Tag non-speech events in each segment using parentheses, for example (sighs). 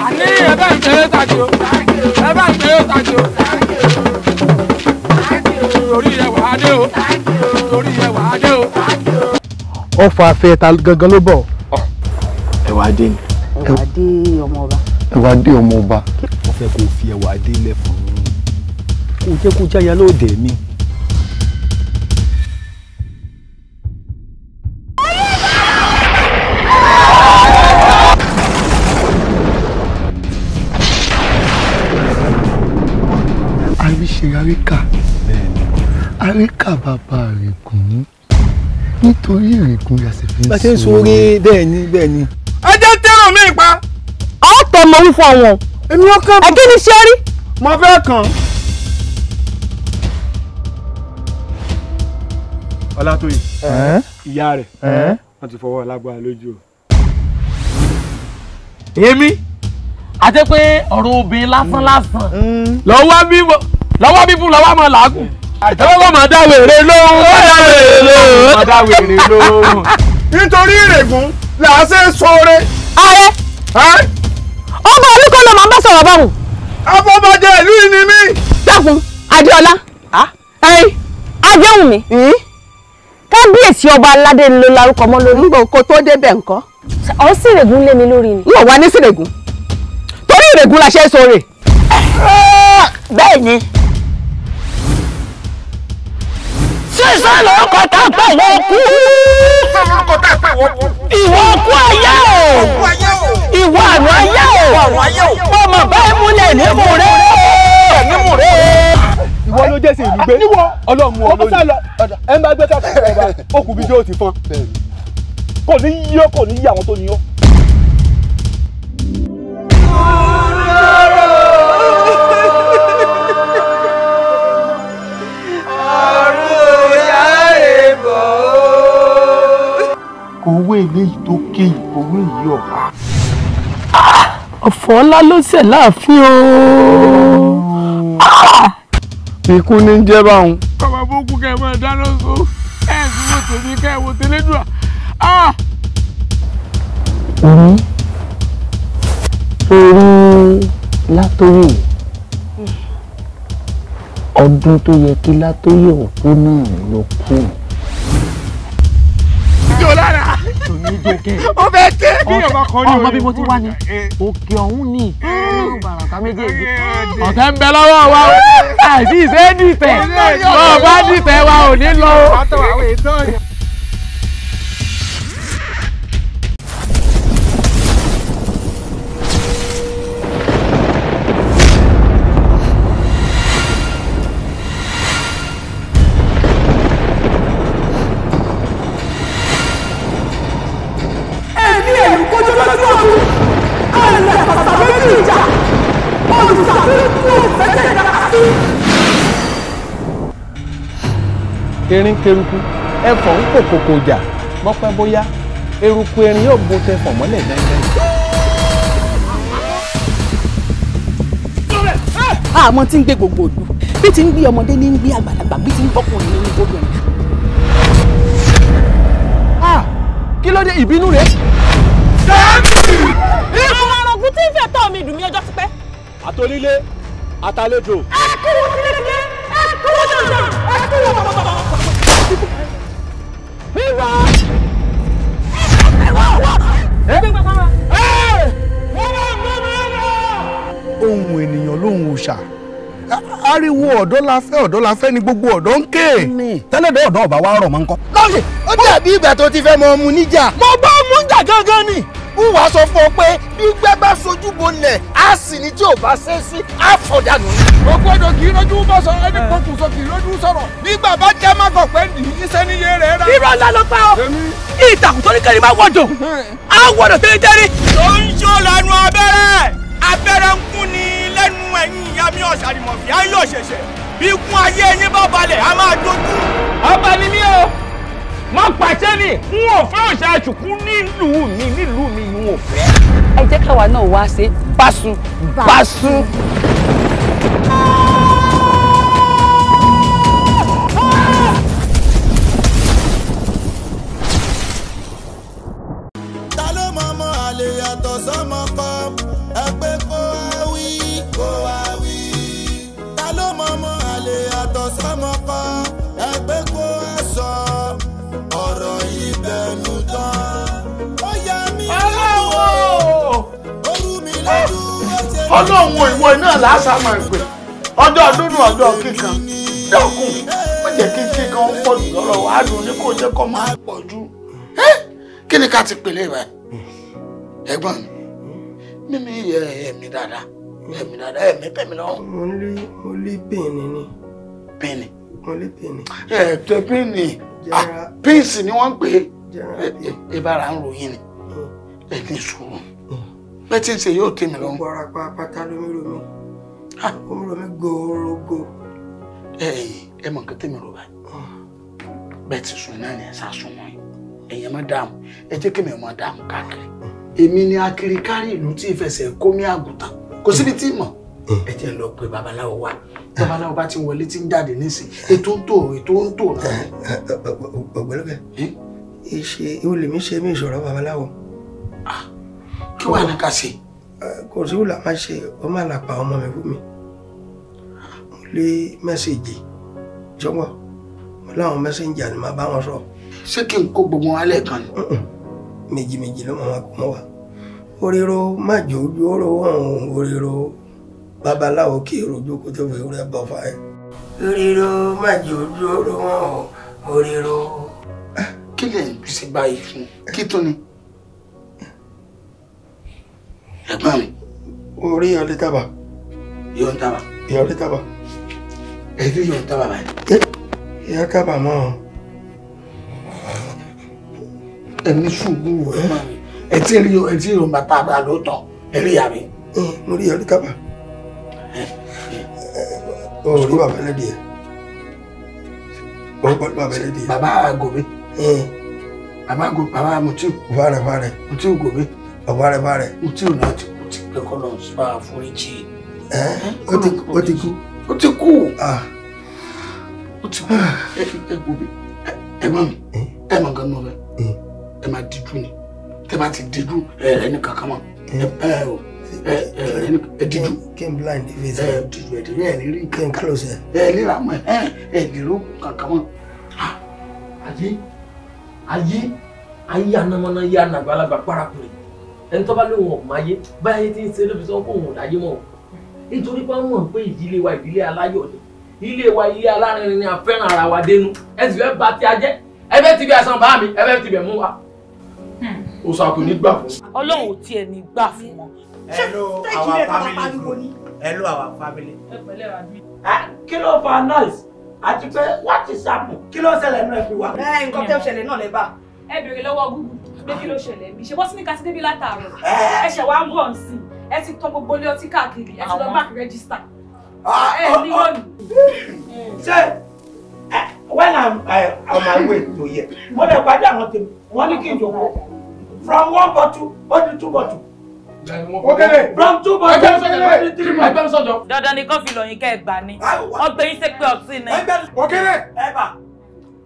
ní ẹ bá ń tẹ̀lé tàjì o ẹ bá ń tẹ̀lé tàjì o torí ẹ wà á dé o torí ẹ wà ọfọ afẹ ta gangan ló bọ. ẹ ni. ẹ wà á dé ọmọ ọba. fi ẹwà á fún mi kó jẹ́ kó o jáyà lóde mi. ṣe àríkà àríkà bàbá rìgùn nítorí rìgùn yàtọ̀ fi ń sọ. bá a ṣe ń sọrí bẹ́ẹ̀ ni bẹ́ẹ̀ ni. ẹ jẹ́ tẹ́rọ̀ mi pa. ọ̀tọ̀ mọ̀ wí fún àwọn. èmi ò kàn. ẹ̀kí ni ṣe rí. mo fẹ́ kàn. ọlátòyè ìyá rẹ̀ wọ́n ti fọwọ́ lágbára lójú o. èmi àti pé ọ̀rọ̀ obìnrin lásán lásán lọ́wọ́ bímọ lọ́wọ́ bíbú lọ́wọ́ máa làágùn àtẹ́wọ́ máa dá wèrè lóhùn máa dá wèrè lóhùn. nítorí ìrègùn là á ṣe é sóore. ààrẹ ọgbà orí kọ́ ló máa ń bá sọ̀rọ̀ báwò. afọbajẹ ìlú yìí ni mí. dákun adéọlá ẹyin ajéhùn mi kábíyèsí ọba aládé ló larúkọ mọ lórí. nbọ kó tó débẹ̀ nǹkan. ọ̀ ń sìrègùn lé mi lórí ni. yóò wá ní sìrègùn torí ìrègùn la ṣe é sóore. bẹ́ẹ̀ ni. ṣẹ̀ṣẹ̀ lọ́kọ̀ tá a pè wọ́n kú. ìwọ kú ayé o ìwọ àrùn ayé o ọmọ báyìí múlẹ̀ nímú rẹ nímú rẹ. ìwọ ló jẹ́ sí ìlú gbé ọlọ́run mú ọ ẹ bá gbé sáfẹ́ ọba okùn bíi yóò ti fọ́n kò ní yí ọ kò ní yí àwọn tó ní ọ. owó eléyìí tó kéyìí owó èyí ọ̀há. ọ̀fọ̀ ńlá ló ṣẹ̀ láàfin o. Ah! ikú ní ń jẹ́ báwọn. bàbá bókú kẹ́ ẹ máa dáná sọ ẹ ẹ sì wò tèmi kẹ́ ẹ wò tẹ́lẹ́dùà. orí orí látòyè ọdún tó yẹ kí látòyè òkú náà ló kù dùn ní jókè. ó fẹ́ ké bí ọba kan ní orí. ọmọ bí mo ti wá ní òkè ọ̀hún ni bàràkà méjèèjì. ọ̀tẹ̀ ń bẹ lọ́wọ́ wa o àìsí ìṣe dìtẹ̀ bọ́ọ̀ bá dìtẹ̀ wa ò ní lọ o. erin keruku ẹfọ̀n ń pò kòkò jà mọ́pẹ́ bóyá eruku erin yóò bo tẹfọ̀n mọ́lẹ̀ dandan. Ah, àmọ́ tí ń gbé gbogbo òdu bí ti ń gbé ọmọdé ní ń gbé àgbàlagbà bí ti ń bọ́kùnrin ní ń gbóbìnrin. Ah, kí ló dé ìbínú rẹ. àwọn arọ̀gùn tí ń fẹ́ tọ́ mi dùn mí ọjọ́ ti àtòlílé àtàlejò. ariwo ọ̀dọ́ la fẹ́ ọ̀dọ́ la fẹ́ ni gbogbo ọ̀dọ́ ń ké. tẹ́lẹ̀dọ́ ọ̀dọ́ ọ̀bá wa rọ̀ mọ́ nǹkan. lọ́sì ó dàbí ìgbà tó ti fẹ́ mọ ọmú níjà. mo bá ọmú níjà gangan ni. wúwa sọ fún ọ pé bí gbẹ́gbá sojú bolẹ̀ á sì ní tí ò bá ṣe sí á fọ̀dà nù. ọgbọ́dọ̀ kì í rọ́jú bọ́ sọ ẹni kókùn sọ kì í rọ́jú sọ̀rọ̀. bí bàbá jẹ́ má kọ̀ pé iṣẹ́ ní iye rà. irọ́ ńlá ló pa ọ́. ìtàkùn tó ní kẹ́rin máa wọ̀jọ̀. á wọ̀dọ̀ tẹ́lẹ̀ tẹ́lẹ̀. ló ń ṣó lẹ́nu abẹ́rẹ́ abẹ́rẹ́ ń kún ni lẹ́nu ẹ̀yìn Yẹmí Ọ̀ṣàrìmọ̀fì ayé òṣèṣẹ̀ bí kún ayé yín bá balẹ̀ a máa dojú. ọba ni mí o mo pàṣẹ ni n ò fẹ́ òṣà àṣùkú nílùú mi nílùú mi n ò fẹ́. ẹ jẹ́ káwa náà wá ṣe báṣu báṣu. ọlọ́run ìwọ iná làásà máa ń pè ọjọ́ dúdú ọjọ́ kíkan dákun má jẹ́ kí kíkan ó pọ̀ jù lọ́rọ̀ wàádùn ní kò jẹ́ kó máa pọ̀ jù kí ni ká ti pèlè rẹ̀ ẹ̀gbọ́n mi mímí ẹ̀mí dáadáa ẹ̀mí dáadáa ẹ̀mí bẹ̀mí lọ́wọ́. mo lé mo lé bẹ́ẹ̀ni ni. bẹ́ẹ̀ni. mo lé bẹ́ẹ̀ni. ẹ tẹ bẹ́ẹ̀ni píìsì ni wọ́n pè é ìbára ń ròyìn ni mm. ẹ ní sùúrù lẹ́tí ṣe yóò tèmi lọ. gbogbo ara pa pátá lómìniromi lómìniromi gbòòrògbò. ẹ ẹ mọ nǹkan tèmi rò báyìí bẹ́ẹ̀ ti sùn náà ni ẹ sàsùn wọn ẹyẹ má dààmú ẹ jẹ́ kí mi má dààmú káàkiri èmi ni akiri kárí ìlú tí ìfẹsẹ̀ kómi àgùntàn kò síbi tí mọ̀ ẹ jẹ́ lọ pé babaláwo wà babaláwo bá ti wọlé tí ń jáde nísìn ètò ń tò ètò ń tò náà. ọ̀gbẹ́lọ́gbẹ́ ìṣe ìwọlé ṣe mí ìṣòro babaláwo. ah kí wàá ní ká ṣe. kò sí wùlà máa ṣe ó máa là pa ọmọ mi fún mi mo lé mẹ́sẹ̀gì jọ́wọ́ mo láwọn mẹ́sẹ̀gì àni máa bá wọn sọ. ṣé kí n kó gbogbo wọn alẹ́ kan ni. méjì méjì ló máa kó mọ́ wa oriro májò ojú ọ̀rọ̀ ọ̀hún oriro babaláwo kí èròjú kó tó fi rẹ bọ fà ẹ. oriro májò ojú ọ̀rọ̀ ọ̀hún oriro. kí lè ń báyìí fún kí tó ni ẹ̀gbọ́n mi. orí ọlẹ́ tábà. yọ̀ ń tábà. ìyọ̀ ọlẹ́ tábà. ẹ̀dùn yọ̀ ń tábà báyìí. ìyá tábà mọ́ ọ. ẹni ṣubú ẹ ẹ rí o ẹ tí rí o bàtà àgbà ló tọ ẹ rí ìyá mi. mo rí ọlẹ́ tábà. o rí bàbá lẹ́dí ẹ̀ o rí bàbá lẹ́dí ẹ̀. bàbá gòmí. bàbá gòmí bàbá mutiu. fàrẹ̀ fàrẹ̀. mutiu gòmí ọ̀bárẹ̀bárẹ̀. mo tí ò náà ti kú ti pẹ́ kọ́ lọ bá a foríjì. ẹ ó ti kú. ó ti kú. ó ti kú. ó ti kú ẹ kú bi ẹ mọ mi ẹ mọ gan náà bẹ ẹ máa díjú ni tẹ bá ti díjú ẹ ẹni kankan mọ ẹ ẹ o ẹ ẹ díjú. kí n blind face. ẹ díjú ẹ díjú ẹ ní rí kí n close ẹ. ẹ ní ra mọ ẹ ẹ ní ro kankan mọ. ayé ayé ayé anamọ́nà yé anagbalagba paraku rẹ̀ ẹni tó bá lóun ọ̀pọ̀ máa yé báyé tí ń ṣe ló fi òun láyé mọ́ nítorí pé wọ́n mọ̀ pé ìdílé wa ìdílé aláyọ̀ ni ilé wa ilé alárinrin ni a fẹ́ràn ara wa dénú ẹ sì fẹ́ ba ti a ẹ fẹ́ ti bí asan bá mi ẹ fẹ́ ti bẹ̀ mú wa. oṣù hmm. àpò ní gbà fún. ọlọ́run ò tiẹ̀ ní gbà fún wọn. ẹ ló àwa family group ẹ ló àwa family. kí ló fa noise àti pé what is happen kí ló ṣẹlẹ̀ náà fi wá. ẹ nǹkan tó ṣẹlẹ̀ náà lè bá. ẹ bèrè lọ́wọ́ Google pé kí ló ṣẹlẹ̀ bí ṣe bọ́ sí ní kásídé bí látàárọ̀ ẹ ṣẹ̀ wá ń bọ̀ ń sìn ẹ ti tọ́ gbogbo ilé ọtí káàkiri ẹ ti lọ bá rẹ́gísítà ah, ẹ ní òní. Ah, ah. ṣé when I'm on my way to here mo lè pàdé àwọn tèmi wọ́n ní kí n jòkó from one bottle bottle two bottle. Ogele. From two bottles. Ẹgbẹ́ sọ̀jọ̀ lórí three bottles. Ẹgbẹ́ sọ̀jọ̀. Dandan ni kọ́fì lọ́yìn kẹ́ ẹ gbà ni. Ọgbẹ́ yín ṣe pé ọtí ni. Ogele. Ẹ̀bà.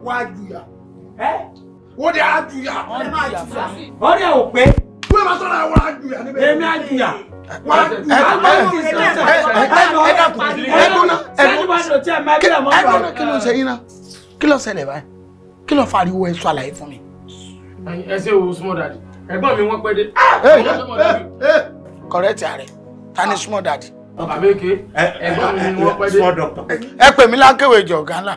Wá jùyà. Ẹ́ ó dé àjùyà. ọ̀rẹ́ ò pé. wọ́n máa sọ̀rọ̀ àwọn àjùyà níbẹ̀. èmi àjùyà. wà á jùyà. ẹ ẹ ẹ dàkú ẹ dúná ẹ dúná kí ló ń ṣe yín náà kí ló ṣẹlẹ̀ báyìí kí ló fariwo ẹ sọ àlàyé fún mi. ẹ ṣe wo small daddy ẹ̀gbọ́n mi wọ́n pẹ́ dé. kọrẹtì ààrẹ ta ni small daddy. bàbá meke ẹ̀gbọ́n mi wọ́n pẹ́ dé. ẹ pè mí lákèwé jọ̀gánlá.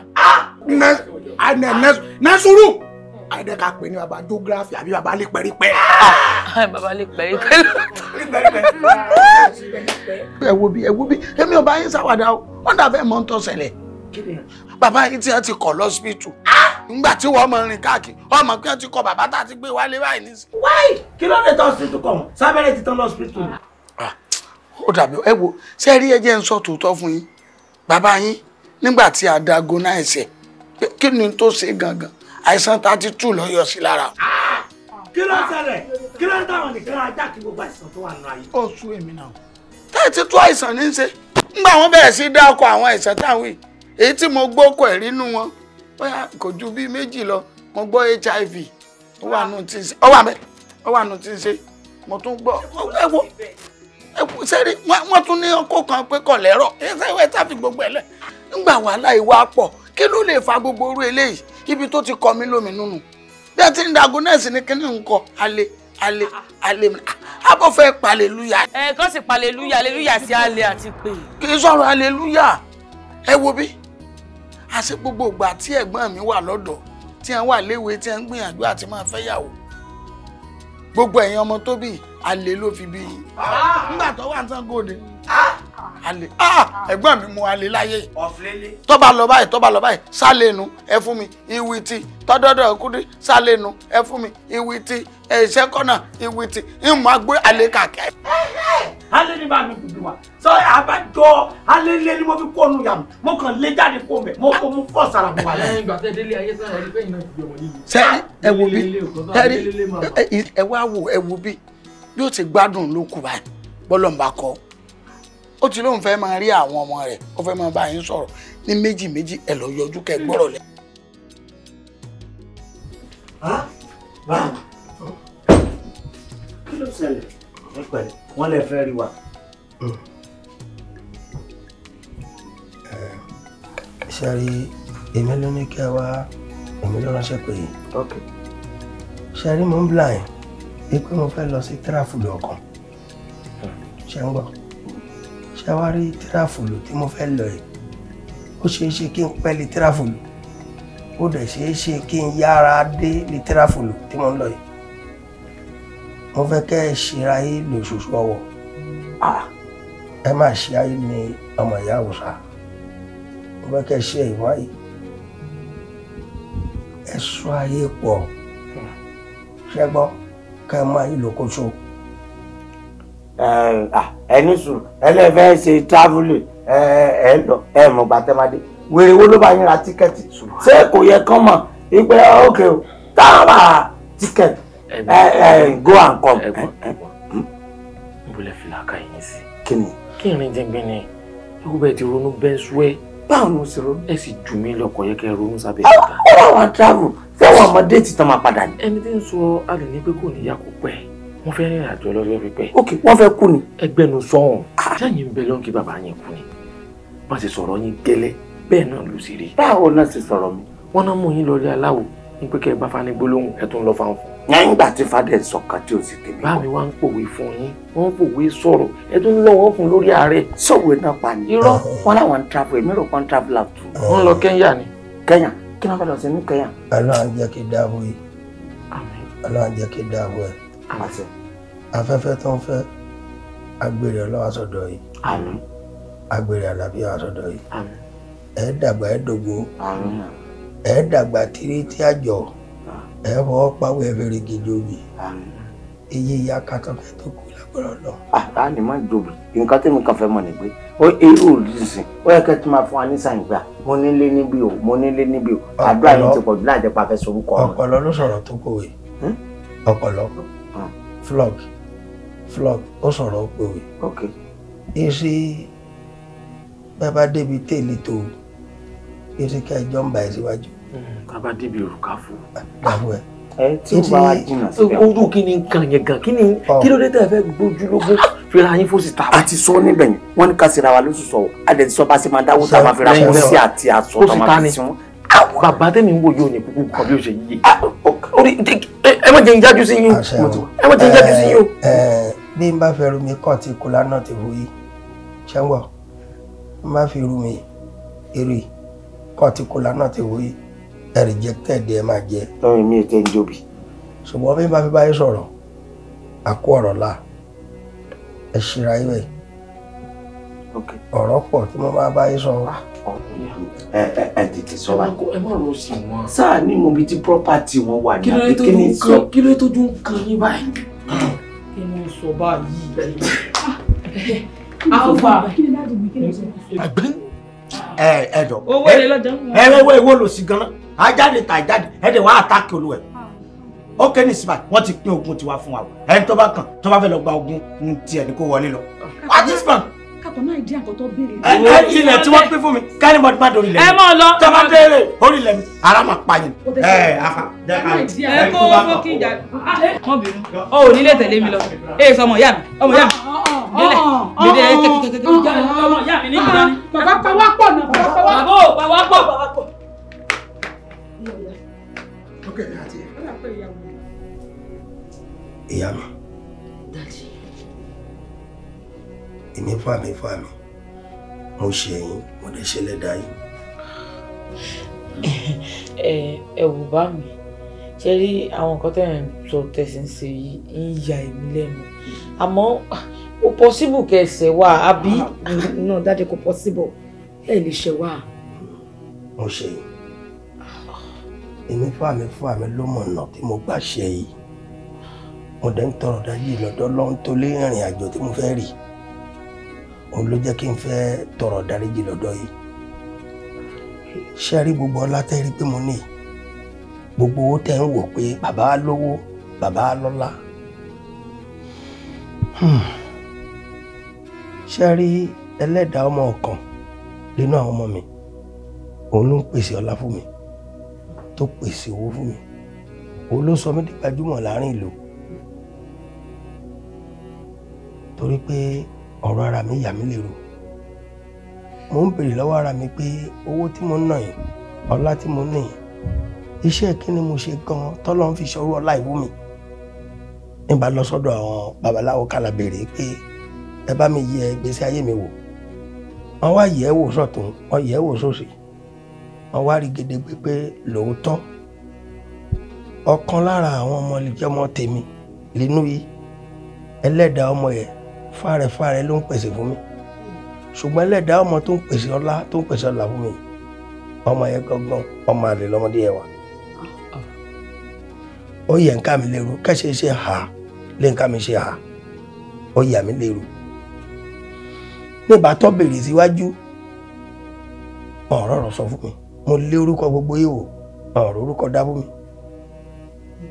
nẹ́sùrù àìdẹ́ka pè ní baba geography àbí baba lè pẹ́rípẹ́. baba lè pẹ́rípẹ́ ló. ẹ wo bí ẹ wo bí èmi ò bá yín ṣàwàdà o wọ́n dàbẹ́ mọ́ ń tọ́ ṣẹlẹ̀ bàbá yín tí wọ́n ti kọ̀ lọ́sibítù nígbà tí wọ́n mọ rìn káàkiri ọmọ pé wọ́n ti kọ bàbá tá a ti gbé wálé báyìí nísìnyí. wáyé kí ló dé tọ́ síbítù kọ̀ sábẹ́rẹ́ ti tán lọ́sibítù. ó dàbí ẹ wo ṣé rí ẹjẹ ń sọ tòótọ́ fún yín bàbá yín nígbà tí a dago náà ẹsẹ̀ kí ni tó ṣe gangan àìsàn thirty two ló yọ sí lára. kí ló ń ṣẹlẹ̀ kí ló ń táwọn nìkan ajá kí gbogbo àìsàn tó wà nínú ayé. ó sú èmi náà. thirty two àìsàn ní í ṣe nígbà wọn bẹ̀rẹ̀ sí dá ọkọ̀ àwọn àìsàn táwọn yìí èyí tí mo gbókò ẹ̀ rínú wọn bóyá kò ju bíi méjì lọ mo gbọ́ hiv ó wà nù tí ń ṣe ó wà mẹ́ ó wà nù tí ń ṣe mo tún gbọ́ ẹ wo sẹ́rí wọ́n tún ní ọkọ̀ kan pé kọ̀ lẹ́rọ̀ ẹ sẹ́wẹ́ tàbí gbogbo ẹ̀ lẹ̀ nígbà wàhálà ìwà pọ̀ kí ló lè fa gbogbo orú eléyìí ibi tó ti kọ mí lómi nínú bí ẹ ti ń dago nẹ́ẹ̀sì ni kíní ń kọ alẹ́ alẹ́ alẹ́ mi abọ́ fẹ́ pàlélúyà. ẹ kọ́ sí pàlélúyà alẹ́lúyà sí alẹ́ àti pé. kì í sọ̀rọ̀ alẹ́lúyà ẹ wo bí àṣẹ gbogbo ìgbà tí ẹ̀gbọ́n mi wà lọ́dọ̀ tí ẹ wà léwe tí ẹ ń gbìyànjú àti máa fẹ́ yàwó gbogbo ẹ̀yin ọmọ tó bí ló fi bí yìí ah! nígbà tó wà ní Ṣàngó Òde. Ah! Ale, ah ẹ̀gbọ́n mi mu alẹ́ láyé tọ́ba lọ báyìí tọ́ba lọ báyìí sálẹ́nu ẹ fún mi ìwì tí tọ́dọ́dọ̀ kúndé sálẹ́nu ẹ fún mi ìwì tí ẹ̀ṣẹ́ kọ́nà ìwì tí ń máa gbé alẹ́ kàkẹ́. alẹ́ ní bá mi dùdù wa sọ àbájọ alẹ́ lé ni mo fi kó nu yàrá mo kàn lé jáde kó mẹ mo kó mo fọ́ sara mi wà lẹ́yìn. ẹ̀yin gbàtẹ́ délé ayé sọ̀rọ̀ ẹni pé ìnáwó ìjọba yìí. sẹ ẹ wo bí ẹ wá wo ẹ wo bí yóò ti gbádùn lókù báyìí bọ́lọ̀ ń bá kọ́ ó ti lóun fẹ́ máa rí àwọn ọmọ rẹ̀ ó fẹ́ máa bá yín sọ̀rọ̀ ní méjì méjì ẹ̀ lọ yọjú kẹ́ gbọ́rọ̀ lẹ́. kí ló ṣẹlẹ̀ ẹ pẹ̀lẹ́ wọ́n lè fẹ́ rí wa. ṣe rí èmi ló ní kí ẹ wá èmi ló ránṣẹ́ pé ṣe rí mò ń bla yẹn pé mo fẹ́ lọ sí tíráfù lọ́kàn ṣe ń gbọ́ ṣe wá rí tíráfòlù tí mo fẹ́ lọ yìí ó ṣeé ṣe kí n pẹ́ lè tíráfòlù ó dẹ̀ ṣeé ṣe kí n yára dé lè tíráfòlù tí mo ń lọ yìí mo fẹ́ kẹ́ ẹ ṣera yìí lóṣooṣù ọwọ́ ẹ máa ṣe ayé ní ọmọ ìyá òòṣà mo fẹ́ kẹ́ ẹ ṣe ìwádìí ẹ sọ ayé pọ̀ ṣẹ́gbọ́n kẹ́ ẹ máa yí lókoṣo ẹni sùn ẹlẹ́fẹ́ ṣe travelling ẹ lọ ẹ mọ̀ gbàtẹ́madé wèrè wo ló bá yín ra tíkẹ́ẹ̀tì ṣé kò yẹ kán mọ̀ ipe ókè o táwọn bá tíkẹ́ẹ̀tì ẹ ẹ go and come. ìbúlẹ̀ fìlà ká yín sí. kí ni. kí ìrìn jẹ́gbẹ́ ni ikú bẹ́ẹ̀ ti ronú bẹ́ẹ̀ sú ẹ. báwo ni o sì ronú. ẹ sì jù mí lọkọ̀ yẹ kẹ́ ẹ ronú sábẹ́ ìta. ó wà travel fẹ́ wà mọ́ déètì tán máa padà ní. ẹni tí ń sọ alẹ́ ní pé kò ní kó pẹ́ wọ́n fẹ́ rìnrìn àjò lọ́jọ́ pípẹ́. ok wọ́n fẹ́ kú ni. ẹgbẹ́nu sọ̀hún sẹ́yìn ah. ń bẹ lọ́n kí bàbá yẹn kú ni má ṣe sọ̀rọ̀ yín gẹ́lẹ́ bẹ́ẹ̀ náà ló sì rí. báwo náà ṣe sọ̀rọ̀ mi. wọ́n náà mú yín lọ rí aláwo ní pé kẹ́ ẹ bá fani gbólóhùn ẹ tún lọ fa fún. nígbà tí fadé sọ̀kan tí o sì tẹ̀lé. bá mi wá ń pòwe fún yín wọ́n ń pòwe sọ̀rọ̀ ẹ tún lọ́wọ́ fún lórí ààrẹ. sọ̀wé náà pa ni. irọ́ wọn làwọn ń travel èmi rò pọ́n travel out. wọ́n lọ Kẹ́ńyà ni. Kẹ́ńyà kí wọ́n fẹ́ lọ sí ní Kẹ́ńyà. Ọlọ́run jẹ́ kí dáàbò yìí Ọlọ́run kí dáàbò yìí afẹ́fẹ́ tó ń fẹ́ agbèrè ọlọ́wà sọ̀dọ̀ yìí àmín agbèrè àlàáfíà sọ̀dọ̀ yìí àmín ẹ dàgbà ẹ dògbò àmín ẹ dàgbà tírí tí àjọ ẹ fọwọ́ pawọ́ ẹ fẹ́rẹ̀ gidi omi àmín iye ìyá katọ́fẹ́ tó kù lágbára lọ. àtà ni má jòbì nǹkan tẹ́mi kan fẹ́ mọ̀ ni pé ó irú ìsìn ó yẹ kẹ́ tí máa fún wa ní sàn gbà mo nílé níbi o mo nílé níbi o àdúrà yìí ti pọ̀ jù láàjẹpà fẹ́ sorúkọ. ọ̀pọ̀lọ́ ló sọ̀rọ̀ tó kọ̀wé hmm? ọ̀pọ̀lọ́ hmm. flog flock ó sọ̀rọ̀ pèwé. ìṣe bàbá débi tèlé tó ìṣe ká ẹjọ́ ń bá ẹ síwájú. bàbá mm-hmm. débi òrùka fún. dàbọ̀ ẹ. ẹ tí ó bá wá jìnnà síbẹ̀. ojú kí ni nǹkan yẹn gan kí ni kí ló dé tẹ̀ fẹ́ gbójúlógún fira yín fún síta. a ti sọ níbẹ̀ yẹn wọ́n ní ká sira wa lóṣù sọ̀wọ́ a dẹ̀ ti sọ bá a ṣe máa dáwọ́ tá a máa fira pọ̀ sí àti àsọ̀ tá a máa fi sí wọn bàbá tẹ́mi ń wò yóò ní kúkú kan bí ó ṣe yíyé. Ah, ẹ má jẹ́ ń jájú sí yín o ẹ má jẹ́ ń jájú sí yín o bí n bá fẹ́ rumi kàn ti kola náà ti hu yìí ṣẹ́wọ̀ n bá fi rumi eré kàn ti kola náà ti hu yìí ẹ rejected ẹ máa jẹ. lọ́rùn mi ò tẹ́ ń jóbi. ṣùgbọ́n bí n bá fi báyìí sọ̀rọ̀ àkó ọ̀rọ̀ la ẹ ṣíra yín bẹ́ẹ̀ ọ̀rọ̀ pọ̀ tí mo máa bá yín sọ. Ah, ẹ ẹ ẹ tètè sọ wa. ẹ má lọ sí wọn. sáà ní mo bi tí property wọn wà ní àbíkẹ́ni sọ. kí ló tó dún kan yín báyìí. Ah. Ah. Ah. Ah. kí ni eh, eh, wọ́n eh, sọ báyìí. alfa ẹgbẹ́ ẹ̀dọ̀ owó èlé lọ́jọ́ ẹ̀rẹ́wọ̀ èwo lò sí gan-an ajáde tà jáde ẹ̀dẹ̀ wàá àtàkì olú ẹ̀ ó ké ní sípà wọ́n ti pín ogun tiwa fún wa ẹni tó bá kàn tó bá fẹ́ lọ gba ogun ti ẹ̀ ní kó wọlé lọ kò náà ìdí àkọ́tọ́ béèrè. ẹ ilẹ̀ tí wọ́n pín fún mi káyọ̀ bọ́dí bá dorí lẹ̀. ẹ mọ̀ lọ. tọ́ba béèrè orí lẹ̀ mi ara máa pa yẹn. ẹ afa dẹ́ka ẹ kó wá fún kí ìjà. Ah, mọ bínú o ò nílé tẹ̀lé mi lọ ee sọmọ ìyá mi ọmọ ìyá mi ah, ah, délẹ̀ dédé kékeré ọmọ ìyá mi ní ìlú. bàbá pa wá pọ̀ náà bàbá pa wá pọ̀. ìyá mi. èmi fàmì fàmì mo ṣe ẹ̀yìn mo lè ṣe lẹ́dàá yìí. ẹ ẹ wò bá mi ṣe rí àwọn nǹkan tẹ̀ ń sọ tẹ̀sí ń ṣe yìí ń ya èmi lẹ́nu àmọ́ kò possible kẹ́ ẹ ṣẹ̀ wá àbí. no dáadé kò possible ẹ lè ṣẹ̀ wá. mo ṣe yìí èmi fàmì fàmì ló mọ̀ ọ̀nà tí mo gbà ṣe yìí mo dẹ̀ ń tọrọ dájú ìlọ́dọ́ lọ́n tó lé ìrìn àjò tí mo fẹ́ rí òun ló jẹ́ kí n fẹ́ tọrọ dáríjì lọ́dọ̀ yìí ṣe rí gbogbo ọlá tẹ́ rí pé mo ní gbogbo owó tẹ́ ń wò pé bàbá lówó bàbá lọ́lá hmm. ṣe rí ẹlẹ́dàá ọmọ ọ̀kan nínú àwọn ọmọ mi òun ló ń pèsè ọlá fún mi tó pèsè owó fún mi òun ló sọ mí di gbajúmọ̀ láàrin ìlú torí pé ọ̀rọ̀ ara mi yà mí lérò mo ń béèrè lọ́wọ́ ara mi pé owó tí mo ń ná yìí ọlá tí mo ní yìí iṣẹ́ kí ni mo ṣe gan-an tọ́lọ́ ń fi ṣọ́rú ọlá ìwú mi ní lọ sọ́dọ̀ àwọn babaláwo kálá béèrè pé ẹ bá mi yẹ gbèsè ayé mi wò wọ́n wá yẹ̀ wò sọ́tún wọ́n yẹ̀ wò sósì wọ́n wá rí gedegbe pé lóòótọ́ ọ̀kan lára àwọn ọmọ ìjọmọ tèmi lẹ́nu yìí ẹlẹ́dàá ọmọ yẹn fàrẹ̀fàrẹ̀ ló ń pèsè fún mi ṣùgbọ́n ẹlẹ́dà ọmọ tó ń pèsè ọlá tó ń pèsè ọlá fún mi ọmọ yẹn gangan ọmọ àlè lọmọdé yẹn wà ó yẹ nǹkan mi lérò kẹ́sẹ̀ ṣe hà lé nǹkan mi ṣe hà ó yà mí lérò nígbà tó bèrè síwájú ọ̀rọ̀ ọ̀rọ̀ sọ fún mi mo lé orúkọ gbogbo yìí wò ọ̀rọ̀ orúkọ dá fún mi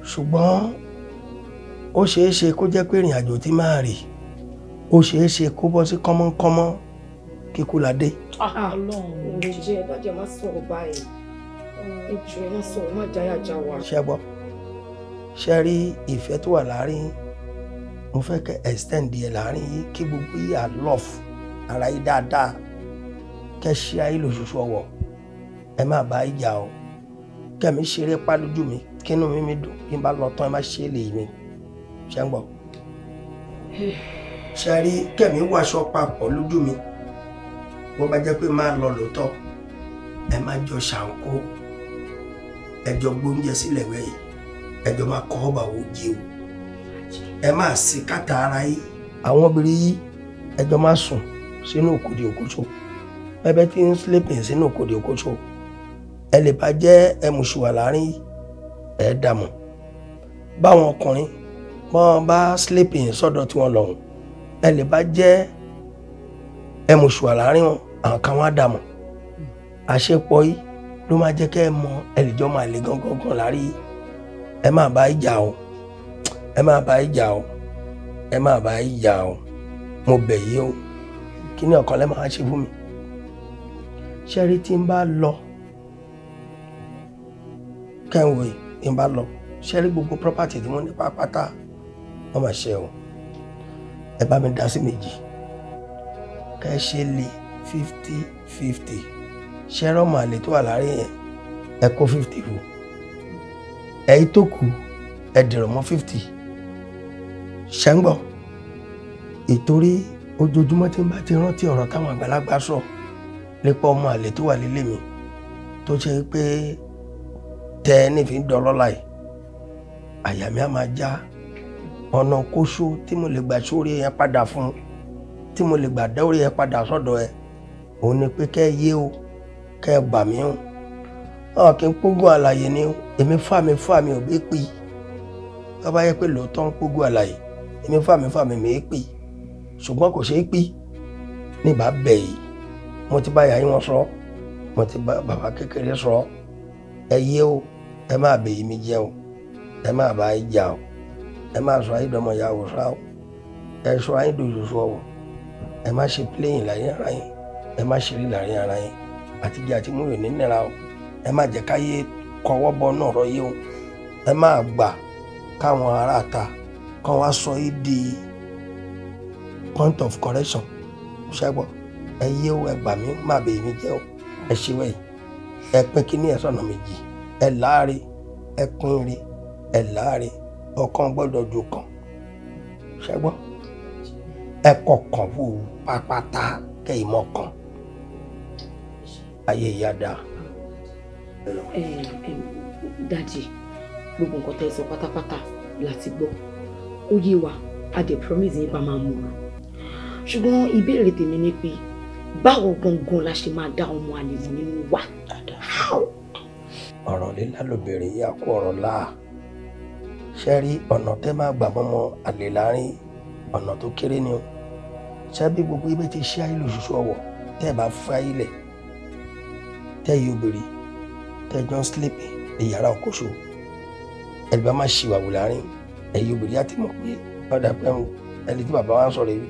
ṣùgbọ́n ó ṣeé ṣe kó jẹ́ pé ìrìn àjò tí máa rìn ó ṣeé ṣe kó bọ́ sí kánmọ́kánmọ́ kíkú ládé. ṣẹ́gbọ́ ṣe rí ìfẹ́ tó wà láàrin mo fẹ́ kẹ́ extend ẹ̀ láàrin yìí kí gbogbo yìí à love ara yìí dáadáa kẹ́ ṣe ayé lòṣooṣù ọwọ́ ẹ má bá ìjà o kẹ́mi ṣeré pa lójú mi kínú mi mi dùn kí n bá lọ tán ẹ má ṣe é lè mi ṣẹ́ ń gbọ́. (sighs) ṣàrí kẹ̀mí wàṣọ papọ̀ lójú mi bó bá jẹ́ pé máa lọ lóòótọ́ ẹ má jọ ṣàǹkó ẹjọ gbóúnjẹ sílẹ̀ wẹ̀yìn ẹjọ máa kọ́ ọ́ bá wo jẹ o ẹ máa sí kàtà ara yìí àwọn obìnrin yìí ẹjọ máa sùn sínú òkòdì òkòtò bẹ́ẹ̀ tí ń sleeping sínú òkòdì òkòtò ẹ lè bá jẹ́ ẹmùsùwà láàrin ẹ̀ dààmú báwọn ọkùnrin wọ́n bá sleeping sọ́dọ̀ tí wọ́n lọ́hùn ẹ lè bá jẹ́ ẹmùsùà láàrin wọn àwọn kan wá dààmú àṣepọ̀ yìí ló máa jẹ́ kẹ́ ẹ mọ ẹlẹ́jọ́ máa lè gangan lárí ẹ máa bá ìjà o ẹ máa bá ìjà o ẹ máa bá ìjà o mo bẹ̀ yí o kí ni ọ̀kan lẹ́ máa ṣe fún mi ṣẹ́rí tí n bá lọ kẹ́hìn wòye tí bá lọ ṣẹ́rí gbogbo property tí mo ní pápátá wọ́n máa ṣe o ẹ bá mi dá sí méjì ká ẹ ṣe lè fifty fifty ṣẹ́rọ̀mù àlè tó wà láàrin yẹn ẹ kó fifty fún èyí tó kù ẹ dẹ̀rọ̀ mọ́ fifty ṣẹ́ ń gbọ́ ìtorí ojoojúmọ́ tí n bá ti rántí ọ̀rọ̀ táwọn àgbàlagbà sọ nípa ọmọ àlè tó wà lílé mi tó ṣe pé tẹ ẹ nífi ń dọlọ́lá yìí àyà á máa já ọ̀nà kóṣó tí mo lè gbà sórí yẹn padà fún tí mo lè gbà dẹ́wọ́rí yẹn padà sọ́dọ̀ ẹ̀ òun ni pé kẹ́ ẹ yé o kẹ́ ẹ bà mí o ọ̀ kí n pógún àlàyé ni èmi fàmì fàmì ò bí pì tó bá yẹ pé lóòótọ́ ń pógún àlàyé èmi fàmì fàmì mi é pì ṣùgbọ́n kò ṣeé pì ní bá bẹ̀ yìí mo ti bá yàrá wọn sọ mo ti bá bàbá kékeré sọ ẹ yé o ẹ má bẹ̀ yìí mi jẹ́ o ẹ má bá yìí jà o ẹ máa sọ ayé dọmọ ìyàwó sá o ẹ sọ ayé dojú sọ o ẹ má ṣe pléyìn láàrin ara yín ẹ má ṣeré láàrin ara yín àtijọ́ àti múlò ní nira o ẹ má jẹ́ káyé kọwọ́ bọ́ náà rọ yé o ẹ má gbà káwọn aráàta kan wá sọ yìí di point of correction ṣẹ́gbọ́ ẹ yé o ẹ gbà mí má bèè mi jẹ́ o ẹ ṣe wẹ̀yìn ẹ pín kínní ẹ sọ̀nà méjì ẹ láre ẹ pín rí ẹ láre ọ̀kan gbọ́dọ̀ jò kan ṣẹ́gbọ́n ẹ kọ̀ọ̀kan wò pápátá kẹ ìmọ̀ kan ayé ìyá da. dadi gbogbo nǹkan tẹ́ ẹ sọ pátápátá láti gbọ́ ó yé wa a dẹ̀ promise yín bá máa mú un ṣùgbọ́n ìbéèrè tèmi ni pé báwo gangan la ṣe máa dá ọmọ àlè nínú wa. ọ̀rọ̀ lílá lóbìnrin yà kó ọ̀rọ̀ láà ṣe rí ọ̀nà tẹ́ máa gbà bọ́mọ àlè láàrin ọ̀nà tó kéré ni o ṣe bí gbogbo ibi tí ṣe àìlò ṣoṣo ọ̀wọ̀ tẹ́ ẹ bá fẹ́ ilẹ̀ tẹ́ yìí obìnrin tẹ́ john sleep ní yàrá òkóṣo ẹ̀rí bá máa ṣìwàwò láàrin ẹ̀yìn obìnrin àti mọ̀ pé ọ̀dà pẹ́ ẹni tí bàbá wa ń sọ̀rọ̀ ewì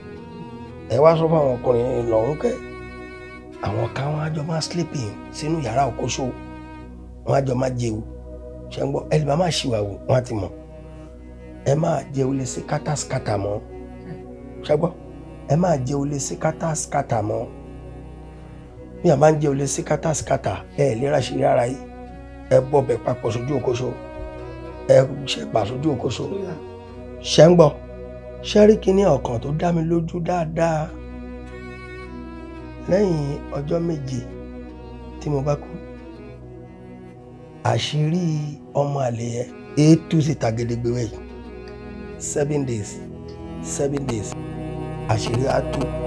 ẹ wá sọ fún àwọn ọkùnrin lọ́hún kẹ́ àwọn káwọn àjọ máa sleeping sínú yàrá òkóṣo wọn àjọ máa jẹun ṣe ń gbọ́ ẹ̀rí bá máa ṣìwàwò wọn àti mọ̀ ẹ máa jẹ olè sí kátàskátà mọ́ ṣẹ́gbọ́ ẹ máa jẹ olè sí kátàskátà mọ́ bí a máa ń jẹ olè sí kátàskátà ẹ lera ṣe rárá yìí ẹ bọ̀bẹ̀ papọ̀ sójú òkóso ẹ ṣe bà sójú òkóso ṣẹ́ ń gbọ́ ṣẹ́ríkì ní ọ̀kan tó dá mi lójú dáadáa lẹ́yìn ọjọ́ méje tí mo bá kú àṣírí ọmọ àlè yẹn ètò sí tàgédégbé wẹ̀yìn. seven days, seven days. I should have to.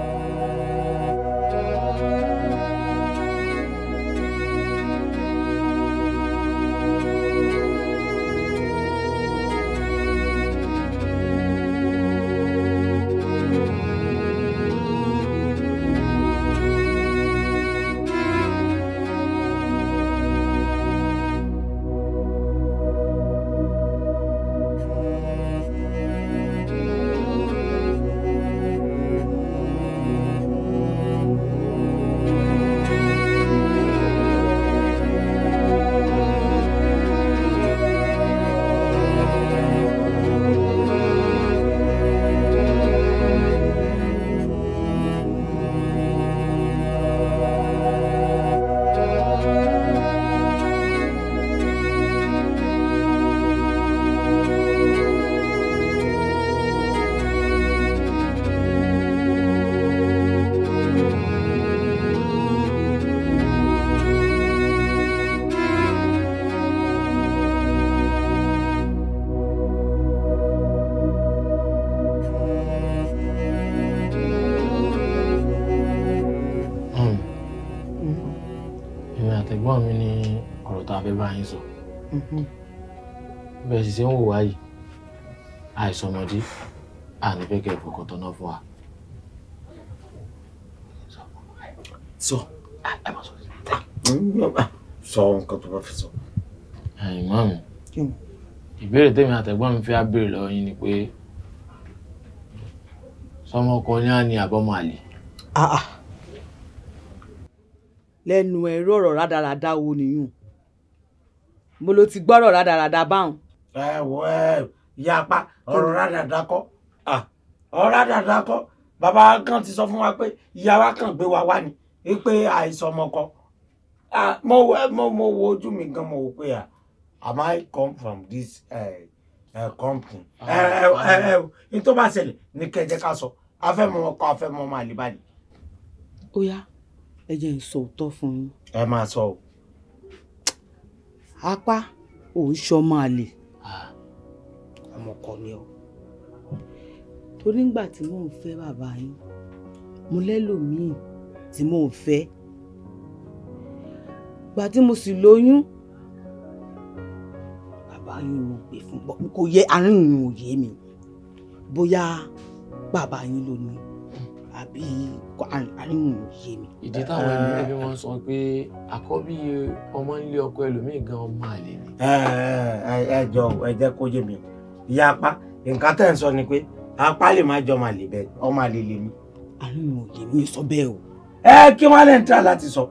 ṣe ń wò wá yìí àìsàn ọmọdé àní fẹ́ kẹ́ ìfọkàn tán náà fún wa. sọ ah, ẹ má sọ sọ nǹkan tó bá fi sọ. àyìnbó mi ìbéèrè tèmi àtẹ̀gbọ́n mi fi á béèrè lọ́wọ́ yín ni pé sọmọkùnrin á ní àbọ̀mọ̀ àlè. Ah, ah. lẹ́nu ẹ̀rọ ọ̀rọ̀ rádaràda wo nìyún mo ló ti gbọ́rọ̀ rádaràda báwọn ẹwọ ẹ ìyapa ọ̀rọ̀ rádàdà kọ ọ̀rọ̀ rádàdà kọ bàbá kan ti sọ fún wa pé ìyá wa kàn gbé wa wá ni wípé àìsàn ọmọkọ mo mo mo wo ojú mi gan mo wò pé à am I come from this company ẹ ẹ ẹ ní tó bá ṣẹlẹ̀ ní kẹjẹ ká sọ afẹ́mọ ọkọ afẹ́mọ ọmọ àlébàlì. ó yá ẹ jẹ́ ń sọ òótọ́ fún yín. ẹ máa sọ o. apá ò ń ṣọmọ àlè ọmọkọ ni ọ torí ngbà tí mò ń fẹ́ bàbá yín mo lẹ́lòmíì tí mò ń fẹ́ gbà tí mo sì lóyún bàbá yín mo gbé fún bọ́ kò yẹ àárín ìrìn òye mi bóyá bàbá yín ló ní àbí àárín ìrìn òye mi. ìdí táwọn ẹni ẹbí wọn sọ pé àkọ́bí ọmọ ń lé ọkọ ẹlòmíì gan ọmọ àlè ni. ẹ ẹ ẹ jọ ẹ jẹ kó yé mi ìyá apá nǹkan tẹ̀ ń sọ ni pé apá lè má jọ màlè bẹ́ẹ̀ ọmọ àlè lè mí. àánú ò lè sọ bẹ́ẹ̀ o. ẹ kí wọn lè ń tà láti sọ.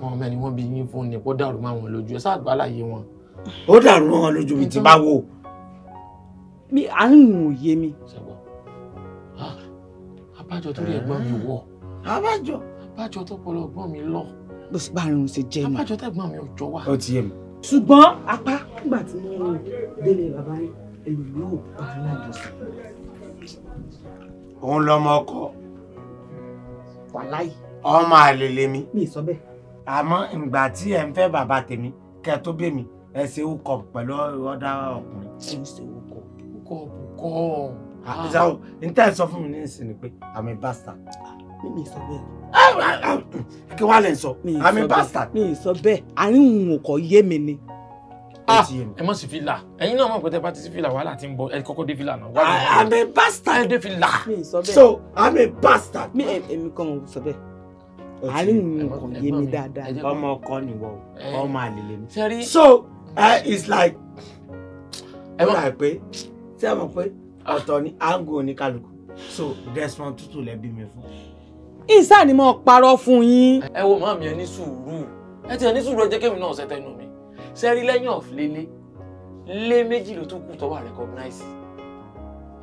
wọn mẹni wọn bí yín fún ni kó dàrú máa wọn lójú ẹ sáà gbá láàyè wọn. ó dàrú wọn lójú mi ti bá wò. mi àánú ò yé mi. abájọ tó rí ẹ̀gbọ́n mi wọ. Ah, abájọ. abájọ tó pọlọ ẹ̀gbọ́n mi lọ. bó sì bá àrùn ṣe jẹ mi. abájọ tẹ̀gbọ́n mi ò jọ wá. ó ti yé mi ṣùgbọ́n apá nígbà tí mo délé bàbá yín ẹlòmíràn ò bá alájọsìn. òun lọmọ ọkọ. wàláì. ọmọ àlèlè mi. mi sọ bẹ́ẹ̀. àmọ́ ìgbà tí ẹ ń fẹ́ bàbá tèmi kẹ́ ẹ tó bẹ̀ mí ẹ ṣe ó kọ pẹ̀lú ọ̀dà ọkùnrin. ẹ ń ṣe ó kọ kọ kọ. àbíṣà ó ní tẹ́ ẹ sọ fún mi ní ìsìn ni pé àmì bàṣà mi sọ bẹ́ẹ̀. Ah, ah, ah, kí wàá lè sọ àmì bastard. mi sọ bẹ́ẹ̀ àárín òun kò yé mi ni. ẹ mọ̀ sí fìlà ẹ̀yin náà mọ̀ pé tẹ bá ti sí fìlà wàhálà ti ń bọ̀ ẹ kọ́kọ́ dé fìlà náà. àmì bastard. ẹ dé fìlà. mi sọ bẹ́ẹ̀ so àmì bastard. mi èmi kan ò sọ bẹ́ẹ̀ àárín òun kò yé mi dáadáa. ọmọ ọkọ nìwọ ọmọ àlèlè mi. so it's like ẹ mọ̀ pé tí a mọ̀ pé ọ̀tọ̀ ni ango oníkálukú so desmond tutu lẹ́bí mi fún ìsá ni mo parọ́ fún yín. ẹ wo màmí ẹ ní sùúrù ẹ ti ẹ ní sùúrù ẹ jẹ́ kémi náà ṣe tẹnu mi ṣe rí lẹ́yìn ọ̀f lé méjì ló tún kù tó wà recognize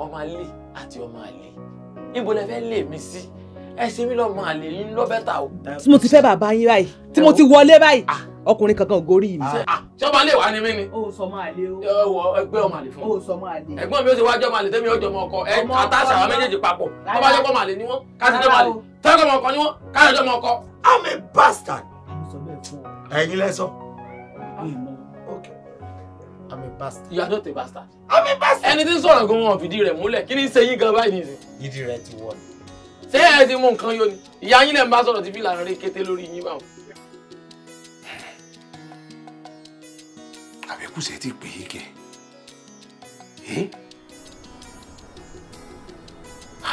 ọmọ alẹ́ àti ọmọ alẹ́ níbo lẹ fẹ́ lé mi sí ẹ ṣe mí lọ́mọ alẹ́ yín lọ́bẹ̀ta o. tí mo ti fẹ́ bàbá yín báyìí tí mo ti wọlé báyìí. Ah ọkùnrin kankan gorí mi. Ah, ṣé ọmọ alẹ́ wà ní mí ni. o sọ máa lé o. ẹ wọ ọmọ àlè fún o sọ máa lé. ẹ̀gbọ́n mi ó ti wá jọmọ àlè tẹ́mi ó jọmọ ọkọ ẹ àtàṣà àwọn méjèèjì papọ̀ tó bá jọmọ àlè ni wọ́n káṣí jọmọ àlè tẹ́lẹ̀ jọmọ ọkọ ni wọ́n káṣí jọmọ ọkọ. I'm a bastard. ẹ̀yin lẹ́sọ̀. I'm a bastard. You are bastard. I'm a bastard. ẹni tí ń sọ̀rọ̀ gan wọn fìdí rẹ̀ múlẹ̀ kí ni ṣe yín gan báyìí nìyí. ìdí rẹ̀ ti wọ̀ ṣé ẹ ti mú nǹkan yóni ìyá yín lẹ́ bá sọ̀rọ̀ tí fìlà rẹ̀ kété lórí yín báwọn. àbẹ̀kùsẹ̀ ti pè é kẹ̀ ẹ́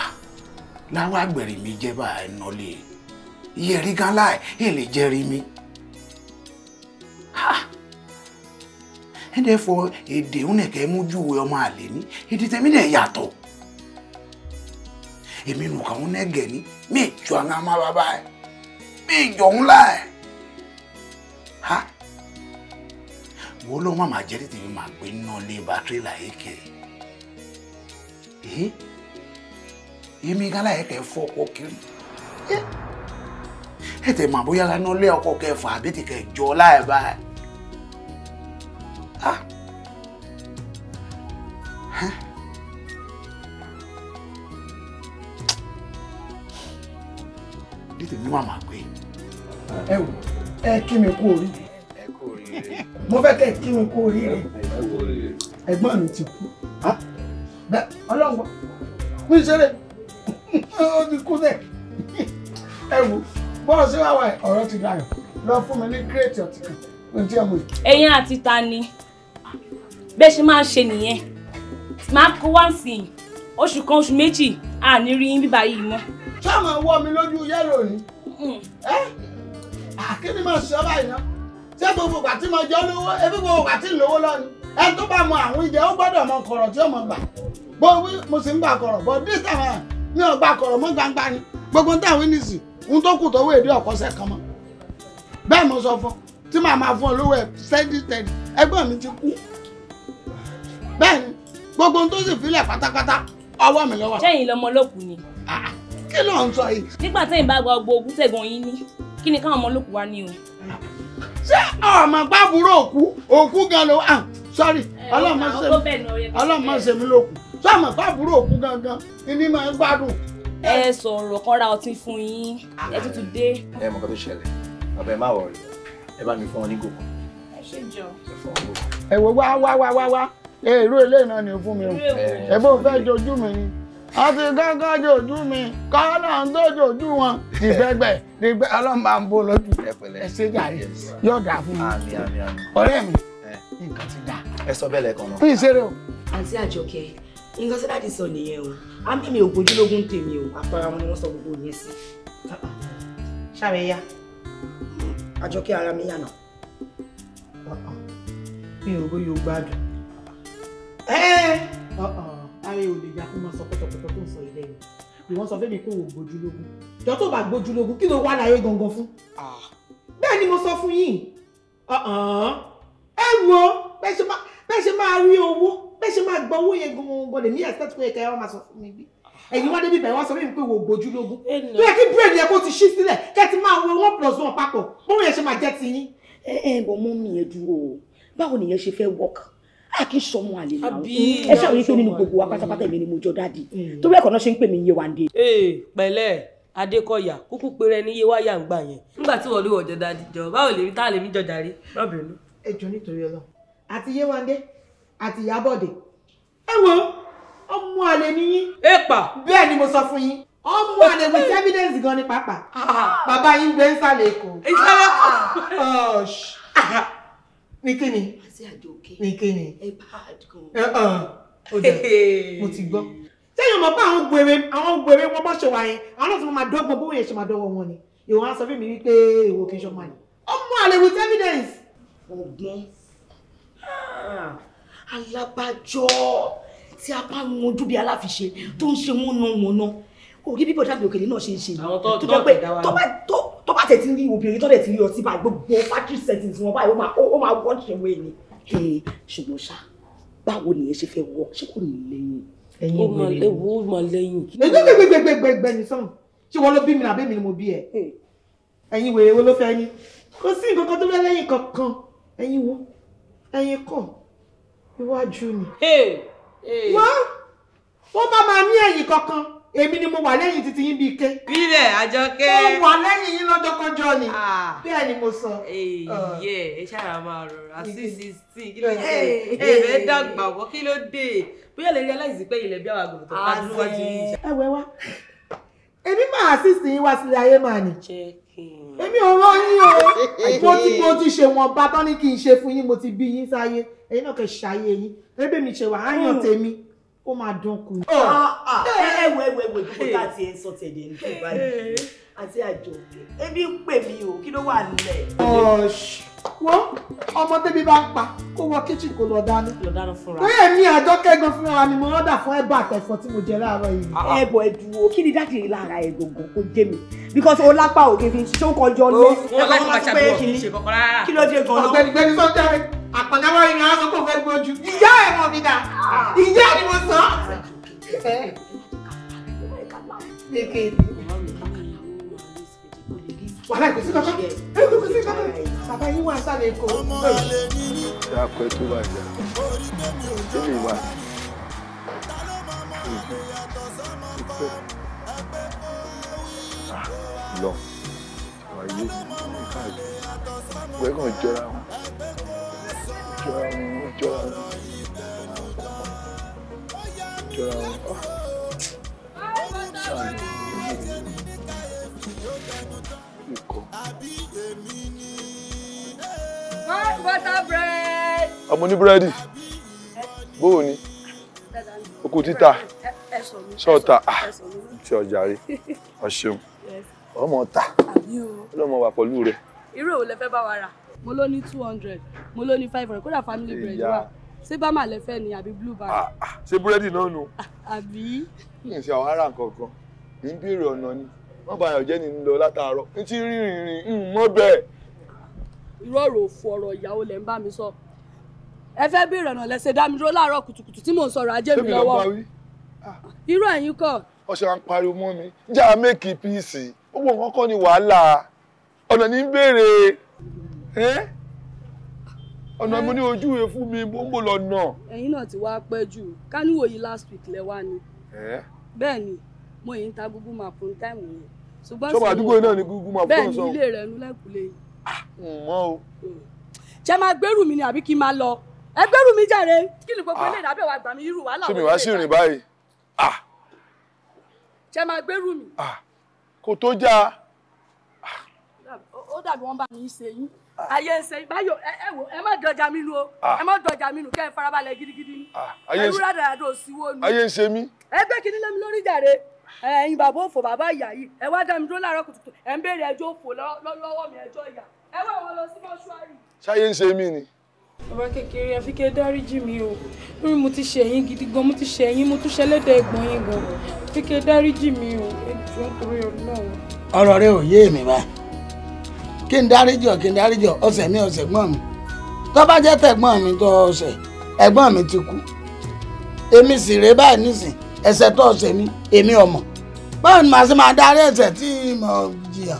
ah, láwọn àgbẹ̀rì mi jẹ́ bá ẹ nà lè iye rí gan láì ẹ lè jẹ́ rí mi ah, ẹ̀dẹ̀ fọ èdè ònẹ̀kẹ́ mójúwe ọmọ àlè ní èdè tẹ̀mí dẹ̀ yàtọ̀ èmi nù kàwọn nẹ́gẹ̀ ní mí ìjọ àwọn amábábá ẹ̀ mí ìjọ ńlá ẹ̀ ah, ìwọ ló má máa jẹ́ tètè mi máa pé iná lé ba tírélà èké hm? èmi gánà ẹ̀kẹ́ fọ́ ọkọ kiri ẹ tẹ̀ mà bóyá gánà lé ọkọ kẹfà àbí ti kẹ̀ jọ láì báyìí ah! hm? tètè mi wà máa pé ẹ wò ẹ kí mi kú oríire mo fẹ́ kẹ́ kí n kú oríire ẹ̀gbọ́n mi ti kú bẹ́ẹ̀ ọlọ́gbọ́n mi ṣeré ó ti kú dẹ̀ ẹ wò wàwà ọ̀rọ̀ ti dayọ̀ lọ fún mi ní kírètì ọtí kan ohun tí ọmọ yìí. ẹ̀yin àti ta ni bẹ́ẹ̀ ṣe máa ń ṣe nìyẹn máa kó wá sí oṣù kan oṣù méjì àní rí bíbá yìí mọ́. sọ́ọ̀mù wọ́ mi lójú yẹ́lò ni ẹ́ àkíní máa ṣe ọ́ báyìí náà ṣé gbogbo ìgbà tí mo jẹ́ olówó ebi gbogbo ìgbà tí ń lówó lọ́ni ẹ tó bá mọ àwọn ìjẹ́ ó gbọ́dọ̀ mọ kọ̀rọ̀ tí ó mọ gbà gbogbo mo sì ń gbà kọ̀rọ̀ bọ̀ dí sàmà mi ò gbà kọ̀rọ̀ mọ́ gbangba ni gbogbo táwọn nìsí ń tó kù tó wé èdè ọ̀kọ́sẹ̀ kan mọ́ bẹ́ẹ̀ mo sọ fún tí màá máa fún ọ lówó ẹ sẹ́dí tẹ̀dí ẹgbọ́n mi ti kú bẹ́ẹ̀ ni gbogbo tó sì filẹ̀ pátápátá ọwọ́ mi lọ́wọ́. sẹ́yìn lọmọ olókù ni. Ah, ah, kí sọ yìí. nígbà tẹ́yìn bá gba ọgbọ ogún tẹ̀gbọ́n yín ní kí ni káwọn ọmọ olókù wá ní o. Ah, ṣé ọmọ gbàbúrò òkú òkú gan ló hàn sọ́rí ọlọ́mọ ṣe mí lókun ṣé ọmọ gbàbúrò òkú gangan ìní máa ń gbádùn. ẹ sọ̀rọ̀ kan ra ọtí fún yín ẹ tuntun dé. ẹ mọ̀ tó ṣẹlẹ̀ bàbá ẹ má wọ̀rọ̀ ẹ bá mi fún ọ ní gòkò. ẹ ṣe jọ. ẹ wo wá wá wá wá èrò eléyìí náà ni fún mi o ẹ bó fẹ́ jojú mi ni a ti gángan jòjú mi kọ́lá ń tó jòjú wọn dìgbẹ́gbẹ́ dìgbẹ́ ọlọ́mọba ń bó lójú ẹ ṣe jàre yóò dà fún mi ọ̀rẹ́ mi eh. nǹkan ti dà. ẹ sọ bẹ́ẹ̀ lẹ́ẹ̀kan náà. fún ìṣeré o. àǹtí àjọkẹ́ nǹkan tí dáàdì sọ nìyẹn o á mímì ògbójúlógún tèmi o àpárá wọn ni wọ́n sọ gbogbo yẹn sí. ṣàrẹ̀yà àjọkẹ́ ara mi yànà. mi ò bóyá o gbádùn. ẹ eh! ẹ. Uh-uh táyé ò lè yá kó máa sọ pọ̀tọ̀pọ̀tọ̀ tó ń sọ ilé yìí ìwọ́n sọ fẹ́mi kó o gbójúlógún jọ tó bá gbójúlógún kí ló wá láyé gangan fún. Ah. bẹ́ẹ̀ ni mo sọ fún yín ẹ wo bẹ́ẹ̀ ṣe máa rí owó bẹ́ẹ̀ ṣe máa gba owó yẹn gangan lèmi expect pé ẹ̀ka ẹ̀ wá máa sọ fún mi bí ah. ẹ̀yin wá débi bẹ̀rẹ̀ wá sọ fún mi pé wò gbójúlógún tó yẹ kí bírèdì yẹn kó ti ṣí sílẹ̀ kẹ́ ti máa wo one plus one papọ̀ bóun yẹn ṣe máa jẹ́ ti yín. ẹ ẹ bọ mọ mi yẹn dúró báwo nìyẹn ṣe fẹ́ work Aki kì sọmọ àlè náà ẹ ṣáà rí nínú gbogbo wa pátápátá èmi ni mo jọ dáàdi mm. torí ẹ̀kọ́ náà ṣe ń pè mí Yéwándé. ee pẹ̀lẹ́ Adékọ̀yà kúkú péré ní yé wáyà ń gbà yẹn nígbà tí wọ́n ló wọ̀jọ dáàdi jọ báwo lèmi tá lèmi jọ jàre lọ́bìnrin. ẹ jọ nítorí Ọlọ́run àti Yéwándé àti Ìyábọ̀dé ẹ wo ọmọ àlè ni yín. ẹ pa bẹ́ẹ̀ ni mo sọ fún yín ọmọ àlè with (laughs) evidence gan ni pàápàá ah! bàbá yín bẹ́ẹ̀ ń sàlẹ̀ èkó. (laughs) sí àjòkè. nìkéni ẹ bá àdùn. ẹ ẹ ó dẹ mo ti gbọ́. sẹ́yìn ọmọ bá àwọn gbèrè àwọn gbèrè wọn bọ́ ṣe wà yẹn àwọn náà ti máa dọ́gbọ́n bó yẹn ṣe máa dọ́wọ́ wọn ni ìwọ á sọ fún mi wípé ìwọ kì í ṣọmọ ni. ọmọ àlè with evidence. ọgbọ́n alábàjọ ah, tí a bá ń wojú bí aláfiṣe tó ń ṣe wọn náà wọn náà kò rí bí bọ̀dá mi òkèlè náà ṣe ń ṣe tó jọ pé tó bá tẹ̀ ti rí obìnrin tó dẹ̀ ti rí ọtí báyìí gbogbo factory settings wọn báyìí ó máa wọ́n ṣe wé ni ṣùgbọ́n ṣá báwo nìyẹn ṣe fẹ́ wọ ṣé kò ní lẹ́yìn. ó mọ ewu ó mọ lẹ́yìn. gbẹgbẹgbẹgbẹgbẹ ní sọhùn ṣé wọn ló bí mi àbí mi ni mo bí ẹ ẹ̀yin wèrè wo ló fẹ́ yín kò sí nǹkan kan tó fẹ́ lẹ́yìn kankan ẹ̀yin wo ẹ̀yin kàn iwájú ni. wọ́n wọ́n bá máa ní ẹ̀yìn kankan èmi ni mo wà lẹ́yìn títí yín bíi ké. bílẹ̀ àjọkẹ́. mo wà lẹ́yìn yín lọ́jọ́kọ́jọ́ ni. Ah. bẹ́ẹ̀ ni mo sọ. èyí ah. ẹ ṣáà máa rọra sí sixteen kí ló eh, dé eh, eh, ẹ bẹ́ẹ̀ dàgbà wọ́ kí ló dé bóyá lè rí aláìsí pé ilẹ̀ bí àwọn àgùntàn bá dúró wájú yìí. ẹ wẹ wá èmi máa assist yín wá sílé ayé máa nì. èmi ò rán yín o (laughs) mo ti mo ti ṣe wọn bá tán ní kí n ṣe fún yín mo ti bí yín sáyé ẹ̀yin náà kẹ ó máa dán kù. ẹwẹ ẹwẹ ẹwẹ ìdúgbò tá a ti ẹ sọ tẹ̀lé ní ìgbà yìí àti àjọ ebi ń pè mí o kí ló wà nílẹ̀. wọ́n ọmọ tẹ́bí bá ń pa kó wọ kíchìn kó lọ dáná. lọ dáná fúnra. bóyá mi àjọ kẹ́gan fúnra ni mo rọ́dà fún ẹ̀bà àtẹ̀fọ́ tí mo jẹ láàárọ̀ yìí. ẹ̀bọ̀ ẹ̀dùn o kí ni dáàdì lára ẹ̀ gbogbo kó jẹ́ mi because o lápá òde fi ṣókọjọ lé. ó wọ́n láti pàṣẹ àbúrò kì í ṣe kọ̀ọ̀kan rárá. kí ló dé gan-an. ọ̀gbẹ́ni gbẹ́ni sọ́jà àkàndáwá yìí ni wọ́n sọ pé òun fẹ́ gbójú ìyá ẹ̀ mọ̀ mi dà ìyá ni mo sọ. wàhálà ìkòsí kankan ìkòsí kankan bàbá yìí wà sálẹ̀ èkó. dákọ̀ tó bá jà kí ni ah, wà lọ wàyé káàkiri wẹ́gàn jọra wọn jọra wọn jọra wọn jọra wọn ọmọ ní búrẹ́dì bóò ni okú títà ṣọ́ọ̀tà ti ah, ọjà rí ọ̀ṣun ọmọ ọ̀tà ọlọ́mọ wà pẹ̀lú rẹ̀. irú òun lè fẹ́ bá wa rà mo ló ní two hundred mo ló ní five hundred kódà family bread wà ṣé bámà lẹ́fẹ́ ni àbí blue bag. Ah, ah, ṣé búrẹ́dì náà nu. Ah, àbí. kí n ṣe àwọn ará nǹkan kan ní bèrè ọ̀nà ni wọ́n bá àyànjẹ́ ni lọ látàárọ̀ n ti rí ìrìn ń mọ́ bẹ́ẹ̀. irú ọ̀rọ̀ òfu ọ̀rọ̀ ìyàwó lẹ̀ ń bá mi sọ ẹ fẹ́ bèrè ọ̀nà lẹ́sẹ̀ dá mi dúró láàárọ̀ kùtùkùtù tí mò ń sọ̀rọ̀ ajé mi lọ́wọ́ irú ẹ̀yin kọ́. ọṣẹ wa ń pariwo mọ́ mi já méèkì píìsì ó wọ nǹkan kọ́ ni wàhálà ọ̀nà ní bèrè ọ̀nà mo ní ojú rẹ fún mi mo ń bò lọ nà. ẹ̀yin náà ti wá pẹ́ jù káníwò yìí last week lẹ wá ni. bẹ́ẹ̀ ni mo yìí ń ta google map ní táìmù yẹn. ṣùgbọ́n sọ àdúgbò náà ni google map tó ń sọ. bẹ́ẹ̀ ni ilé rẹ̀ nu lẹ́kùlé yìí. Ah, mọ o. Hmm. ṣé máa gbẹ́rù mi ni àbí kí n máa lọ ẹ gbẹ́rù mi jàre kí ni gbogbo ilé ah. ìdábẹ̀ wa gbà mí irú wàhálà wọn. ṣé mi wá sí ìrìn báyìí. Ah. ṣé máa gbẹ́rù mi ayé ẹsẹ báyọ ẹ wò ẹ má dọjà mí nu o ẹ má dọjà mí nu kẹ ẹ farabalẹ̀ gidigidi ẹrú ládàádọ òsínwó nu. ayé ń ṣe mí. ẹgbẹ́ kìíní lẹ́mi lórí jàre ẹ̀yin bàbá òfò bàbá ìyá yìí ẹ wá dá mi dúró láàárọ̀ kùtùkùtù ẹ ń béèrè ẹjọ́ òfò lọ́wọ́ mi ẹjọ́ ìyá ẹ wá wọn lọ sí mọ́ṣúárì. ṣáyé ń ṣe mí ni. bàbá kékeré àfi kẹ́ dáríjì mi o lórí mo ti ṣe yín gidi gan mo ti ṣe yín mo tún ṣe lẹ́dẹ̀ẹ́ ẹ̀gbọ́n yín gan àfi kẹ́ dáríjì o ẹ rẹ ò yé mi báyìí kí n dáríjì kí n dáríjì ọ mi gbọ́n mi tó bá jẹ́ tẹ̀gbọ́n mi tó ọ̀sẹ̀ ti kú èmi sì rèé báyìí nísìn tó èmi ọmọ báwo ni màá sì máa darí ẹ̀ṣẹ̀ tí mo jìyà.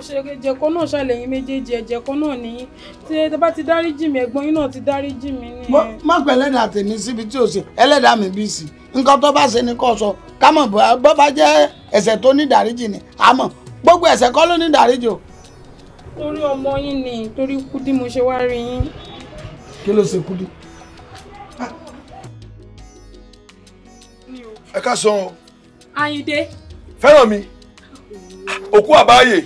náà méjèèjì ẹ̀jẹ̀kọ́ náà nìyí tí ẹ bá ti dáríjì mi ẹ̀gbọ́n yín ti má ẹlẹ́dàá tèmi tí ṣe o torí ọmọ yín ni torí kúdí mo ṣe wá rí yín. kí ló ṣe kúdí. ẹ ká sọ ọ. Àyìndé. fẹ́ràn mi òkú àbáyè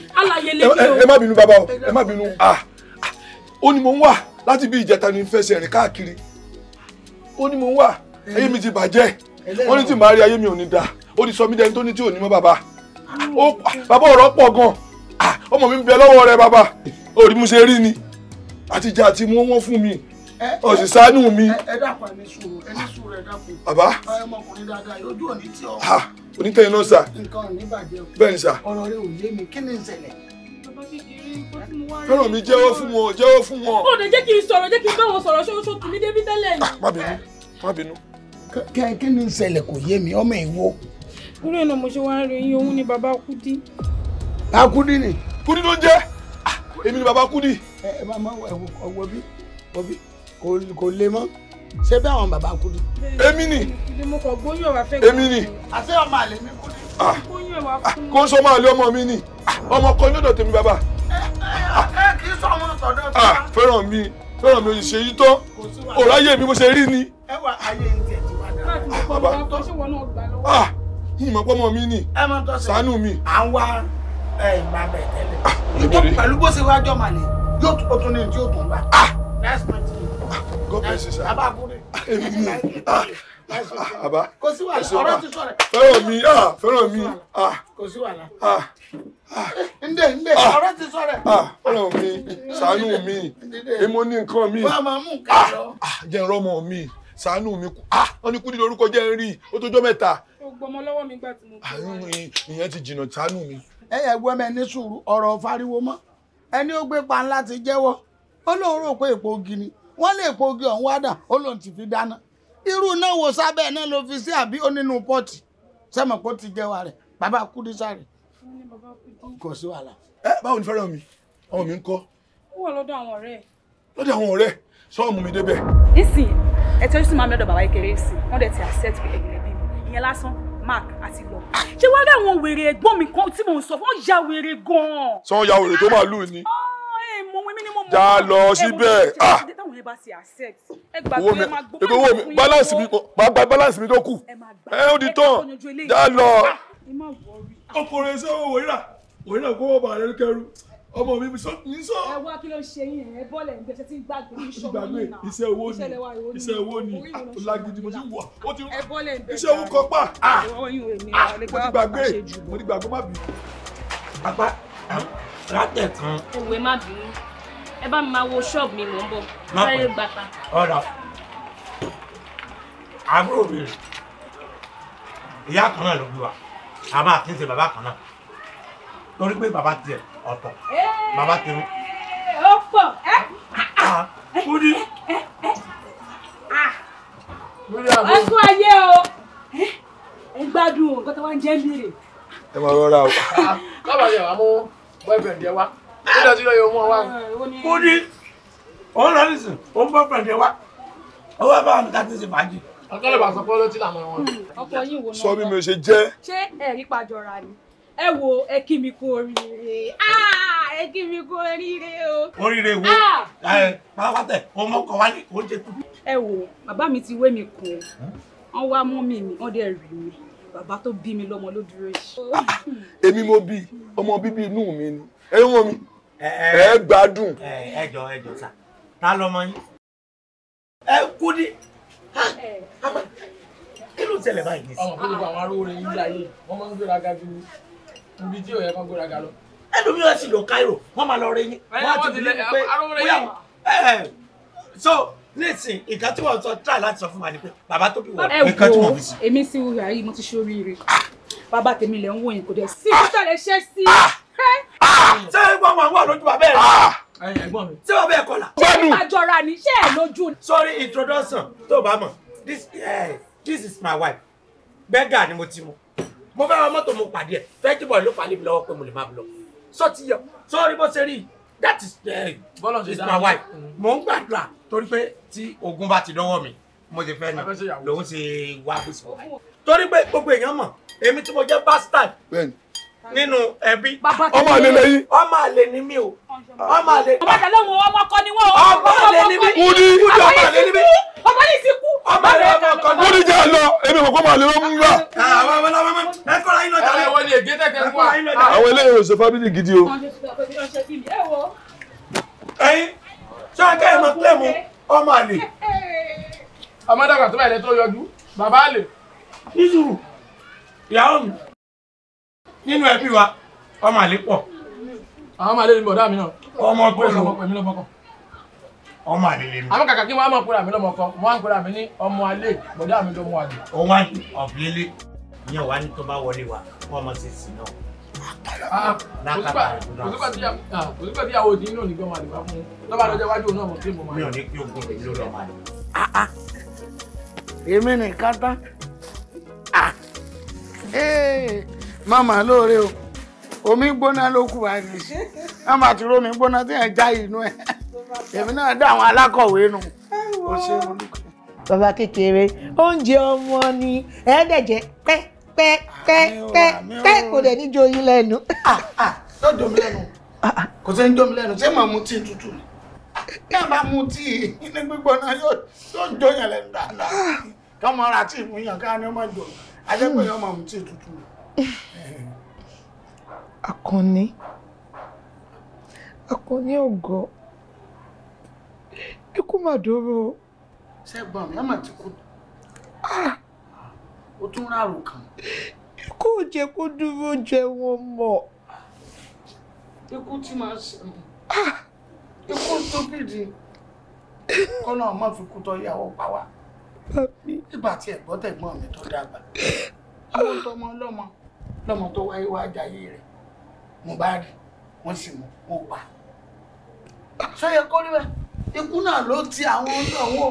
ẹ má bínú bàbá o ẹ má bínú ó ní mo ń wà láti bí ìjẹta ní fẹsẹ̀ rìn káàkiri ó ní mo ń wà ayé mi ti bàjẹ́ wọ́n ní tí màá rí ayé mi ò ní da ó ti sọ mí dẹni tó ní tí ò ní mọ́ bàbá bàbá ọ̀rọ̀ pọ̀ gan-an Ah, ọmọ mi ń bẹ lọ́wọ́ rẹ bàbá orí mi ṣe rí ni àtijọ́ àti mú wọn fún mi ọ̀sìn sánú mi. ẹ dàpọ̀ ẹni sùúrù ẹni sùúrù ẹ dàpọ̀. bàbá ọmọkùnrin dáadáa yójú òní tí ọ. onítẹ̀yìn náà sà. nǹkan ò ní bàjẹ́ o. bẹ́ẹ̀ ni sà. ọ̀rọ̀ rẹ ò yé mi kí ni ìṣẹ̀lẹ̀. fẹ́ràn mi jẹ́wọ́ fún wọn jẹ́wọ́ fún wọn. ó lè jẹ́ kí n sọ̀rọ̀ jẹ́ kí n bá wọn sọ̀rọ̀ ṣoṣo tù mí débi tẹ́lẹ̀ ni. Ah, má bínú má bínú. kí ni ìṣẹ̀lẹ̀ kò yé mi ọmọ ìwo. kúrò náà mo ṣe wá rí yín òun bá Kudi ni. Kudi ló ń jẹ́ ah, èmi ni Baba Kudi. ẹ ẹ máa máa wọ bí wọ bí kò lè mọ ṣé bí àwọn bàbá kúdí. èmi ni èmi ni. àṣé ọmọ àlè mi kúdí. Ah, ah, kó ń sọ ọmọ àlè ọmọ mi ni ọmọ kan ní ọ̀dọ̀ tèmi bàbá. ẹ kì í sọ ọmọ tọ̀dọ̀ tó wá. fẹ́ràn mi fẹ́ràn mi òṣìṣẹ́ yìí tán òráyè mi bó ṣe rí ni. ẹ wà ayé ń tẹ̀ tí wàá dára. bàbá ìmọ̀ pọ́nmọ́ mi ni ṣàánú mi. à ẹ máa bẹ̀ tẹ́lẹ̀. Ah, pẹ̀lú bó ṣe wá jọ màlẹ̀ yóò tó tún ní tí yóò tún bá. Ah! Ah, God bless you sir. Aba Akunle. Aba. Kò sí wàhálà. Ọ̀rọ̀ ti sọ̀rọ̀. Fẹ́ràn mi. Fẹ́ràn mi. Kò sí wàhálà. Ndé eh, ndé. Ọ̀rọ̀ ti sọ̀rọ̀. Fẹ́ràn mi. Ṣàánú mi. Èmo ní nǹkan mi. Wọ́n máa mú nǹkan lọ. Ah, ń rọ́mọ mi. Ṣàánú mi. Wọ́n ní kúndínlórúkọ jẹ́ ń rí. Ó tó jọ́ mẹ́ta. Ó gbọmọ lọ́wọ́ mi gbà tí mo kú. Àyùn ìyẹn ti jìnnà ṣàánú mi ẹ̀yìn ẹ̀gbọ́n mi ní sùúrù ọ̀rọ̀ fariwo mọ́ ẹni ó gbé pa ńlá ti jẹ́wọ́ ó lóun rò pé èpo ogi ni wọ́n lé èpo ogi ọ̀hún wádà ó lóun ti fi dáná irú náà wo sábẹ́ náà ló fi sí àbí ó nínú pọ́ọ̀tì sẹ́mọ̀ pé ó ti jẹ́wàá rẹ̀ bàbá kúdísà rẹ̀ kò sí wàhálà. ẹ báwo ni fẹ́ràn mi ọmọ mi ń kọ́. ó wà lọ́dọ̀ àwọn ọ̀rẹ́ ẹ̀. lọ́dọ̀ àwọn ọ̀rẹ́ sọ́ọ̀mù mi débẹ̀. nísìnyí ẹ tẹ́jú sí máa ń lọ́dọ̀ bàbá ìkéré sí wọ́n dẹ̀ ti accept pé ẹ̀yìn rẹ̀ bímọ ìyẹn lásán mark àti lọ ṣé wàá rí àwọn wèrè ẹ̀gbọ́n mi kan tí mò ń sọ fún ya wèrè gan-an. sọ ya wèrè tó máa lù ní. já ah, lọ síbẹ̀ ah owó mi ètò owó mi balance mi gba balance mi tó kù ẹ ó di tán já lọ. Ah, ọkùnrin sẹ́wọ̀n wòrìrà wòrìrà kó wọ́n bàa rẹ̀ kẹrù ọmọ mi mi sọ ní sọ. ẹ wá kí ló ń ṣe yín ẹ bọ́lẹ̀ ń gbèsè tí ń gbàgbé ìṣòro yìí náà iṣẹ́ owó ni iṣẹ́ owó ni lágídí mo ti wọ ó ti iṣẹ́ owó kan pa ah, mo ti gbàgbé mo ti gbàgbé má bínú. apá látẹ̀ kan. òwe má bínú ẹ bá mi máa wo ṣọ́ọ̀bù mi mò ń bọ̀ sáré gbàtà. ọ̀rọ̀ àbúrò mi ìyá kan náà ló bí wa a máa kí n ṣe bàbá kan náà torí pé bàbá tiẹ̀ ọ̀tọ̀. ẹ Màmá Tèmi. Ó pọ̀. Múdi. Ah, Múdi àbọ̀. Ẹkún ayé o. Ẹ gbádùn nǹkan tó wá ń jẹ́ mìíràn. Ẹ máa rọra o. Ah, Kábàá yẹ̀ wá boyfriend yẹ wá. Ah, ó dọ̀tí lọ yóò mú ọ wá. Múdi. Òun lọ nísìn, òun boyfriend yẹ wá. Ó wá bá wọn ká ti ṣe fàájì. Ọkọ bá sọ pé ó ló wọn. Hmm, ọkọ yìí wo náà. Sọ mi ò ṣe jẹ́. Ṣé ẹ̀rí pàjọra ni? ẹ wo ẹ kí mi kú oríire ah, ẹ kí mi kú oríire o. oríire wo ah! pátápátá ọmọ kan wá ní kò jẹ kú. ẹ wo bàbá mi ti wé mi kún wọn wá mú mi mi wọn dẹ rí mi bàbá tó bí mi lọ́mọ ló dúró yìí. Ah, èmi mo bí ọmọ bíbí inú mi ni ẹ wọ́n mi ẹ gbádùn. ẹ jọ ẹ jọ sá ta lọmọ yín ẹ kú ní kí ló ń ṣẹlẹ̀ báyìí. ọmọ kí ló bá àwọn aróore yín láyé wọn máa ń gbéra ga ibi tí òye kan gbéra ga lọ. ẹlòmíràn sì lọ Cairo wọn máa lọ rẹ yín wọn ti bí pé so nísìn nǹkan tí wọn sọ try láti sọ fún wa ni pé bàbá tó bí wọn. ẹ wo èmi sì wúwo àyè mo ti ṣe oríire bàbá tèmi lè ń wò yín kò dẹ̀ sí kó tẹ̀lé ṣe sí. Ah! Ah! ṣé wọn wà wà lójú abẹ́ rẹ ah! ṣé wọn bẹ́ẹ̀ kọlà. ṣé ìpàjọra ni ṣé ẹ lójú. sorry introduction tó o bá mọ̀ this, eh, this is my wife bẹ́gà ni mo ti mọ̀ mo fẹ́ ra mọ́tò mo pàdé ẹ̀ fẹ́ẹ́tì ló fà á lọ́wọ́ pé mo lè máa bọ̀ sọ ti yọ sọ́ọ́rí bó ṣe rí that is, eh, is my wife mo ń gbàdúrà torí pé tí ogun bá ti dọ́wọ́ mi mo ti fẹ́ ni lòun ṣe wá bó ṣe torí pé gbogbo èèyàn mọ̀ èmi tí mo jẹ́ bastard nínú ẹbí ọmọ àlè lẹ́yìn ọmọ àlè ni mí o ọmọ àlè. ọmọ àlè wọn ọmọ kọ ni wọn. ọmọ àlè ni mí. wúdi wúdi ọmọ àlè ni mí. ọmọ yìí ti kú. ọmọ àlè ọmọ kọ ni. wúdi jẹ́ lọ èmi kò kọ́ ọmọ àlè ló ń gbà. àwọn ọmọ ọmọ ọmọ ẹ kọ́ra yín lọ́jà. Ah, ẹ wọlé ègé tẹ̀tẹ̀ ń wá. àwọn eléyìí ò ṣe fámìlì gidi o. ẹyin ṣé tó bá ilẹ̀ tó yọjú bàbá àlè. nínú ẹbí wa ọmọ àlè pọ̀ àwọn máa lé ní bọ̀dá mi náà. ọmọ pé ló ọmọ pé mi ló mọ́kọ. ọmọ àlele mi. àwọn kàkà kí wọ́n á máa kóra mi lọ́mọkọ wọ́n á kóra mi ní ọmọ alẹ́ bọ̀dá mi lọ́mọ àlè. òun wá ọ̀bílélé ìyẹn wà ní tó bá wọlé wa wọ́n mọ̀ ah, sí sí náà. òsùpà tíyàwó òdì inú ònígbọ́n máa lè wá fún un lọ́ba lọ́jọ́ iwájú òun náà mọ̀ pé mo máa. mi ò ní pí ogun rẹ̀ ló lọ́ọ́ máa lè. Ah, ah. èmi nìkan tán máa lóore o omi gbóná ló kù wá ní wọn máa ti rómi gbóná tí yẹn já inú ẹ èmi náà dá àwọn alákọ̀wé nù ó ṣe mo dúkọ. bàbá kékeré oúnjẹ ọmọ ni ẹ̀ẹ́dẹ̀jẹ̀ pẹ́ pẹ́ pẹ́ pẹ́ pẹ́ kò dẹ̀ ní joyin lẹ́nu. yóò dùn mí lẹ́nu kò sẹ́ni dùn mí lẹ́nu ṣé màá mu tíì tútù ni bí a bá mu tíì ní gbígbóná yóò jóyàn lẹ́nu dáadáa ah. kí ọmọ ara tíì mú yàn ká ní ọmọ ìdòwò ajẹ́pẹ̀lẹ́ ọmọ mu tíì tútù ni. (laughs) Àkànní Àkànní ọ̀gọ́ ikú mà dóró. Ṣẹ́gbọ́n mi, àmà ti kú. O ah! tún ráàrò kan. Ikú ò jẹ́ kó dúró jẹ wọn mọ̀. Ikú tí màá ṣe mọ̀. Ah! Ikú stópìdì. Kọ́nà ọmọ fi kú tọ́ ìyàwó pa wá. Nígbà tí ẹ̀gbọ́n tẹ̀gbọ́n mi tó dàgbà. Àwọn tọmọ lọ́mọ lọ́mọ tó wáyé wá jayé rẹ̀ mo bá rí wọ́n sì mú mo pa ṣó yẹ kó rí bẹ́ẹ̀ ikú náà ló ti àwọn onídọ̀wọ́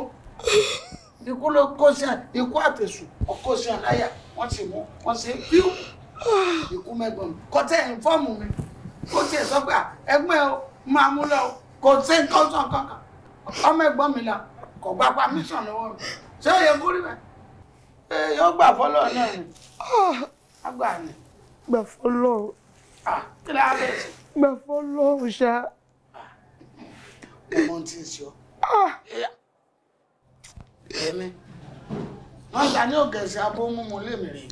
ikú ló kó sí àná ikú àtẹ̀sùn ọkọ̀ sí àná láyà wọ́n sì mú wọ́n sì píú ikú mẹ́gbọ̀n mi kọ́tẹ́ ìfọ́ọ̀mù mi ó tiẹ̀ sọ pé ẹgbẹ́ o máa mú lọ kò sí nǹkan sàn kankan ọmọ ẹ̀gbọ́n mi la kò gba pàmísàn lọ́wọ́ mi ṣé ó yẹ kó rí bẹ́ẹ̀ èèyàn gbà fọlọ́ náà ni àgbà ah. ni. gbà fọlọ́ kí ló á bẹ̀ sí. gbà fọ́ lọ́hùn ṣá. ọmọ tí ń sọ. èmi wọn gbà ní ògẹ̀sẹ̀ abóhùn mu lémi rè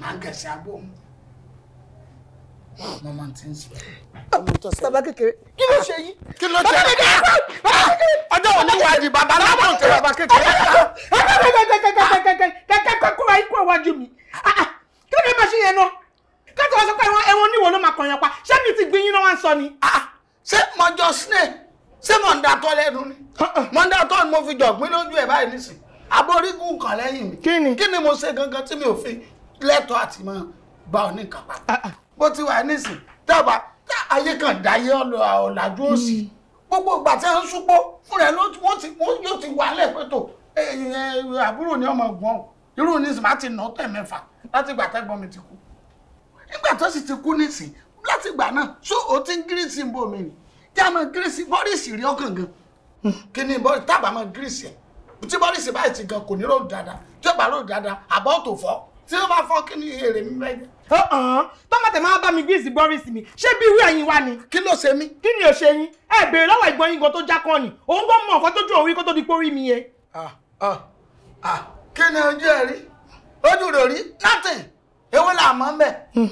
máa gẹ̀sẹ̀ abóhùn mo máa ti ń sọ. bàbá kékeré kí ló ṣe yín. kí ló ṣe yín. ọjọ́ òní wájú bàbá lábọ̀ tí bàbá kékeré ta. kẹ́kẹ́ kẹ́kẹ́ kẹ́kẹ́ kẹ́kẹ́ kẹ́kẹ́ kọ́kọ́ wa ikú ọ̀wájú mi. kí ló dé bá ṣe yẹn náà kátó wá sọ pé ẹwọn ẹwọn níwọ ló máa kọyàn pa ṣé mi ti gbin yín náà wá ń sọ ni. Ah, ah. ṣé mo jọ snake ṣé mo ń da tọ́ lẹ́nu ni mo ń da tọ́ ni mo fi jọ̀gbìn lójú ẹ̀ báyìí nísìnyí aborígun kan lẹ́yìn mi kí ni kí ni mo ṣe gangan tí mi ò fi lẹ́tọ̀ọ́ àti mọ́ bá ọ nìkan pa bó ti wà nísìnyí dábàá ayé kan dáyé ọ̀làjú òsì hmm. gbogbo ìgbà tí wọ́n ń súpó fún rẹ̀ wọ́n yóò ti wà lẹ́ẹ̀pẹ́ tó àbúrò ni ọmọ ọgbọ́n irú ní ìsìn má ti nà ó tẹ̀ mẹ́fà láti ìgbà mi ti kú nígbà tó sì ti kú nísìn láti ìgbà náà so o ti ń gírísì ń bò mí ni tí a máa gírísì bọ́rìsì rí ọkàn gan kí ni bọ́rìsì tábà máa gírísì ẹ̀ tí bọ́rìsì báyìí ti gan kò ní ròdù dáadáa tí ó bá ròdù dáadáa àbọ̀ tó fọ́ tí ó bá fọ́ kí ni èrè mi bẹ́ẹ̀ jẹ́. ọ̀hún tọ́mọ̀tẹ̀ máa bá mi gírísì bọ́rìsì mi ṣé bí irú ẹ̀yin wá ni. kí ló ṣe mí. kí ni ò ṣe yín ẹ béèrè lọ́wọ́ ìgbọ́n já kan ni òun kò mọ nǹkan tójú òun kó tó di pórí mi yẹn. Ah, ah, ah. kí ni ojú ẹ rí ojú rò rí ewé la mọ́ mbẹ́ hmm.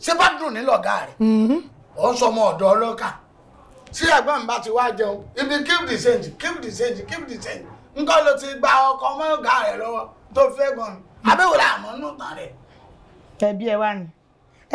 ṣé bá dùn ní lọ́gà rẹ̀ ọ̀ hmm. ń sọ ọmọ ọ̀dọ́ ọlọ́kà sí ẹ̀gbọ́n mi bá ti wá jẹun ibi keep the change keep the change keep the change nǹkan ló ti gba ọkọ ọmọ ọ̀gá rẹ̀ lọ́wọ́ tó fẹ́ gan ni abẹ́wò là mọ́ nù tán rẹ̀. ẹbí ẹ wá ni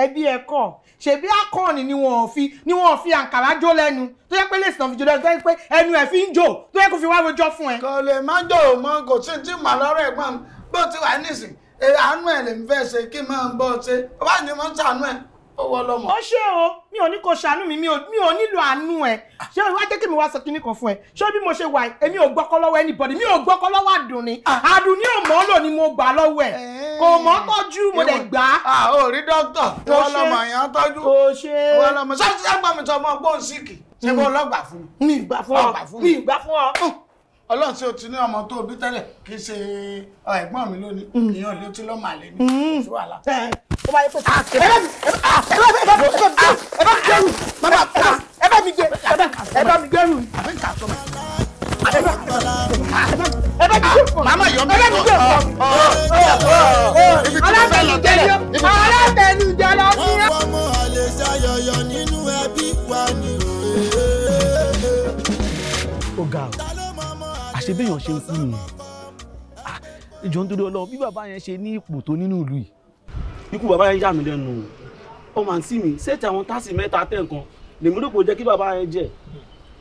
ẹbí ẹ kọ ṣèbí akọni ni wọn fi ni wọn fi àǹkàrà jó lẹ́nu tó yẹ pé lèsì náà fi jó lẹ́nu tó yẹ pé ẹnu ẹ fi ń jò tó yẹ kó fi wá rojọ́ fún ẹ. kò lè má jò mọ kò sí tí màlọ́rọ̀ ẹ̀gbọ́n bó ti wà nísìnyí àánú ẹ̀ lè ń fẹ́ ṣe kí n máa ń bọ́ ṣe bàbá ni mo ń ṣàánú ẹ̀ ó wọ lọ́mọ. ó ṣe o mi ò ní kó ṣàánú mi mi ò nílò àánú ẹ̀ ṣé wàá jẹ́ kí mi wá sọ kíní kan fún ẹ ṣé bí mo ṣe wà èmi ò gbọ́kọ́ lọ́wọ́ anybody mi ò gbọ́kọ́ lọ́wọ́ àdùnní àdùnní ah. ò mọ́ lò ni mo gbà lọ́wọ́ ẹ̀ eh. kò mọ́ tọ́jú mo dẹ̀ gbà á. ò ah, rí dókítà ìwọ lọmọ yẹn tọ́jú ìwọ lọmọ ṣáà ṣáà gbà mí sọ ọmọ gbóhùn síkì ṣé bó hmm. lọ́gbà fún mi. mi ì gbà fún ọ mi ì ọlọ́run tí o ti ní ọmọ tó bí tẹ́lẹ̀ kì í ṣe ẹ̀gbọ́n mi lónìí mm. ìyàn ló ti lọ́ màá lé mi oṣù mm. wàhálà. ó bá yẹ pé ah, ẹ bá mi gbẹrù mama ẹ bá mi gbẹ ẹ bá mi gbẹrù àbí nǹkan àtọ́ mi. Mama yọ mi jọ. Alátẹnujẹ lọ. Alátẹnujẹ lọ sí. Ọmọ àlè ṣayọyọ nínú ẹbí wa ni. Ó ga o ṣe béèyàn ṣe ah, ń kú nù ìjọ nítorí Ọlọ́run bí bàbá yẹn ṣe ní ipò tó nínú ìlú yìí ikú bàbá yẹn yà mí lẹ́nu o ọmọ àǹtí mi ṣéètì àwọn táàsì mẹ́ta tẹ̀ nǹkan lèmi rò pé ó jẹ́ kí bàbá yẹn jẹ́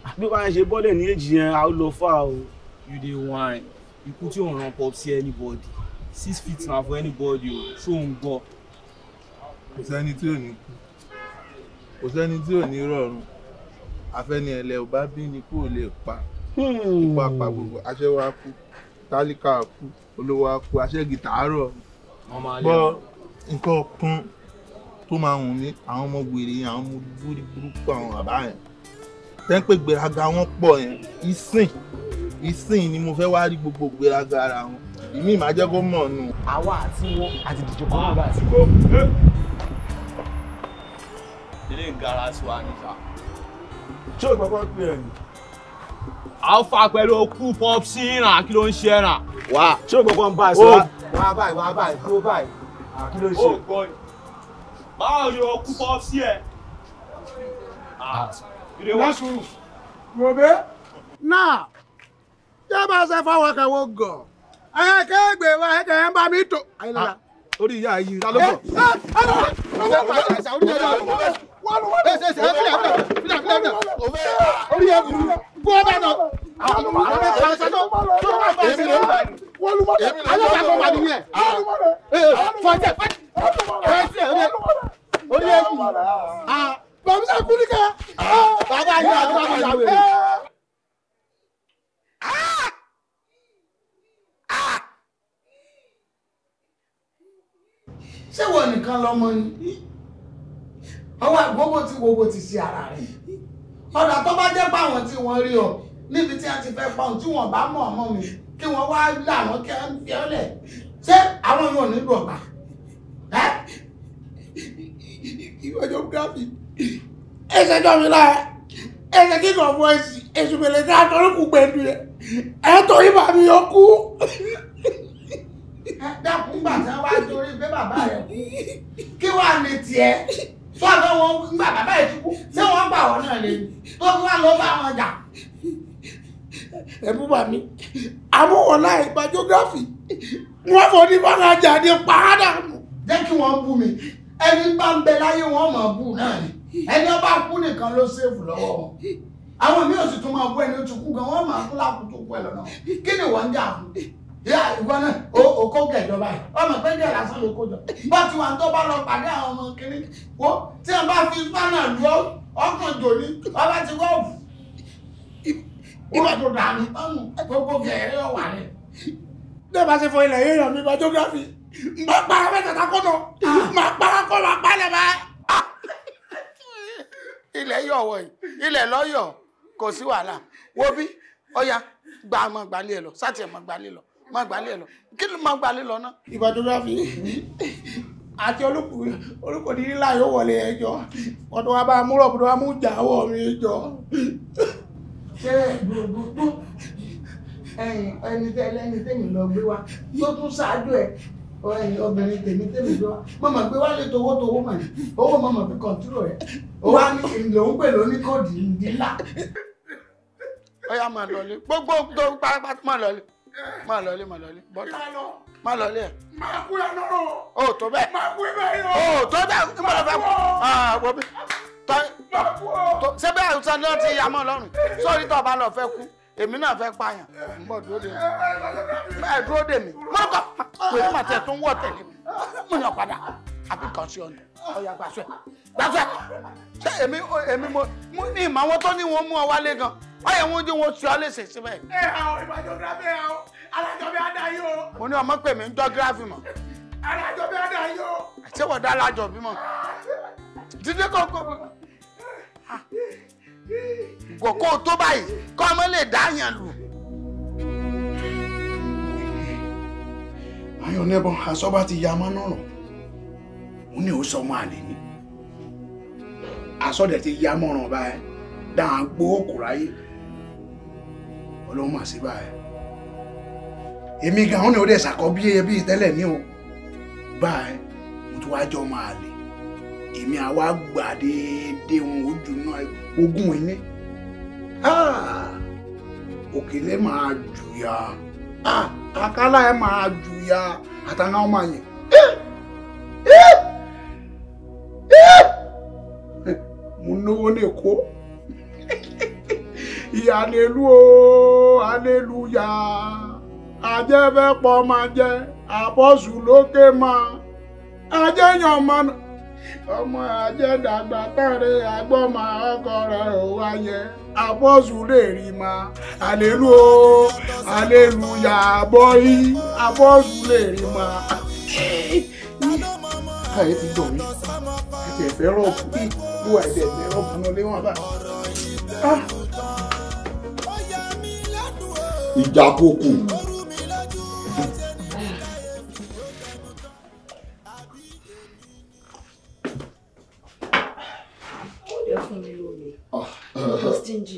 ah, bí bàbá yẹn ṣe bọ́lẹ̀ ní èjì yẹn a ó lọ fà o. you dey whine ikú tí ò ń ran pop sí anybody six feet na for anybody o ṣó ń gbọ́. kò sẹ́ni tí ò ní kú kò sẹ́ni tí ò ní rọrùn àfẹ́ni ẹ̀lẹ́ ò bá bí ni kú ò lè pa ipa pa hmm. gbogbo aṣẹ́wó á kú tálíkà á kú olówó á kú aṣẹ́gi tàárọ̀ bọ́ nǹkan kan tó máa wù mí àwọn ọmọ gbèrè yẹn àwọn ọmọ búrí burúkú àwọn bàbá yẹn tẹ́ ń pè gbéraga wọn pọ̀ yẹn ìsìn ìsìn ni mo fẹ́ wá rí gbogbo gbéraga ara wọn ìmí ìmá jẹ́ kó mọ̀ nù. àwa àti wọn àti dìjọ kọ́ bàbá àti kó. ilé ìgara sí níta. ṣé o gbọ́dọ̀ pé ẹ̀yìn. alfa pẹ̀lú okú popsi ràn kí ló ń ṣe ràn. wà á ṣé gbogbo ń bá sọ wá. wà á báyìí wà á báyìí kí ló ń ṣe. báwo ni okú ẹ. jẹ́ bá a ṣe fọwọ́ wo gọ̀ kéègbè wa ẹ̀kẹ́ ẹ̀ ń bá mi tò. orí ìyá yìí ta ló bọ̀. Pour that up. Àwọn ọmọ ẹ̀ka ṣe tó tó wà bá ṣe lọ. Alábàápọ̀ wà nìyẹn. Fọ̀jẹ̀ fẹ́ẹ̀sì ẹ̀ orí ẹ̀kú. Bàbá ṣe kú níkẹ́. Bàbá yìí àdúrà máa yà wèrè. Ṣé wọ nìkan lọmọ ni? Ọwọ́ àgbógbó tí gbogbo ti ṣe ara rẹ̀ ọ̀dà tó bá jẹ́ báwọn tí wọ́n rí ọ níbi tí a ti fẹ́ pa ohun tí wọ́n bá mọ̀ ọmọ mi kí wọ́n wá là wọ́n kí wọ́n fi ọ́ ṣé àwọn yóò nílò ọ̀gbà. ìwọ́jọ́ gíráfì ẹsẹ̀ dọ́mi lára ẹsẹ̀ kíkọ̀ fún ẹsì èṣù mẹ́lẹ̀ tí a tọrọ kù gbẹ̀dù rẹ̀ ẹ torí bàbí yọ kú. dákun gbàtà wá torí pé bàbá rẹ̀ kú kí wàá ní tiẹ̀ sọ pé wọn gbà bàbá ẹ̀ tukú ṣé wọ́n gbà wọ́n náà lè tó fi wá lọ bá wọn jà. ẹ̀bùn bà mí àmúwọ̀lá ìgbà jógráfì wọ́n fọ ní bára jáde pàádà jẹ́ kí wọ́n bú mi ẹni bá ń bẹ láyé wọn mọ̀ bú náà ni ẹni ọba kú nìkan ló ṣèfù lọ́wọ́ wọn àwọn mi ò sì tún máa bú ẹni tó gan wọ́n máa kú lákùtù kú ẹ kí ni wọ́n ń jà fún yá ìwọ náà òkó gẹ̀jọba yìí ọmọ pé díẹ̀ lásán ló kó jọ bá ti wà tó bá lọ pàdé àwọn ọmọ kiri wo tí wọn bá fi fánà lu ọkàn jòní ọba ti wọ́ọ̀fù ìbàdàn dàmí gbogbo gẹ̀ẹ́rẹ́ ọ̀wà rẹ̀. bẹ́ẹ̀ bá ṣe fọ ilẹ̀ yìí ràn mí bá jógráfì má para mẹ́ta takọ́nà ah. má para kọ́ má palẹ̀ bá. ilẹ̀ yọ̀ wọ̀ yìí ilẹ̀ lọ́yọ̀ kò sí wàhálà wo bí ọya gba àmọ́ gbalẹ̀ lọ sátì ẹ̀mọ́ gbalẹ̀ lọ máa gbálẹ̀ lọ kí ló máa gbálẹ̀ lọ náà. ìbàdàn bá fi àti olùkọ́ ní nílá yóò wọlé ẹjọ́ ọ̀dọ̀ wa bá mú rọ̀bù wa mú jà wọ̀ mí jọ. ṣé gbogbo ẹni tẹ́lẹ́ni tẹ́mi lọ gbé wa tó tún ṣáájú ẹ̀ obìnrin tèmi tèmi gbé wa mọ̀mọ́ gbé wa lè towó towó mọ̀ owó mọ̀mọ́ fi kọ̀ǹtúrò ẹ̀ ó wá ní lòún pè lóní kóòdù ńdílà. ó yá máa lọlé gbogbo tó ń pa pátá máa lọlé má lọ ilé má lọ ilé bọ́tà má lọ ilé ẹ̀. máa kú yẹn lọ́rọ̀. o tó bẹ́ẹ̀. máa kú ibẹ̀ yìí o. o tó bẹ́ẹ̀ n bọ̀dọ̀ fẹ́ kú. Ah, wọ́n bí máa kú o. ṣé bẹ́ẹ̀ àwùjọ náà ti yà mọ́ lọ́rùn sórí tó bá lọ fẹ́ kú èmi náà fẹ́ pààyàn n dúró dè mí ẹ dúró dè mí mọ́kàn ah. pèsè màtí ẹ̀ tó ń wọ̀ tẹ̀lé mi mo yàn padà àbí kàn sí ọ̀nà ọ̀yà gbàṣẹ gbàṣẹ ṣé èmi èmi mo mo ní ìmọ̀wọ́ tó ní wọn mú ọ wálé gan ọ̀yà wọn jẹ́ wọn ṣe ọ léṣe síbẹ̀. ẹ àwọn ìbàjọ́ gíráfì ẹ àwọn alájọ bí adá yìí o. mo ní ọmọ pè mí ń jọ gíráfì mọ. alájọ bí adá yìí o. àti ìwọ dá alájọ bí mọ. dídé kọ̀ọ̀kan kò kó tó báyìí kọ́ ọmọ lè dá yàn lù. ayọ̀ nẹ́bọ̀n àsọ́bà ti ya máa ń rọ̀ òun ni ò sọ ọmọ àlè ni àsọdẹ ti ya mọ̀ràn báyìí a gbowó kùráyé ọlọ́run mà sí báyìí èmi gan òun ni ò dẹ̀ sàkọ́bí ẹbí tẹ́lẹ̀ mi ò báyìí mo tún wá jọ ọmọ àlè èmi àwa gbà déédéé òun ojú náà ogún ẹni ah! òkèlè máa jùyà ah! àkàlà ẹ máa jùyà àtàwọn ọmọ yẹn. Eh! Eh! mo ń náwó ní èkó ìyàlélú o aleluya ajẹ́fẹ́pọ̀ máa jẹ́ lókè máa ajẹ́yàn ọmọ ajẹ́dàgbà táre agbọ́mọ ọkọ wáyẹ àbọ̀sù lè rí ma àlélú o aleluya i àbọ̀sù lè rí ma. fẹ́ rọ́ọ̀bù bí ìlúwà ẹ̀dẹ̀ ẹ̀dẹ̀ rọ́ọ̀bù náà lé wọn bá. Ah! ìjà kókò. Ah, eh,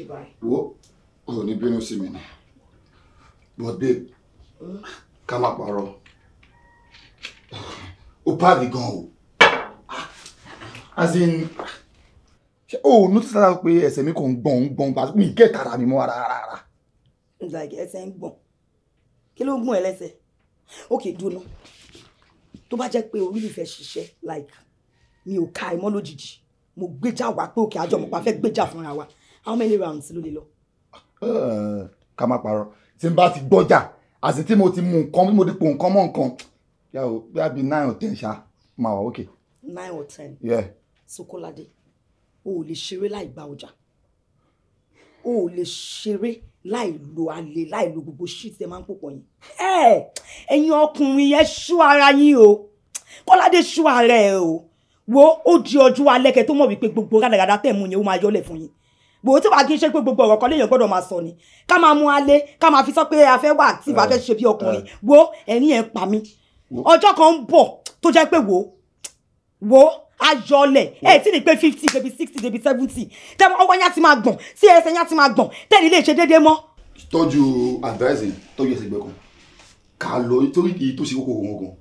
eh. wo but babe hmm? ká má parọ́ ó pàdé gan o as in o notice lára pé ẹsẹ̀ mi kò ń gbọ̀n ń gbọ̀n bá mi gé tara mi mọ́ ara ara. Like, ẹsẹ̀ ń gbọ̀n kí ló ń gbọ̀n ẹ lẹ́sẹ̀ ok dúró tó bá jẹ́ pé orí ìfẹ́ ṣiṣẹ́ like mi ò ka ẹ̀mọ́ lójijì mo gbéjà wá pé òkè àjọ mọ̀pá fẹ́ gbéjà fúnra wa how many rounds ló lè lọ. Eh, ká má parọ́ tí n bá ti gbọ́jà àti tí mo ti mú nǹkan bí mo ti po nǹkan mọ́ nǹkan yàrá bí nine or ten ṣá máa wà ókè. nine or ten. yeah. Sokolade o ò lè ṣeré láì gba ọjà o ò lè ṣeré láì lo alẹ́ láì lo gbogbo shit ẹ máa ń pòpọ̀ yẹn ẹ̀yin ọkùnrin yẹn ṣú ara yín o Kọ́ládé ṣú ara ẹ o wo ó di ọjọ́ alẹ́ kẹ́ tó mọ̀ wípé gbogbo rádaràda tẹ̀ mú yẹn ó máa yọlẹ̀ fún yín gbogbo tí wàá kí n ṣe pé gbogbo ọ̀rọ̀ kan léèyàn gbọ́dọ̀ máa sọ ni ká máa mú alẹ́ ká máa fi sọ pé a wà tí ìbá ṣe bí ọkùnrin wo ẹ̀rín yẹn pa mí ọjọ́ kan ń bọ̀ tó jẹ́ pé wo wo ayọ̀lẹ̀ ẹ̀ tí ní pé fifty débi sixty débi seventy tẹ́wọ́ ọwọ́ yẹn ti máa gbọ̀n sí ẹsẹ̀ yẹn ti máa gbọ̀n tẹ́lẹ̀ ilé ìṣe déédéé mọ́. tọ́jú advice tọ́jú ẹsẹ̀ gbẹ̀kan ká lọ nítorí èyí tó ṣe kókó gangan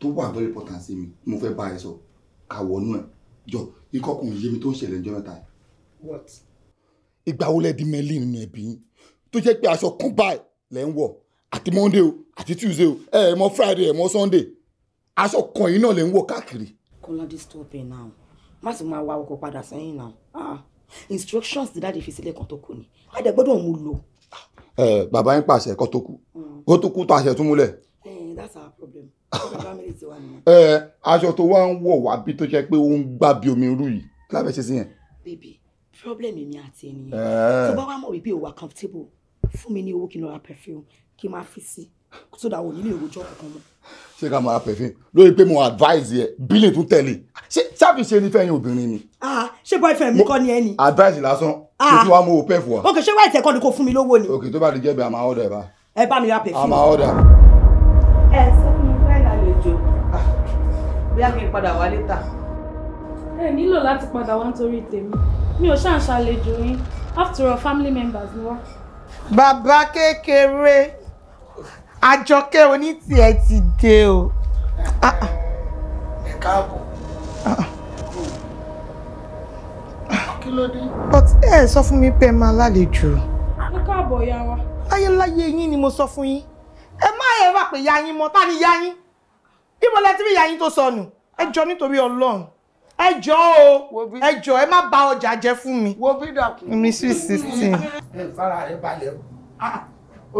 tó wà very important sí mi mo fẹ́ bá ẹ sọ ká wọnú ẹ jọ ikọ́kùnrin yé mi tó ń ṣẹlẹ̀ ní jọ́mẹ́ta ẹ. what. ìgbà wo lẹ di mẹ́lì nínú ẹbí yín tó jẹ́ pé aṣọ kan báyìí lẹ́ ń wọ̀ àti monday o àti tuesday o ẹ ẹ mọ friday ẹ mọ sunday aṣọ kan yìí náà lẹ́ ń wọ̀ káàkiri Kola, this ẹ̀ now. má sì máa wá ọkọ̀ padà sẹ́yìn náà ah, instructions ti dáàdi fi sílẹ̀ kan tó kù ni àdẹ gbọ́dọ̀ mú lò. Eh, bàbá yín pàṣẹ kó tó kú hmm. kó tó kú tó àṣẹ that's our problem eh, aṣọ tó wá ń wọ̀ wá bí to jẹ́ pé ó ń gbá bí omi rú yìí kí lábẹ́ ṣe sí yẹn. baby problem mi àti ni. yẹn eh. tó bá wà mọ̀ wípé ó wà comfortable fún mi ní owó kí perfume kí n fi sí so that òní lè rojọ́ kankan mọ́. ṣé ká máa pẹ̀fín lórí pé mo advise yẹ bílẹ̀ tún tẹ̀lé ṣé ṣáàfì ṣe nífẹ̀ẹ́ yín obìnrin ni. ah ṣé boyfriend mi kọ́ ni ẹ ni. advice lásán ṣé tí wàá mú o pẹ́ fún wa. ok ṣé wáyé tẹ̀kọ́ ni kò fún mi lówó ni. ok tó bá di jẹ́ be a máa ọ̀dà ẹ̀ bá. ẹ bá mi ra pẹ̀fín. a máa ọ̀dà. ẹ sọ fún mi báyìí lálejò ah, bí a kì í padà wá létà. ẹ nílò láti padà wá nítorí tèmi shan ò ṣàǹṣàlejò yín after all family members ni wá. bàbá kékeré àjọkẹ́ onítìẹ ti dé o. Ah, ah. ẹ káàbọ̀. Ah, kí ló dé. but ẹ sọ fún mi pé ẹ máa lálejò. ẹ káàbọ̀ ya wa. láyéláyé yín ni mo sọ fún yín ẹ má ẹ wà pé ya yín mọ ta ni ya yín ibo lẹ ti rí ya yín tó sọnù ẹ jọ nítorí Ọlọ́run ẹ jọ o ẹ jọ ẹ má bà ọjà jẹ́ fún mi. wo bí dàkú. mi sweet sixteen. ẹ fara rẹ balẹ̀ o.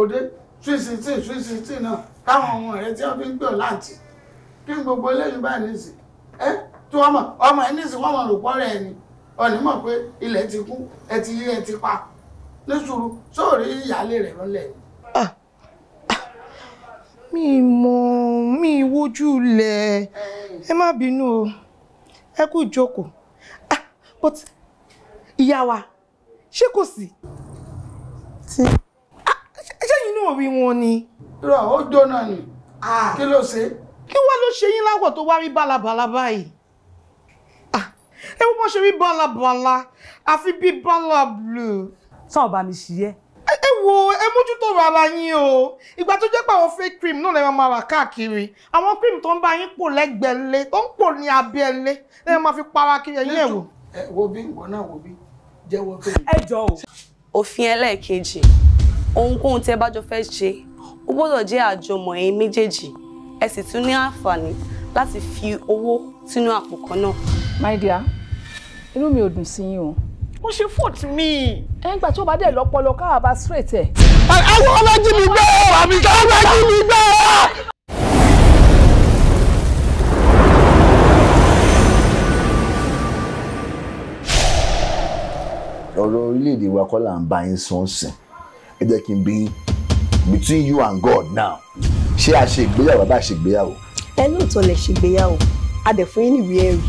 òde three sixteen three sixteen náà táwọn ọmọ rẹ tí wọn fi ń gbé ọ láǹtì kí n gbogbo eléyìí bá ní sí ẹ tí wọn mọ ọmọ ẹ ní sí wọn mọ rògbọ rẹ ni ọ̀nì mọ̀ pé ilẹ̀ ti kú ẹ ti yí ẹ ti pa ní sùúrù sóòrí ìyáálé rẹ̀ lọ́lẹ̀ ni. mi mọ mi wojú lẹ ẹ má bínú o ẹ kú ìjókòó but ìyá wa ṣé kò sí náà rí wọn ni. rà ó jóná ni kí ló ṣe. kí wàá ló ṣe yín láwọ̀ tó wá rí bálabàla báyìí. ẹ wọ́n ṣe rí bálabàla àfi bíi bálablu. tán ọba mi ṣiyẹ. ẹ wo ẹ mójútó rárá yín o ìgbà tó jẹ́ pé àwọn fake cream náà lè máa rà káàkiri àwọn cream tó ń bá yín pò lẹ́gbẹ̀ẹ́lé tó ń pò ní abẹ́lé lè máa fi para kiri ẹ̀yìn ẹ̀ wò. ẹ wo bí ìwọ náà wo bí jẹ́wọ́ pé. ẹ jọ o. òfin ẹlẹ́ẹ̀kejì ohunkóhun tí ẹ bá jọ fẹ́ ṣe ó gbọ́dọ̀ jẹ́ àjọmọ̀ ẹ̀yin méjèèjì ẹ sì tún ní àǹfààní láti fi owó sínú àpò kan náà. my dear inú mi ò dùn sí yín o. ó ṣe fault mi. ẹ ń gbà tí ó bá dẹ̀ lọ́pọ̀lọ́ káwá bá straight ẹ̀. àwọn ọmọ jí mi gbé àmì káwá bá jí mi gbé. ọ̀rọ̀ orílẹ̀-èdè wa kọ́ là ń bá yín sọ́ọ̀sìn ẹ jẹ́ kí n bí between you and God now ṣé a ṣe ìgbéyàwó àbá ṣe ìgbéyàwó. ẹ lóòótọ́ lè ṣe ìgbéyàwó a dẹ̀ fún yín níwèé ẹ̀rí.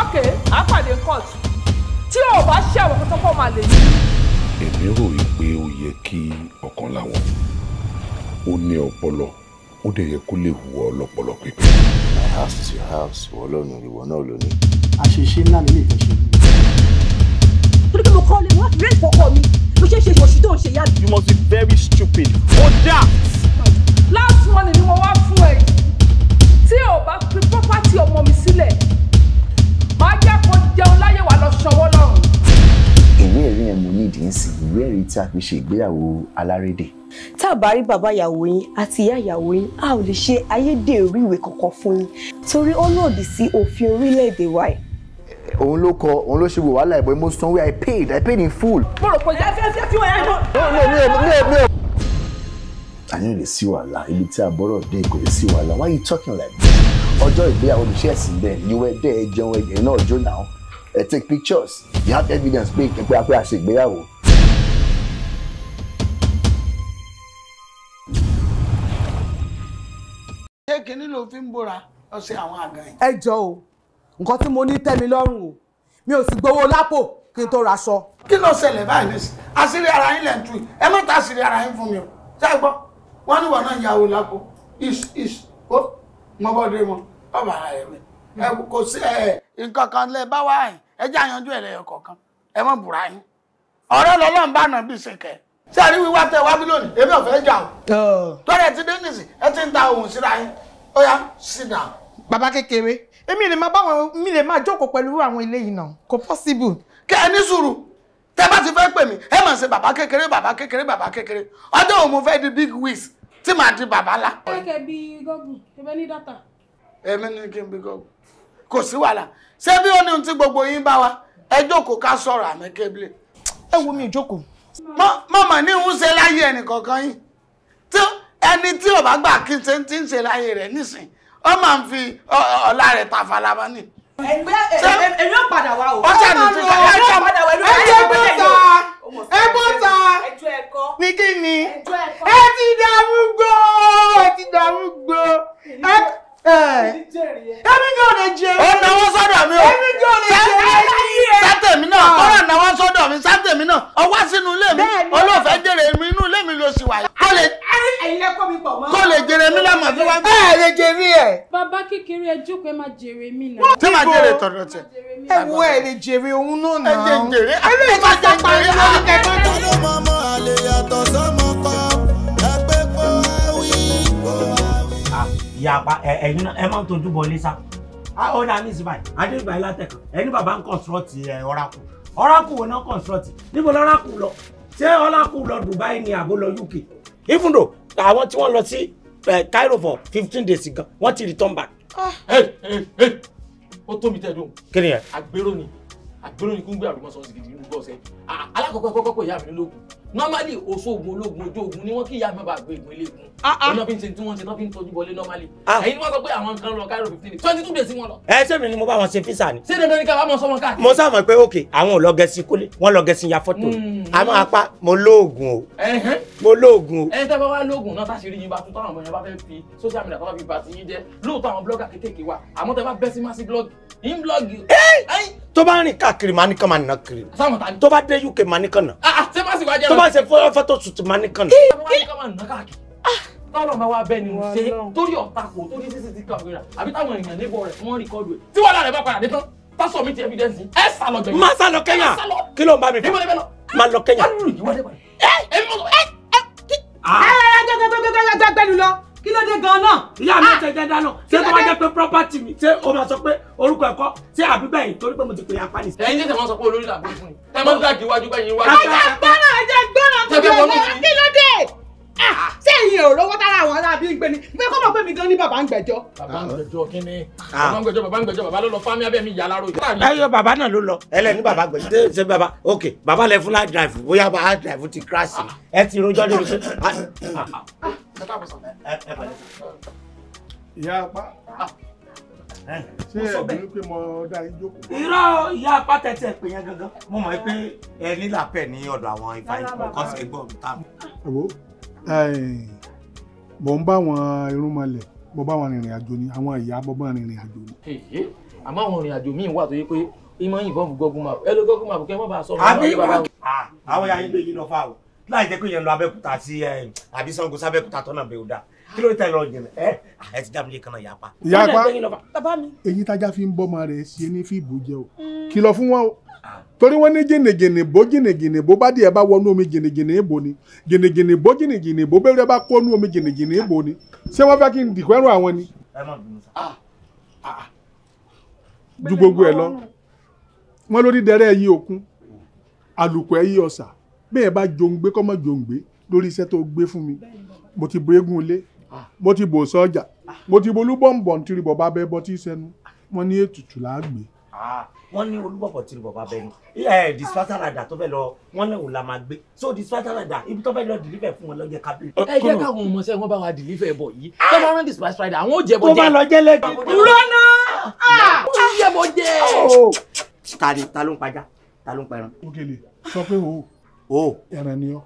ok a pàdé court tí o bá ṣe àwọn tó kọ́ máa lè. èmi rò yí pé ó yẹ kí ọkàn láwọn ó ní ọpọlọ ó dẹ̀ yẹ kó lè wúwo ọlọ́pọlọ pípé. my house is your house ìwọ lọ́nu ìwọ náà lónìí. àṣìṣe ńlá nílé ìfẹsẹ̀ torí pé mo kọ́ lé mo wá fi rẹ́ẹ̀tì fọkọ mi mo ṣe é ṣe ìwọ̀sí tó ń ṣe ìyá mi. you must be very stupid. ó dà. last money ni mo wá fún ẹ tí o bá fi property ọmọ mi sílẹ̀ máa jẹ́ kó jẹun láyé wà lọ ṣọwọ́ lọ́rùn. ìwé ẹ̀rí yẹn mo ní ìdí ń sìn ìwé ẹ̀rí tí a fi ṣe ìgbéyàwó alárédè. tá a bá rí bàbá ìyàwó yín àti ìyá ìyàwó yín a ò lè ṣe ayédèrú ìwé kankan fún yín torí ó lòdì sí òfin orílẹ̀-èdè wa yìí òun ló kọ òun ló ṣe wò wàhálà ìbọn mo sanwó I paid I paid in full. mo rò pé ẹ fẹ́ fẹ́ fi wọ́n yá jọ. àyàn lè sí wàhálà ibi tí àbọ̀rọ̀ dé kò lè sí wàhálà why you talking like that ọjọ́ ìgbéyàwó ní ṣẹ́ẹ̀sì bẹ́ẹ̀ ni wẹ́ẹ́ dẹ́ ẹ jẹun ẹ̀jẹ̀ náà jó náà ẹ take pictures you have evidence pé ìpínpẹ́ apẹ́ àṣègbéyàwó. ṣé kinní ló fi ń Bora? ọ̀sẹ̀ àwọn àgàn yìí. ẹ jọ o nǹkan tí mo ní tẹ́ mi lọ́rùn o mi ò sì gbowó lápò kí n tó raṣọ. kí ló ṣẹlẹ̀ báyìí nísìnyí àṣírí ara yín lẹ́ ń tú ẹ má ta àṣírí ara yín fún mi o ṣé ẹ gbọ́ wọ́n ní wọ́n náà yàwó lápò is is ó mọ bọ́dé mọ bàbá ara ẹ̀ rẹ̀ ẹ kò sí ẹ nǹkan kan lẹ bá wá yìí ẹ jẹ́ àyànjú ẹ̀ lẹ́yọ̀ kọ̀ọ̀kan ẹ mọ̀ bùrà yín ọ̀rẹ́ lọ́lọ́run bá nà bí ṣèkẹ́ ṣé àrí wíwá tẹ wá bí lónìí èmi ò fẹ́ jà o tọ́lẹ̀ ti dé nìsín ẹ ti ń ta òun síra yín ó yá sí náà. bàbá kékeré èmi lè máa bá wọn mi lè máa jókòó pẹ̀lú àwọn ilé yìí náà kò possible. kí ẹ ní sùúrù tẹ bá ti fẹ́ pè mí ẹ máa ṣe bàbá kékeré bàbá kékeré bàbá kékeré ọjọ́ mo fẹ́ di big wigs tí màá di bàbá ńlá. kẹ́kẹ́ bí gọ́gùn ẹ̀fẹ́ ní dọ́tà. èmi ní kí n bí gọ́gùn kò sí wàhálà ṣé bí ó ní ohun tí gbogbo yín bá wa ẹ jókòó ká sọ̀rọ̀ àmì kébìlì. ẹ wo mi ìjókòó. mọ̀mọ́ ní ń ṣe láyé ẹnì kọ̀ọ̀kan yìí tí ẹni tí ò bá gbà kí n ṣe ń ṣe láyé rẹ̀ ó máa ń fi ọ̀la rẹ̀ ta falama ni. ẹgbẹ́ ẹ̀rí ó padà wá o. ó padà wá o ẹ̀rí ó padà wá o ẹ̀rí ó padà wá o. ẹgbẹ́ ta ní kí ni ẹ ti dàrú gbó ẹ ti dàrú gbó. Eh. ẹ̀mí kí ò lè jẹ ọ́ náwó sọ́dọ̀ mi o ẹ̀mí kí ò lè jẹ ọ́ sátẹ̀mí náà ọ̀rọ̀ ah. náwó sọ́dọ̀ mi sátẹ̀mí náà ọwọ́ sínú ilé mi olóòfẹ́ jèrè mi inú ilé mi ló sì wà yìí kó lè jèrè mi lọ́mọ fún wa. ẹ lè jèrè ẹ. bàbá kékeré ẹ jókòó ẹ máa jèrè mi náà. tí màá jèrè tọ̀dọ̀ tẹ̀. ẹ wo ẹ lè jèrè òun náà náà. ẹ lè jèrè ẹ lè jèrè ẹ lè jèrè. ìyapa ẹ̀yin náà ẹ máa ń tojú bọ ilé sá ó dá ní ìsìn báyìí adégbà ilá tẹ̀kọ̀ ẹni bàbá ń construct ọ̀rákù ọ̀rákù wo náà construct níbo lọ́rákù lọ ṣé ọ̀rákù lọ Dubai ni àbó lọ UK even though àwọn tí wọ́n lọ sí Cairo for fifteen days gan wọ́n ti return back. Ah. ó tó mi tẹ́ dùn. kí ni ẹ. àgbérò ni àgbérò ni kúngbé àrùmọ̀sán sì gidi nínú bọ́ọ̀sẹ̀ ah, alákọ̀ọ́kọ́ kọ́kọ́ ìyá mi lóògùn normally oṣù oògùn ológun ojú oògùn ni wọn kí ìyá mi bá gbé ìgbìn eléegun ọ̀nà fi ń ṣe tí wọ́n ṣe tán fi ń tọ́jú bọlé normally ah. ẹ̀yin wọ́n sọ pé àwọn kan lọ káírò fifteen twenty two days wọn lọ. ẹ ṣé mi ni mo bá wọn ṣe físà ni. ṣé dandan ni ká bá mọ sọ wọn káàkiri. mo sábà pé òkè àwọn ò lọ gẹ̀ẹ́sì kólé wọn lọ gẹ̀ẹ́sì ya fọ́tò àmọ́ apá hmm. mo lóògùn o mo lóògùn o. ẹ tẹ́ bá wá lóògùn náà táṣìírí social media tó bá fi bàtí yín jẹ́ lóòótọ́ àwọn blogger kékèké wà àmọ́ tẹ́ bá bẹ́ sí massive blog ń blọọgì o. tó bá rìn káàkiri màá nìkan màá nà kiri tó bá dé UK màá nìkan nà tó bá ṣe fọ́tò tuntun màá nìkan nà. táwọn ọmọ wa bẹ ni o ṣe torí ọ̀tá kò torí sísè ti kà wéra àbí táwọn èèyàn níbọ̀ rẹ̀ wọ́n rìkọ́dù ẹ̀ tí wọ́n lára ẹ̀ bá padà dé tán tásọ̀ mi ti evidence ẹ̀ sálọ gbẹ̀yìn. má sálọ kẹ́nyà kí ló ń bá mi fọ má lọ kẹ́nyà. ẹ ẹ ẹ ẹ kí ló dé gan-an náà. ìyá mi ò tẹ̀ jẹ́ dáná ṣé tó bá jẹ́ pé property mi ṣé o máa sọ pé orúkọ ẹ̀kọ́ sí àbígbà yìí torí pé mo ti pè é apáni. ẹ̀yin tètè máa sọ pé olórí làbúrò fún mi ẹ máa ń dàgé iwájú bẹ́yìn iwájú. ajá gbọ́nà ajá gbọ́nà tó ti ọ̀gbọ́n kí ló dé ah, ah. ṣé ìyẹn ò rówó tára àwọn aráàbí ń gbé ni fẹ́ kọ́ mọ̀ pé mi gan ní bàbá ń gbẹ́jọ́. bàbá ń gbẹ́jọ́ kí ni bàbá ń gbẹ́jọ́ bàbá ń gbẹ́jọ́ ah. bàbá ló lọ fámi abẹ́ mi yà láró yìí. ẹ yọ bàbá náà ló lọ ẹlẹ ní bàbá gbẹ́jọ́ ṣe bàbá ok bàbá lẹ fún hard drive bóyá hard drive ti crash ẹ ti rojọ́ lórí ṣe. ìyá apá ṣé ẹ̀bùn pé mo dá yín jókòó. irọ́ ìyá apá tẹ̀tẹ̀ pè yẹn gangan. mo mọ̀ pé ẹ nílà pẹ̀ ní ọ̀dọ̀ àwọn ìfàyè kọ́ sí ẹgbọ́n mi táàmù. àwo mo ń bá wọn irúnmọlẹ̀ mo bá wọn rìnrìn àjò ni àwọn ìyá mo bá rìnrìn àjò ni. àmọ́ àwọn rìnrìn àjò míì wà tó yẹ pé ìmọ̀ yìnbọn bu gọ́gùn map ẹ ló gọ́gùn map kẹ́ mọ́ bá a sọ̀rọ̀ ah, àwọn àwọn yàrá yín gbé yín lọ fáwọn láì jẹ́ pé yẹn lọ abẹ́kúta sí àbí Ṣàngó sábẹ́kúta tọ́nà bẹ́ẹ̀ ó dáa kí ló tẹ lọ jìnnà ẹ ẹ ti dábìlì kan náà yapa. yapa èyí tájà fi ń bọ́mọ rẹ̀ ṣe ní fíìbù jẹ́ o mm. kìlọ̀ fún wọn o ah. torí wọn ní jìnnìjìnnì bó jìnnìjìnnì bó bá díẹ̀ bá wọnú omi jìnnìjìnnì èbò ni jìnnìjìnnì bó jìnnìjìnnì bó bẹ́rẹ̀ bá kó nú omi jìnnìjìnnì èbò ni ṣé wọ́n fẹ́ kí n dìkọ́ ẹrù àwọn ni. Ah, ah, ju gbogbo ẹ lọ wọn lórí dẹrẹ yí okun àlùkò ẹ yí ọ̀sà bẹ́ẹ̀ bá jòǹgbé kọ́mọ́ jòǹgbé lórí iṣẹ́ tó gbé fún mi mo ti bo eégún ilé mo ti bò sọ́jà mo ti bolú bọ̀m̀bọ̀n tiri bọ̀ bá bẹ́ bọ́ tí sẹ́nu wọ́n ní ètùtù láàgbé. Ah, wọ́n ní olúbọ̀bọ̀ tiri bọ̀ bá bẹ́ ni ẹ eh, dispatcharada tó fẹ́ lọ wọ́n náà ò la máa gbé so dispatcharada ibi tó fẹ́ lọ deliver fún wọn lọ́jọ́ kábíyèsí. Eh, ẹ jẹ́ káwọn ọmọọṣẹ́ wọn bá wa deliver bọ̀ yìí tó bá rán dispatcharada àwọn ò jẹ́ bọ́jẹ́. tó bá lọ jẹ́ lẹ́gbẹ̀ẹ́. Ah! Oh! o. o oh! ẹran ni ọ.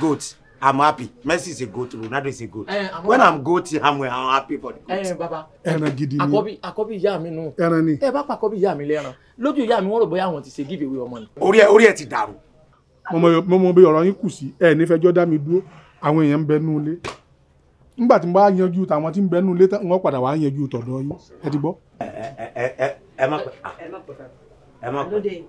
goat. I'm happy. Messi is a goat. Ronaldo is a goat. Eh, When I'm goat, I'm, I'm happy for the goat. Eh, baba. Ẹran gidi ni. Akobi, àkọ́bí ìyá mi nù. Ẹran ni. Ẹ bá pa àkọ́bí ìyá mi lẹ́ran. Lójú ìyá mi wọ́n rò bóyá àwọn ti ṣe give away ọmọ ni. Orí ẹ orí ẹ ti dàrú. Mo mọ bí ọ̀rọ̀ yín kù sí. Ẹ nífẹ̀ẹ́jọ́ dá mi dúró. Àwọn èèyàn ń bẹ nú ilé. Nígbà tí mo bá yanjú tàwọn tí ń bẹ nú ilé wọ́n padà wá yanjú tọ̀dọ̀ yín. Ẹ ti gbọ́. Ẹ ẹ ẹ ẹ má pẹ́. Ẹ má pẹ́. Ẹ má pẹ́.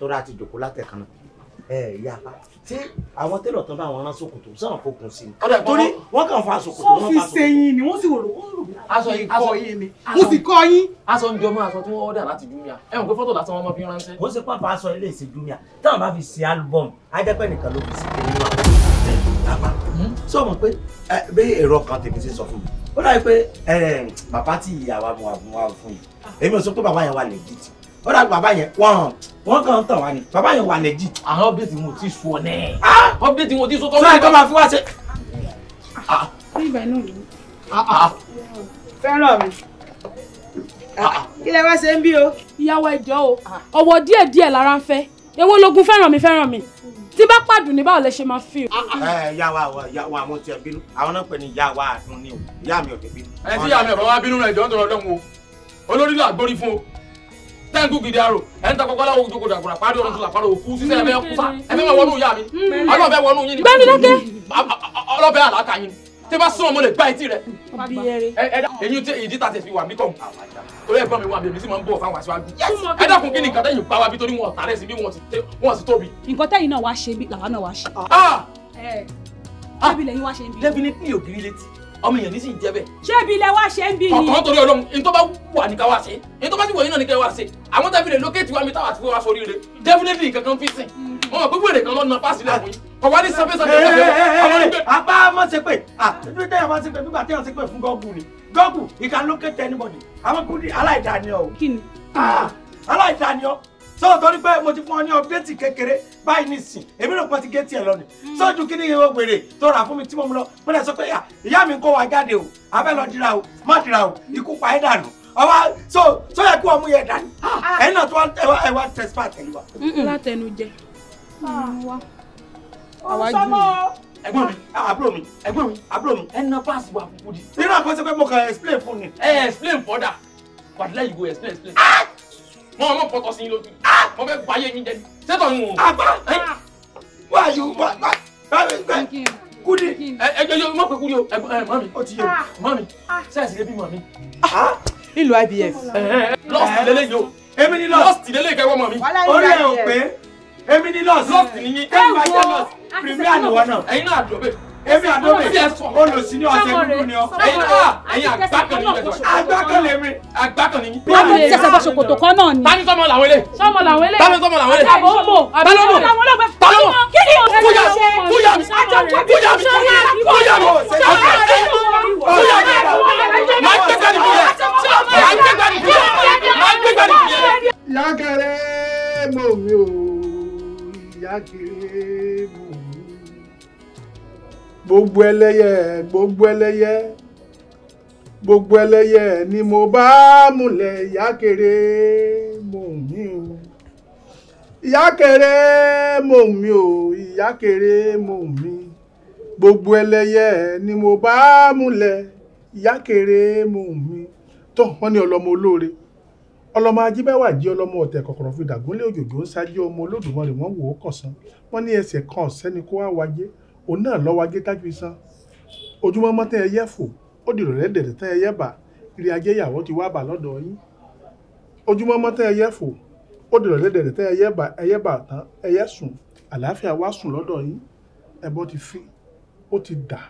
Tó dáa ah, ti jòkó látẹ̀ kan náà ẹ ìyá apá tí àwọn tẹ́lọ̀ tán bá wọn rán ṣòkòtò sọ̀rọ̀ kó kun sí i. ọ̀dà torí wọ́n kàn fa ṣòkòtò wọn fa ṣòkòtò. sọ́ọ̀fì sẹ́yìn ni wọ́n sì wò ló wọ́n rò bí aṣọ yìí kọ́ yìí ni mo sì kọ́ yín. aṣọ ń jọmọ aṣọ tí wọ́n ọ̀dà láti Jumia ẹ̀ wọ́n pé fọ́tò lásán wọn máa fi ránṣẹ́. ó ṣe pàpà aṣọ ilé ìṣe Jumia táwọn bá fi ṣe álúbọ̀mù ajẹ́pẹ́ nìkan ló fi ṣe kiri wa. bàbá sọ mọ pé bí èrò kan tèmi ṣe sọ fún mi ó dàbí pé bàbá tí ìyàwó àbúwá fún yìí èmi ò sọ pé bàbá yẹn wà lè dìtì ó dàbí bàbá yẹn wọ́n wọ́n kàn ń tàn wá ni bàbá yẹn wà lẹ́jì. àwọn update wọn ò tí ì sọ náà. update wọn ò tí ì sọ tọ́lá. sọ́yìn tó máa fi wá ṣe. fẹ́ràn mi kí lẹ wá ṣe ń bí o. ìyàwó ẹjọ o ọwọ́ díẹ̀ díẹ̀ lára ń fẹ́ èwo lógun fẹ́ràn mi fẹ́ràn mi tí bá pàdùn ní báwo lẹ ṣe máa fi o. ẹ ìyá wa ìyá wa àwọn tí ẹ bínú àwọn náà pè ní ìyá wa àdùn ni o ìyá mi ò tẹ bínú. ẹ tí ìyá mi ò bá wá rẹ jọ ń tọrọ o olórí làgbórí fún o tẹ́ǹkù gidi arò ẹ̀ńtà kọ́kọ́lá wo jókòó dàgbòrà parí ọ̀run tó là òkú sísẹ́ ẹ̀fẹ́ kúsà ẹ̀fẹ́ máa wọnú ìyá mi ọlọ́ọ̀ mm. fẹ́ wọnú yín ni. gbẹ́mi lẹ́kẹ́. ọlọ́bẹ̀ àlàkà yín tí bá sún ọmọ lè gbá etí rẹ. èyí tí ìdí tàtẹ̀ fi wà mí kàn torí ẹ̀gbọ́n mi wà mí èmi sì máa ń bọ̀ fáwọn aṣáájú. ẹ dákun kí ni ọmọ èèyàn ní sì ń jẹ bẹ́ẹ̀. ṣé ibi ilẹ̀ wa ṣe ń bí ni. kọ̀ọ̀kan torí ọlọ́run ní tó bá wà ní ká wá ṣe ní tó bá sì wọ̀ náà ní ká wá ṣe àwọn tẹ́fì lè lókèétì wa mi táwa ti fi wá sórí rẹ̀ definitely nǹkan fi sìn wọn mọ̀ gbogbo kan lọ́nà pàṣẹ lẹ́kùn yìí kọ̀ wá ní sẹ́fẹ́sẹ́fẹ́. apá mọ̀ ṣe pé àtúntẹ̀yà mọ̀ ṣe pé bíbà tẹ̀yà ṣe pé fún gọ́ọ̀gù ni gọ́ọ̀gù you sọ tori pé mo ti fún ọ ní ọpdétì kékeré báyìí nísìn èmi rò pọ́n ti gé tiẹ̀ lọ ni sọ́jú hmm. kí ni ìwé wèrè tó rà fún mi tí mo mú lọ mo lè sọ pé ah, ìyá mi kó wa jáde o abẹ́ lọ dira o má dira o ikú pa ẹ́ dànù ọba so so yẹ kí wọn mú yẹ dání ah, ah. ẹ̀yin náà tó ẹ wá tẹsípà tẹ̀lé wa. látẹnu jẹ mm, àwa jù ẹ̀gbọ́n mi àbúrò mi ẹ̀gbọ́n mi àbúrò mi ẹ na paasi wa kúkú di. nínú àkọsí pé mo kàn explain fún ni. ẹ explain further but let you go explain explain mo mọ pọtọ sí i lójú mo fẹ́ gba ayé mi jẹ sẹ́tọ̀ nù. àgbà wà á yóò wà á bẹ́ẹ̀ kúdi. ẹ ẹ jọjọ má pè kúdi o ẹ ẹ mami ó ti yẹ o ah! mami sẹ́ẹ̀sì ah! lè bí mami. ìlú ah! IBF. lọ́ọ̀sì eh? lélẹ́yìí o èmi ni lọ́ọ̀sì lélẹ́yìí kẹwọ́ mami. orí ẹ̀ ò pé èmi ni lọ́ọ̀sì lọ́ọ̀sì nìyí. ẹ wo premier ni wọn náà. ẹyin náà àdúrà bẹ́ẹ̀ èmi àdómi olùsí ní ọ̀sẹ̀ dúdú ni ọ ẹ̀yin náà ẹ̀yin àgbákan ní ìgbẹ́jọ àgbákan lè mi àgbákan ní. wọ́n lè ṣẹ̀ṣẹ̀ bá ṣòkòtò kan náà ni. tani sọmọ làwọn ilé. sọmọ làwọn ilé. tani sọmọ làwọn ilé. àbí ó mọ̀ àbí ó mọ̀ tani ó mọ̀ kí ni o ṣe kúyà kúyà kúyà kúyà kúyà máa ń gbégbá ní kúyà máa ń gbégbá ní kúyà máa ń gbégbá ní kúyà. ìyá kẹrẹ mọ̀ mi ò ìyá kiri. gbogbo ẹlẹ́yẹ gbogbo ẹlẹ́yẹ gbogbo ẹlẹ́yẹ ni mo bá múlẹ̀ ìyá kéré mò ń mí o ìyá kéré mò ń mí o ìyá kéré mò ń mí gbogbo ẹlẹ́yẹ ni mo bá múlẹ̀ ìyá kéré mò ń mí tó wọn ní ọlọ́mọ olóore ọlọmọ ajíbẹ́wà jí ọlọmọ ọtẹ kọkọrọ fi dàgúnlé òjòjò ṣáájú ọmọ olódùmarè wọn wò ó kàn sán wọn ní ẹsẹ̀ kan ọ̀sẹ́ni kó wá wáyé òun náà lọ́wọ́ ajé tájú iṣan ojúmọ́ mọ́ tẹ́ ẹ yẹ fò ó dìrò lẹ́dẹ̀ẹ́dẹ̀ tẹ́ ẹ yẹ bà ìrìn ajé ìyàwó ti wá bà lọ́dọ̀ yín ojúmọ́ mọ́ tẹ́ ẹ yẹ fò ó dìrò lẹ́dẹ̀ẹ́dẹ̀ tẹ́ ẹ yẹ bà ẹ yẹ bà tán ẹ yẹ sùn àlàáfíà wá sùn lọ́dọ̀ yín ẹbọ ti fi ó ti dà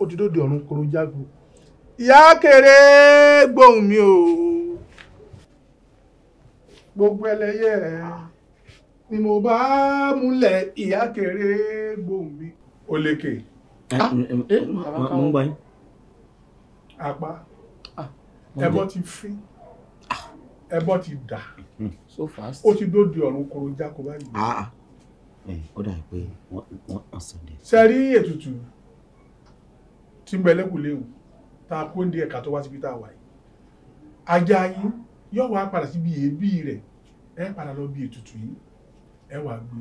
ó ti dóde ọ̀run koro jágo ìyá kéré gbóhùn mi o gbogbo ẹlẹ́yẹ ah. ni mo bá múlẹ̀ ìyá kéré gbóhùn mi ó lékè. Ah. Eh, mo ń gbà yín. apá ah, ẹbọ ti fín ah. ẹbọ ti dà ó ti dóde ọ̀run koro jákò báyìí. Eh. ó dà pé wọ́n sàn dé. ṣe rí ètùtù tí ń bẹ lẹ́kùnléwu tá a kó ń di ẹ̀ka tó wá síbi tá a wà yìí ajá yín yóò wá padà síbi èébì rẹ̀ ẹ padà lọ bí ètùtù yìí ẹ wà gbé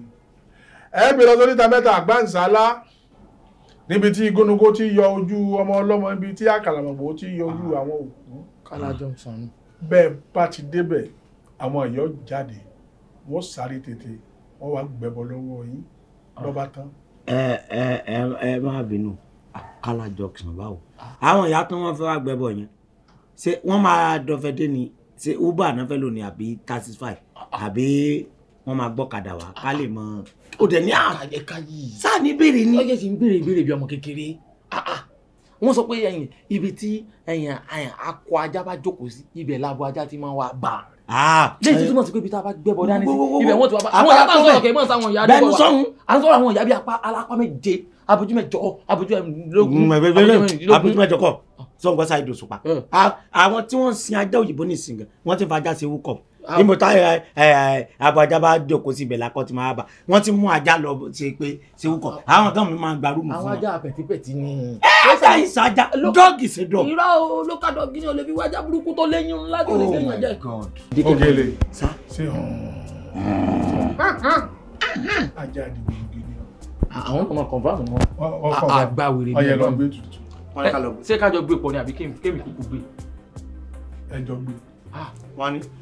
ẹ bẹ̀rẹ̀ lọ sórí ta mẹ́ta àgbáǹsálá níbi tí igónugó ti yọ ojú ọmọ ọlọ́mọ níbi tí àkàlàmọ̀gbò ti yọ ojú àwọn òkú bẹ́ẹ̀ bá ti débẹ̀ àwọn ìyọ́ jáde wọ́n sáré tètè wọ́n wá gbẹ̀bọ̀ lọ́wọ́ yín lọ́ba tán. ẹ ẹ ẹ ẹ má bínú kálá junction báwo àwọn ìyá tó wọn fẹ́ wá gbẹ̀bọ̀ yẹn ṣé wọ́n máa dọ̀fẹ́ dé ni ṣé uber náà fẹ́ lò ní àbí taxify àbí wọ́n máa gbọ́kadà wá ká lè mọ. o dẹ̀ ní àyẹ̀ká ah, yìí. sáà ní béèrè ni. ọjọ́ ti ń béèrè ìbéèrè bí ọmọ kékeré ah, ah. wọ́n sọ pé ẹ̀yìn ibi tí ẹ̀yìn akọ ajá bá jókòó sí ibẹ̀ labo ajá ti máa wà bá. lẹ́yìn tó túmọ̀ sí pé ibi tá a bá gbẹ́bọ̀ dání sí ibẹ̀ wọ́n ti wà bá àwọn ìyá bá ń sọ̀rọ̀ kẹ́ mọ̀ sáwọn ìyá àdúgbò wa à ń sọ̀rọ̀ àwọn ìyá bí apá alápá méje abojú mẹ́jọ abojú mẹ́lógún mm, abojú mẹ́jọ kọ sọ̀ngbọ́sá ìdòsùpá eh. àwọn tí wọ́n sin ajá òyìnbó nìsín wọ́n ti fa ajá sí wúkọ̀ọ́ ní mo táyà àbájá bá jókòó síbẹ̀ lakọ́ ti máa bà wọ́n ti mú ajá lọ ṣe pé ṣe ń kọ̀ àwọn kan mi máa ń gba rúùmù fún wọn. àwọn ajá pẹ̀tipẹ̀ti ni. ẹ ẹja ìsàjà dọ́ọ̀gì sí dọ̀. irọ́ o ló ká dọ́ọ̀gì ni o lè fi wájà burúkú tó léyìn ńlá tó lè léyìn ọjà. Ògèlè ṣe ajá àdìgbò Ògèlè. àwọn ọmọ kan bá wọn. àgbà wèrè ni ẹ ṣé ká jọ gbé pọ̀ ni àbí kémi kúkú gbé. ẹ jọ gbé. Ah. wọ́n ní.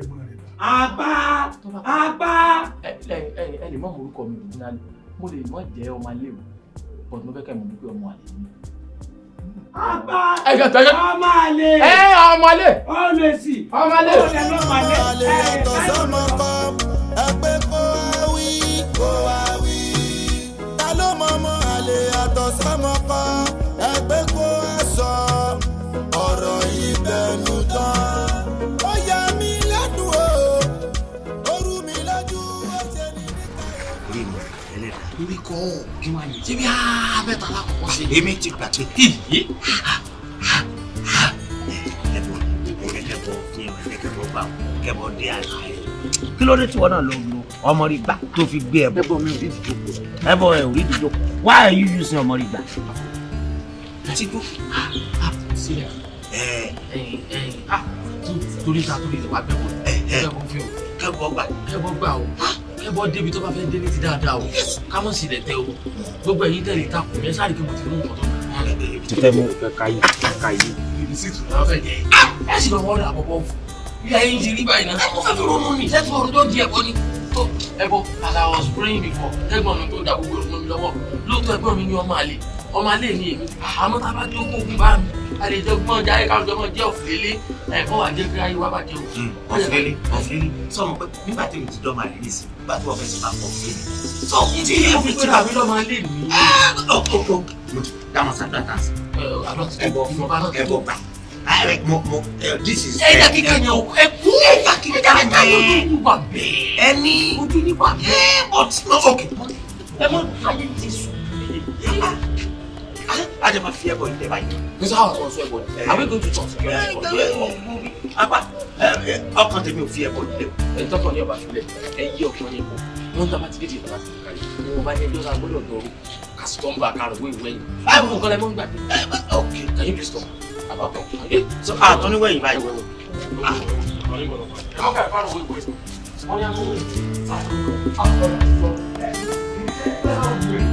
ẹ̀gbọ́n rẹ̀ dà. àbá àbá. ẹ ẹ ẹ lè mọ orúkọ mi òun náà mo lè mọ jẹ ọmọ alẹ o but mo fẹ́ kẹ́ mi dúpẹ́ ọmọ alẹ mi. àbá ọmọ alẹ. ẹ ọmọ alẹ. ọlọ èsì ọmọ alẹ. ọmọ alẹ ọtọ sọmọ kan ẹgbẹ kó wá wí kó wá wí ta ló mọ ọmọ alẹ ọtọ sọmọ kan ẹgbẹ kó wá sọ ọ̀rọ̀ ìbẹnu tán. kọ́ kí wọ́n yìí. ṣé bí abẹ́ta alákọ̀ọ́kọ́ ṣe. èmi ti gbàgbé. Ah, ah, ah. ẹ̀bọ̀ kẹ́kẹ́bọ̀ kí n kẹ́kẹ́bọ̀ gbà kẹ́bọ̀ dé àná ẹ̀. kí ló dé tí wọn náà lọ lọ ọmọ rí gbà tó fi gbé ẹbọ. ẹbọ mi ò rí ìdíjọ. ẹbọ ẹ ò rí ìdíjọ. why are you using ọmọ rí gbà. ti gbó sílẹ̀. ẹ ẹ ẹ ah torí ta torí ta wà bẹ́ẹ̀ bọ̀ kẹ́bọ̀ gbà kẹ́bọ̀ gbà o kẹ́bọ́ débi tó bá fẹ́ dé ní ti dáadáa o ká mọ̀ sí ilẹ̀ tẹ o gbogbo ẹ̀yin tẹ̀lé takùn yẹn sáré pé mo ti mú nǹkan tó kù. títẹ mú fẹ ká yìí ká yìí. ibi sí ìtura fẹ jẹ ah! ẹ sì máa wọlé àkọ́kọ́ ilé ayé ń ti rí báyìí náà ó fẹ́ fi ronú ni lẹ́tọ̀ ọ̀rọ̀ tó di ẹ̀kọ́ ni. ẹ̀bọ as I was praying before ẹ̀gbọ́n mi tó dá gbogbo ìrònú mi lọ́wọ́ lóòótọ́ ẹ̀gbọ́n mi ni ọmọ àlè ọmọ alẹ́ ni èmi àmọ́ tá a bá jókòó ogun bá mi a lè jẹ gbọ́n jáde ká jọmọ jẹ́ òfìlélé ẹ̀kọ́ wà jẹ́ kí ayé wa bàjẹ́ hmm. òfìlélé. ọ̀fìlélé ọ̀fìlélé sọ̀rọ̀ pé nígbà tí mo ti dọ́ máa nísìnyí nígbà tí wọ́n fẹ́ sí máa pọ̀ sí. sọ ìdí yẹn fi tí bàbí lọ́mọ lè mí. ọkọ dáhùn sáà dáhùn sí. ẹbọ ẹbọ bá mo mo this is. ẹ̀yà kíkà yẹn o ẹ kú ẹ̀yà kíkà yẹn ojú wà bẹ́ẹ̀. ẹni ojú ni bẹ́ẹ̀. ẹ bọ̀ tí mo ok. ẹ mọ ayé ti sùn a jẹ ma fi ẹbọ yìí dẹ báyìí. ní sọ àwọn sọ ẹbọ yìí. àwọn ètò ìtútù ọ̀sẹ̀ yẹn ọ̀dọ́ ẹ̀kọ́ mú mi. apá eh, ọkàn tèmi ò fi ẹbọ yìí dẹ. ẹni tọkàn ní ọba filẹ ẹ yí ọkàn yẹn bọ wọn dábàá ti dédìí ìbára fún káyọ ní mo bá ní ẹjọ́ sá gbọ́dọ̀ dọ̀rọ̀ kásìkò ń bá a kárọ̀ wéwèé yìí. báyìí mo kọ́ lẹ́ mọ́ ń gbàgbé. Eh, ok can you please come. àbàkọ́ so àtọ́niwẹ̀ ah, ah. yìí báyìí. ọkọ̀ ẹ̀ fárọ̀ wéwèé. wọ́n yá mú mi. Ah.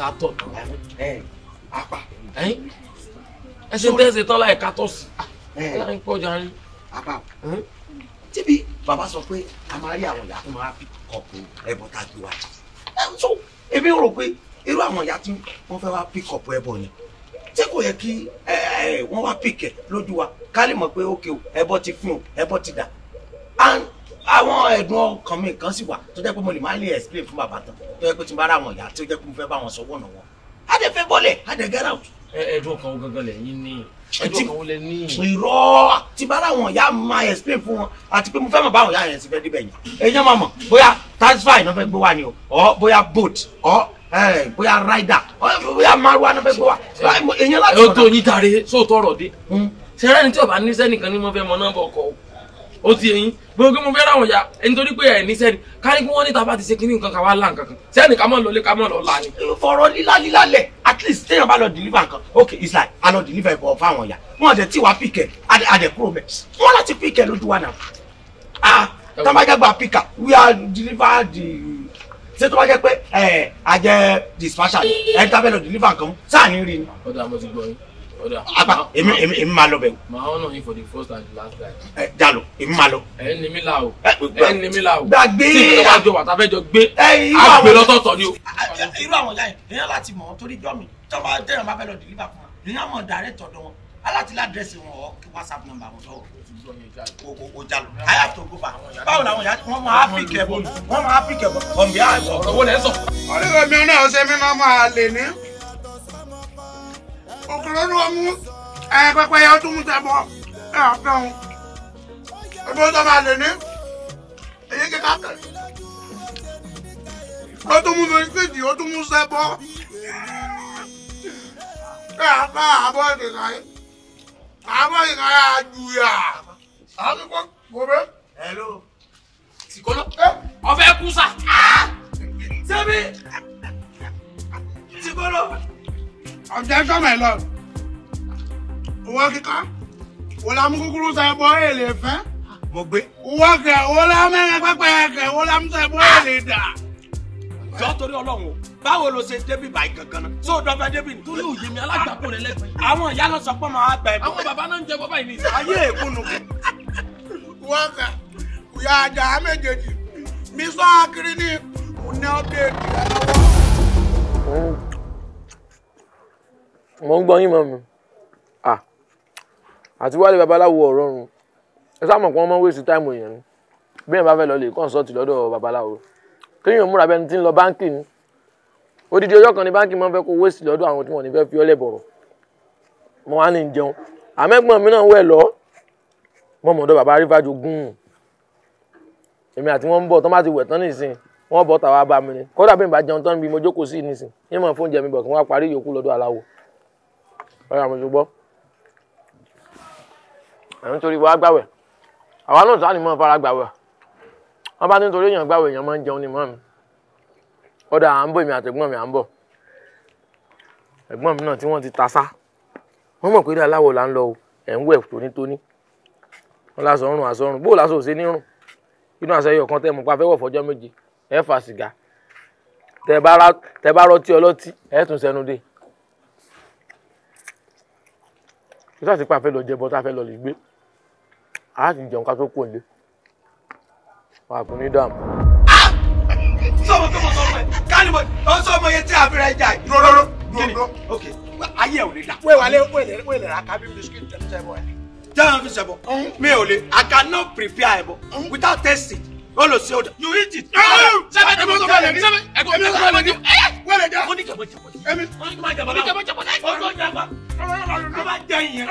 sátọ̀ apá ẹ ṣe tẹ́sí tán láì kátó sí láì pọ̀ járe. apá tíbi bàbá sọ pé a máa rí àwọn ìyá tó máa fi kọ̀ọ̀pù ẹbọ tá a gbé wájú ẹ ń sọ èmi rò pé irú àwọn ìyá tí wọ́n fẹ́ wá pick up ẹbọ ni tí kò yẹ kí wọ́n wá pick ẹ lójú wa ká lè mọ̀ pé ókè o ẹbọ ti fún o ti dà àwọn ẹ̀dùn ọkàn mi kan sì wà tó jẹ́ pé mo lè má lè explain fún bàbá tán tó jẹ́ pé tí n bá rà wọn ìyá tó jẹ́ pé mo fẹ́ bá wọn sọ wọ̀nà wọn. a dẹ̀ fẹ́ bọ́lẹ̀ a dẹ̀ get out. ẹ̀dùn ọkàn wo gangan lẹ́yìn ní ẹ̀dùn ọkàn wo lẹ ní. irọ́ tí n bá rà wọn ìyá máa explain fún wọn àti pé mo fẹ́ mọ̀ báwọn ìyá yẹn ti fẹ́ débẹ̀ yẹn. èèyàn máa mọ̀ bóyá taxify náà fẹ́ gbé wá ni o or bóyá boat or bóyá rider or bóyá maruwa náà fẹ́ gbé wá. èèyàn láti mọ̀ náà. ó tó yín tàrí sóòtọ́ ọ̀rọ̀ dé. sẹ́rẹ́ni hmm. tí ọba ní o ó ti yẹn gbogbo mo fẹ́ ra àwọn ya nítorí pé ẹ̀ níṣẹ́ ni kárí kí wọ́n ní tàbá ti ṣe kíní nǹkan kan wá là kan sẹ́ni ká mọ̀ lọlé ká mọ̀ lọ là ni. fọ̀rọ̀ líla líla lẹ̀ at least téèyàn bá lọ deliver nǹkan ok it's like a lọ deliver ìbọn fáwọn ya wọn àti tí wàá pìkẹ́ àdẹ̀kúrò mẹ́ wọn láti pìkẹ́ lójú wa náà ah tọ́bajàgbà pìkà we are deliver the ṣé tó bá jẹ́ pé ẹ̀ eh, àjẹ dispatcher ẹ̀ tábẹ́lọ̀ deliver nǹkan sáà ní rí ni. ọ̀dà mo ti gbọ́ yín apá èmi èmi èmi máa lọ bẹ̀. màá honour him for the first and the last time. ẹ jalo èmi máa lọ. ẹ ní mi la o ẹ ní mi la o. gbàgbé tí ìpínlẹ̀ wa jọ wàtá fẹ́ jọ gbé àgbè lọ́tọ̀ọ̀tọ̀ ni o. irú àwọn ọ̀la yẹn èèyàn láti mọ̀ ọ́ torí jọ́ mi tó máa dẹ̀yàn bá fẹ́ lọ deliver fún wa èèyàn mọ̀ dàrẹ́ tọ̀dọ̀ wọn aláti ládírẹ́sì wọn ọ̀ whatsapp number wọn lọ́wọ́ o jalo i have to o ọkùnrin ló mú ẹ pẹpẹ yẹn tún mú tẹbọ ẹ àfẹ òun ẹgbẹ tó máa lè ní èyí kíkà kẹ ó tún mú mẹsíkèjì ó tún a sẹbọ ẹ àfẹ àbọ ìdìgbà yìí àbọ ìdìgbà yìí àjùyà àdúgbò gbòmẹ. hello sikolo eh, ọfẹ kú sa ah! sẹbi sikolo objection my lord owó kíkọ́ wò lámú kúkúrú sọ ẹ bọ́ èlé fẹ́. mo gbé. owó kẹ owó lámẹ́rẹ́ pẹ́pẹ́ kẹ owó lámú sọ ẹ bọ́ èlé dà. jọ torí Ọlọ́run o báwo ló ṣe débi báyìí gangan náà tó dọfẹ débi ni. torí òye mi alágbàpọ̀ rẹ lẹ́gbẹ̀ẹ́. àwọn ìyá náà sọ pé màá gbà ẹ̀ bọ̀. àwọn bàbá náà ń jẹ bọ́ báyìí ní ìsìn. ayé èkúnnu. wọ́n kà ìyá àjà méjèèjì mi sọ akiri ní òní ọ̀dẹ̀ ìdílé lọ́wọ́ mo ń gbọ́ yín mọ́ mi àti wálé babaláwo ọ̀rọ̀run ẹ sáà mọ̀ pé wọ́n mọ̀ wéṣì táìmù èèyàn ni bí èèyàn bá fẹ́ lọ lè kọ́ńsọ́ọ̀tì lọ́dọ̀ babaláwo kéèyàn múra bẹ́ni tí ń lọ báńkì ni odidi ọjọ́ kan ní báńkì máa ń fẹ́ kó wéṣì lọ́dọ̀ àwọn tí wọ́n ní fẹ́ fi ọlẹ̀ bọ̀rọ̀ mo wá ní jẹun àmẹ́gbọ́n mi náà wẹ̀ lọ mo mọ̀dọ̀ bàbá arífájú gún èmi àti wọ́n ń bọ̀ tán bá ti wẹ̀ tán nísìn wọ́n bọ̀ tàwa bá mi ni kódà bí n bá jẹun tán bí mo jókòó sí nísìn yín mọ̀ fóúnjẹ mi bọ̀ kí wọ́n parí ìyókù lọ́dọ̀ aláwo ọ̀rẹ́ àwọn ìṣògbọ́ àwọn nítorí wa gbàwẹ̀ àwa náà sáà ni mọ́ fara gbàwẹ̀ wọ́n bá nítorí èèyàn gbàwẹ̀ èèyàn máa ń jẹun ni mọ́ mi ọ̀dà à ń bọ̀ èmi àtẹ̀gbọ́n mi à ń bọ̀ ẹ̀gbọ́n mi náà tí wọ́n ti ta sá wọ́n mọ̀ pé dá aláwọ̀ là ń lọ ẹ̀ ń wẹ̀ tónítóní wọ́n lásán ọrùn àsán ọrùn bóò lásán òsè nírùn inú àṣẹyọ kan tẹ́ mọ̀ pa fẹ́wọ̀ fọjọ́ méje ẹ fa sìgá tẹ́ bá rọtí ọlọ́tí ẹ tún sẹnu dé kí sáà sí pé a fẹ́ lọ jẹ bọ́tà a fẹ́ lọ lè gbé a sì jẹun ká tó kò lé wà á kún ní dààmú. sọ́mọ tó mọ sọ́mọ ẹ̀ káàní mo ọ sọ́mọ yẹn tí a fi ra ẹja yìí. rọrọrọ rọrọrọ ok ayé ẹ̀ ò lè dà. wẹ́wàlẹ́ wẹ́lẹ̀ rà kábí bisikì tẹ̀ tẹ̀ bọ̀ ẹ̀ jẹ́wọ́n fi ṣẹ̀bọ̀ hmm? mi ò lè I cannot prepare ẹ̀bọ̀ hmm? without testing All lọ sí you eat it. sẹ́fẹ̀ tí mo sọ fẹ́lẹ̀ mi ẹ̀gbọ́n mi ló sọ fẹ́lẹ̀ mi wẹ́lẹ̀ dá. ó ní jẹ̀bọ̀ jẹ̀bọ̀ jẹ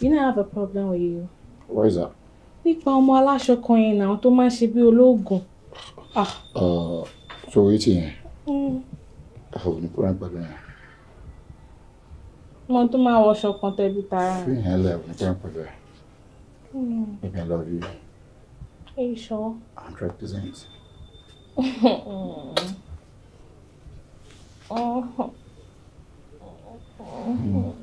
You know I have a problem with you. What is that? Nípa ọmọ aláṣọ kan yẹn náà tó máa ń ṣe bí olóògùn. Ah. Ṣé orí ti yẹn? Mm. Ah, ò ní kúrò pẹ̀lú yẹn. Mo tún máa wọṣọ kan tẹbi tara. Fi yẹn lẹ̀ ò ní kúrò pẹ̀lú ẹ̀. Mm. Maybe I love you. Are you sure? Hundred percent. Oh. oh. oh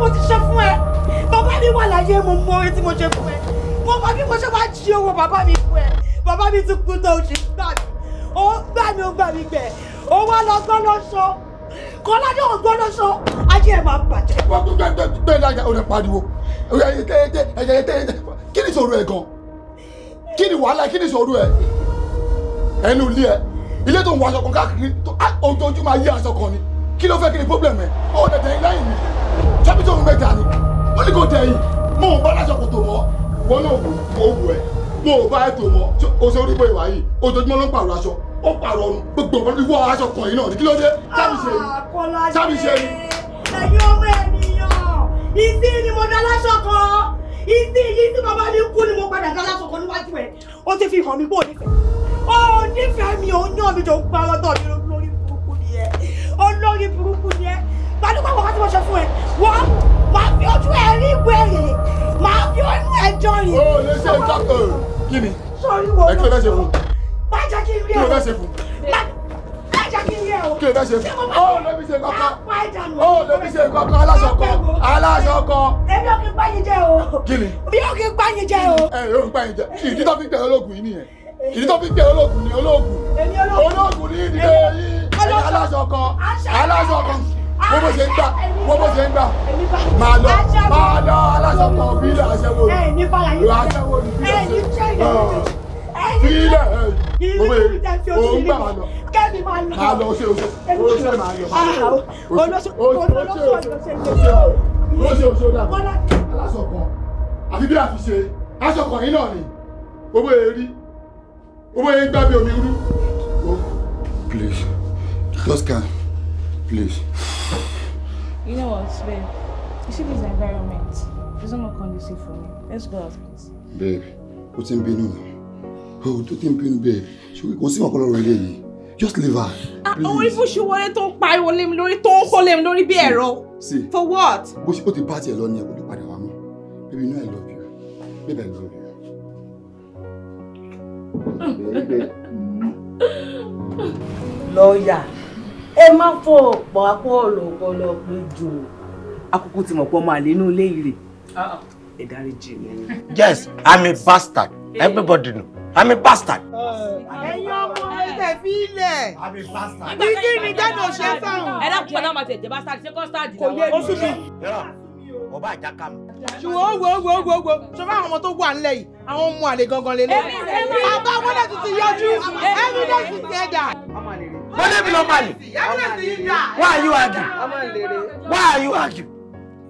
mo ti ṣe fún ẹ bàbá mi wà láyé mo mọ orí tí mo ṣe fún ẹ wọ́n bá bí mo ṣe wá jí owó bàbá mi fún ẹ bàbá mi ti kú tó oṣù gbà mí ó gbà mí ó gbà mí gbẹ ó wá lọ gbọ́lọ́sọ kọ́ládé ò gbọ́lọ́sọ ajé ẹ̀ máa bàjẹ́. bẹ́ẹ̀ lájà ó lè pariwo kí ni ìṣòro ẹ̀ gan kí ni wàhálà kí ni ìṣòro ẹ̀ ẹnu ilé ẹ̀ ilé tó ń wọ aṣọ kan káàkiri ah, ojoojúmọ́ ayé aṣọ kan ni kí ló fẹ́ kí ni problem ẹ̀ ó dẹ̀dẹ̀ yín láyìn mi sábìtì òun mẹ́ta ni ó ní kò tẹ̀ mo ò bá láṣọ kò tó wọ́ wọn náà wò ó wù ẹ mo ò bá ètò wọn o ṣe orí bó ìwà yìí ojoojúmọ́ ló ń pààrọ̀ aṣọ ó pààrọ̀ ọrùn gbogbo ìwọ aṣọ kan yìí náà ní kí ló dé sábì ṣe ah, yìí sábì ṣe yìí. ẹ̀yin ọmọ ènìyàn ìsín ni mo dá láṣọ kan ìsín yìí tí bàbá mi kú ni mo padà dá láṣọ kan níwájú ẹ̀ ó ti fi hàn mí pé ò ó nífẹ̀ẹ́ mi ò yàn mi tó ń pa ọlọ́tọ̀ mi lórí burúkú ni ẹ pàdúpọ̀ wọ́n ti mọ̀ ṣe fún ẹ wọ́n máa fi ojú ẹ rí wèrè máa fi ojú ẹ jọrìn. o lè ṣe ìjọkọ kí ni ẹ kí ló fẹ́ ṣe fún. má jẹ́ kí n rí ẹ o má jẹ́ kí n rí ẹ o kí ló fẹ́ ṣe fún. o lè fi ṣe kankan o lè fi ṣe kankan aláṣọ kan aláṣọ kan. èmi ò kí n gbáyin jẹ o. kí ni. mi ò kí n gbáyin jẹ o. ẹ ò ń gbáyin jẹ ìdí tó fi ń tẹ yìí nìyẹn ìdí tó fi ń tẹ ni olóògùn olóògùn ni ìdílé yìí aláṣọ wo bó ṣe ń gbà wo bó ṣe ń gbà máa lọ máa lọ aláṣọ kan bílẹ̀ aṣẹ́wó ni ìwà aṣẹ́wó ni bílẹ̀ bílẹ̀ òun gbà máa lọ máa lọ ṣe oṣù oṣù máa lọ oṣù oṣù oṣù oṣù dàbí aláṣọ kan àfi bí àfiṣe aṣọ kan yìí náà ni gbogbo èrí gbogbo èrí gbàgbé omi rú. Please, just calm. Please. You know what, babe? You see this environment? It's not conducive for me. Let's go out, please. Babe, ó ti ń now? Oh, tó ti ń bínú, babe. Ṣé kò sí nǹkan lọ́rọ̀ Just leave her. Ah, àwọn ìfúnṣu wọlé tó ń pariwo lé mi lórí tó call him, lé be lórí See? For what? But she put the party alone. lọ ni ẹ̀ kò ní Baby, you know I love you. Baby, I love you. Baby. lawyer ẹ má fọ ọ̀pọ̀ apọ ọ̀lọ̀pọ̀lọ̀ pé jù. akókó ti mọ̀ pé ọmọ àlè inú ilé yìí rè uh-uh. ẹ dáríjì mi. yes i'm a bastard everybody know i'm a bastard. ẹ̀yin ọmọ ẹ̀ fi ilẹ̀. i'm a bastard. jáde òṣè sáwọn. ẹ dákun padà máa tẹ̀jẹ̀ bastard ṣé kọ́sítàdì náà. kò yé mi. ọba àjàkà mi. ṣùgbọ́n wo wo wo wo ṣọ fún àwọn ọmọ tó wà nílẹ̀ yìí àwọn ọmọ àlè gangan lélẹ̀. bàbá wọlé tuntun yọjú ẹnu náà ti tẹ̀ Believe normally. Why are you argue? Why are you argue?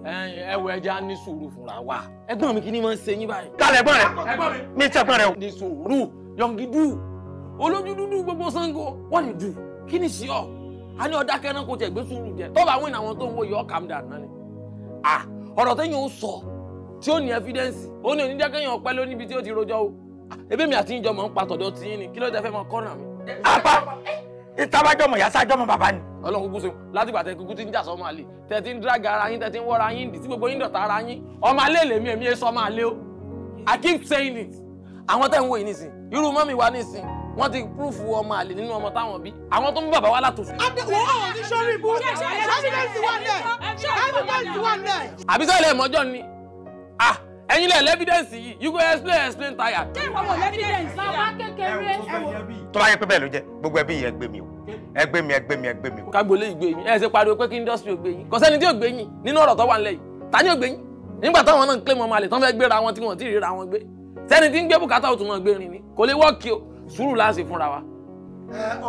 ẹ wọ ẹja ní sùúrù fúnra wa ẹ̀gbọ́n mi kí ni máa ń ṣe yín báyìí. kálẹ̀ ẹ̀gbọ́n rẹ mi tẹ̀gbọ́n rẹ. ní sùúrù yọ̀ǹgídù olójú dúdú gbogbo sango. wọ́n lè dù kí ni sí ọ a ní ọ̀dà kẹ́nà kò tẹ̀ gbé sùúrù jẹ tọ́ba àwọn ìnáwó tó ń wo yọ̀ọ́ calm down náà ni. ọ̀rọ̀ tẹ́yìn ó sọ tí ó ní evidence ó ní onídàkẹ́yìn ọ̀pẹ́ lóníbi tí ó ti rojọ́ o ebi mi àti ìjọ mọ̀ ń pa tọ̀dọ̀ tí yín ni kí ló tẹ fẹ́ mọ kọ́nà mi ìtàbájọmọ yàtàjọmọ bàbá ni. Ọlọ́run kúkú sẹun láti gbà tẹ kúkú ti ń jà sọmọ àlè tẹ ti ń drága ara yín tẹ ti ń wọra yín tí gbogbo yín dọ̀tá ara yín ọmọ alẹ́ lèmi èmi ẹ sọmọ àlè o I keep saying it àwọn tẹ̀ ń wò yìí nísìn irú mọ́mì wa nísìn wọ́n ti púrúfù ọmọ àlè nínú ọmọ táwọn bí àwọn tó ń bàbá wa látòsí. àbẹ̀wò ọ̀hún ní sọ́rí ni ah ẹ̀yin lẹ lẹ́fídẹ́ǹsì yìí you go explain explain tire. ṣé ìwọ wò lẹ́fídẹ́ǹsì yẹn. bàbá kékeré tó bá yẹ pé bẹ́ẹ̀ ló jẹ́ gbogbo ẹbí yẹn gbé mi o ẹ gbé mi ẹ gbé mi ẹ gbé mi o. kágbólé ìgbé yín ẹ ṣe pariwo pé kí industry ò gbé yín kò sẹ́ni tí ò gbé yín nínú ọ̀rọ̀ tó wà nílẹ̀ yìí ta ni ò gbé yín nígbà táwọn náà ń claim ọmọ àlè tán fẹ́ gbéra wọn tí wọ́n ti ríra wọn gbé sẹ́ni tí ń gbé bùkátà ò tún gbé rin ni kò lè wọ́ọ̀kì o sùúrù láàṣì fúnra wa.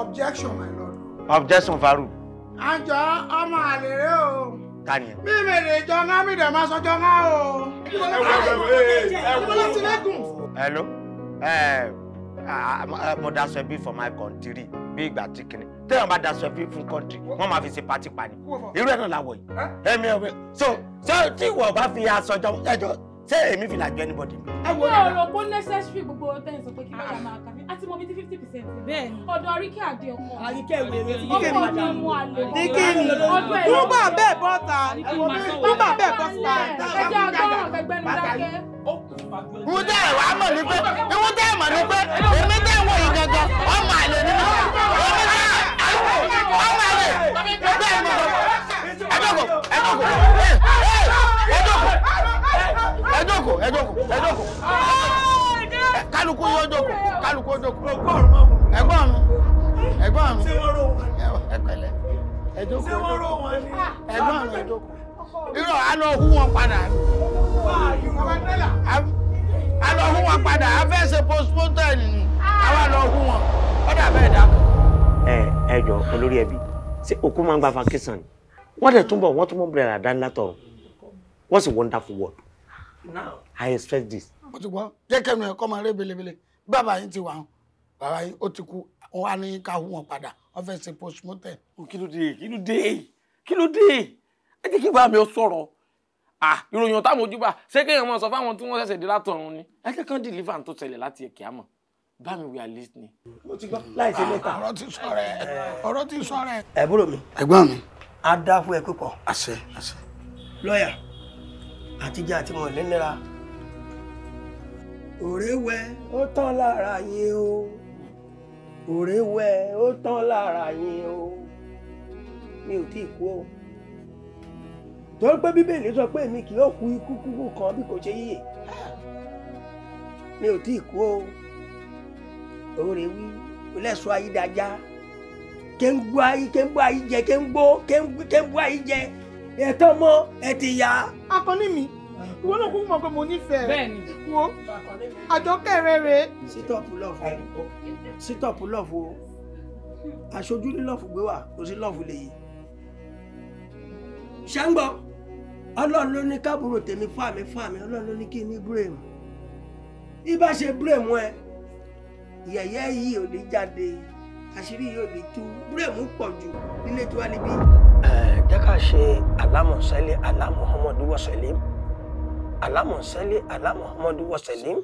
objection my lord. objection faru. àjọ ọmọ àlè o kani. mi mi lè jọ ńlá mi dẹ̀ máa sọ jọ ńlá o. hello mo daṣọ ẹbí for my country bí ìgbà tí kìnnì téèyàn bá daṣọ ẹbí fún country wọ́n máa fi party pati pani irú ẹ̀ náà làwọ̀ yìí ẹ̀mí ẹ̀mí so tí ìwọ bá fi aṣọ jọ ẹjọ́. Say, me feel like anybody mi. ẹ wo dára. ọ̀rọ̀ kó necessary gbogbo tẹ́ ẹ̀ sọ pé kí bá máa kà mí àti mo bí ti fifty percent. bẹ́ẹ̀ ni ọ̀dọ̀ àríkẹ́ àdé ọkọ. àríkẹ́ wèrè ní kí ni ọkọ ọmọ àlè. ní kí ni rúbà bẹ́ẹ̀ bọ́ ta rúbà bẹ́ẹ̀ bọ́ ta. ẹ jẹ́ agbọ́ràn gbẹgbẹ́nu dákẹ́. Wọ́n tẹ́ ẹ̀ wá mọ̀ ní pé wọ́n tẹ́ ẹ̀ mọ̀ ní pé èmi tẹ́ ẹ̀ wọ̀ yìí gangan ọmọ àlè ni mi. èmi tẹ́ ẹ̀ ọmọ àlè ẹgbẹ́ mi. ẹgbẹ́ kò ẹgbẹ́ kò ẹ jókòó ẹ jókòó ẹ jókòó kálukú yóò jókòó kálukú yóò jókòó ẹ̀gbọ́n mi ẹ̀gbọ́n mi ẹ pẹ̀lẹ́ ẹ jókòó ẹ̀gbọ́n mi ẹ jókòó irọ́ alọ hu wọn padà alọ hu wọn padà afẹsẹ postmortem ni àwa lọ hu wọn ọdà bẹ́ẹ̀ dàkú. ẹ ẹ jọ olórí ẹbí ṣé òkú máa ń gba vacation ni wọ́n dẹ̀ túnbọ̀ wọ́n tún mọ̀ bẹ̀rẹ̀ àdánilátọ̀ what's a wonderful world now i expect this. mo ti gbọ́ jẹ́ kẹ́nu ẹ̀kọ́ máa ré belebele bí bàbá yín ti wà hàn bàbá yín ó ti kú wọn á ní ká hù wọn padà wọn fẹ́ ṣe postmortem. kí ló dé kí ló dé kí ló dé ẹ jẹ́ kí bá mi sọ̀rọ̀ ah ìròyìn táwọn ojú bá ṣé kéèyàn máa sọ fáwọn tí wọ́n ṣẹ̀ṣẹ̀ dé látọ̀run ni ẹ kẹ́kọ̀ọ́ dìlífà tó ṣẹlẹ̀ láti ẹ̀kẹ́ àmọ́ bá mi we are listening. mo ti gbọ́ láì ṣe lẹ́tà. ọ̀rọ̀ ti sọ rẹ̀ ọ̀rọ̀ ti sọ rẹ̀. ẹ̀bùrọ̀ mi. ẹ̀gbọ́n mi. a dá fún ẹ àtijọ́ àti mọ̀lẹ́ nira wẹ ó tán lára yín o wẹ ó tán lára yín o mi ò tíì kú o Tọ́pẹ́ bíbélì sọ pé mi kì yóò kú ikú kúkú kan bí kò ṣe yíyè mi ò tíì kú o òrèwí lẹ́sọ̀ ayídájá kéńgbó ayí kéńgbó ẹ̀tọ́ mọ́ ẹ ti yá. akọni mi ìwọ náà kúkú mọ̀ pé mo nífẹ̀ẹ́ bẹ́ẹ̀ni wo àjọkẹ́ rẹ rè. sítọ̀pù lọ́ọ̀fù sítọ̀pù lọ́ọ̀fù o aṣojú ní lọ́ọ̀fù gbé wà kò sí lọ́ọ̀fù lè yí. ṣàǹgbọ̀ ọlọ́run ló ní káàbùrò tèmi fáàmì fáàmì ọlọ́run ló ní kí n ní bírèmù bí ṣe bírèmù ẹ yẹ̀yẹ́ yìí ò ní jáde àṣírí yóò lè tú búrẹ́mù pọ̀ jù nílé tí wà níbí. ẹ jẹ́ ká ṣe alámọ̀sẹ́lẹ̀ alámọ̀hánmọ́dú wọ̀sẹ̀lẹ̀ alámọ̀sẹ́lẹ̀ alámọ̀hánmọ́dú wọ̀sẹ̀lẹ̀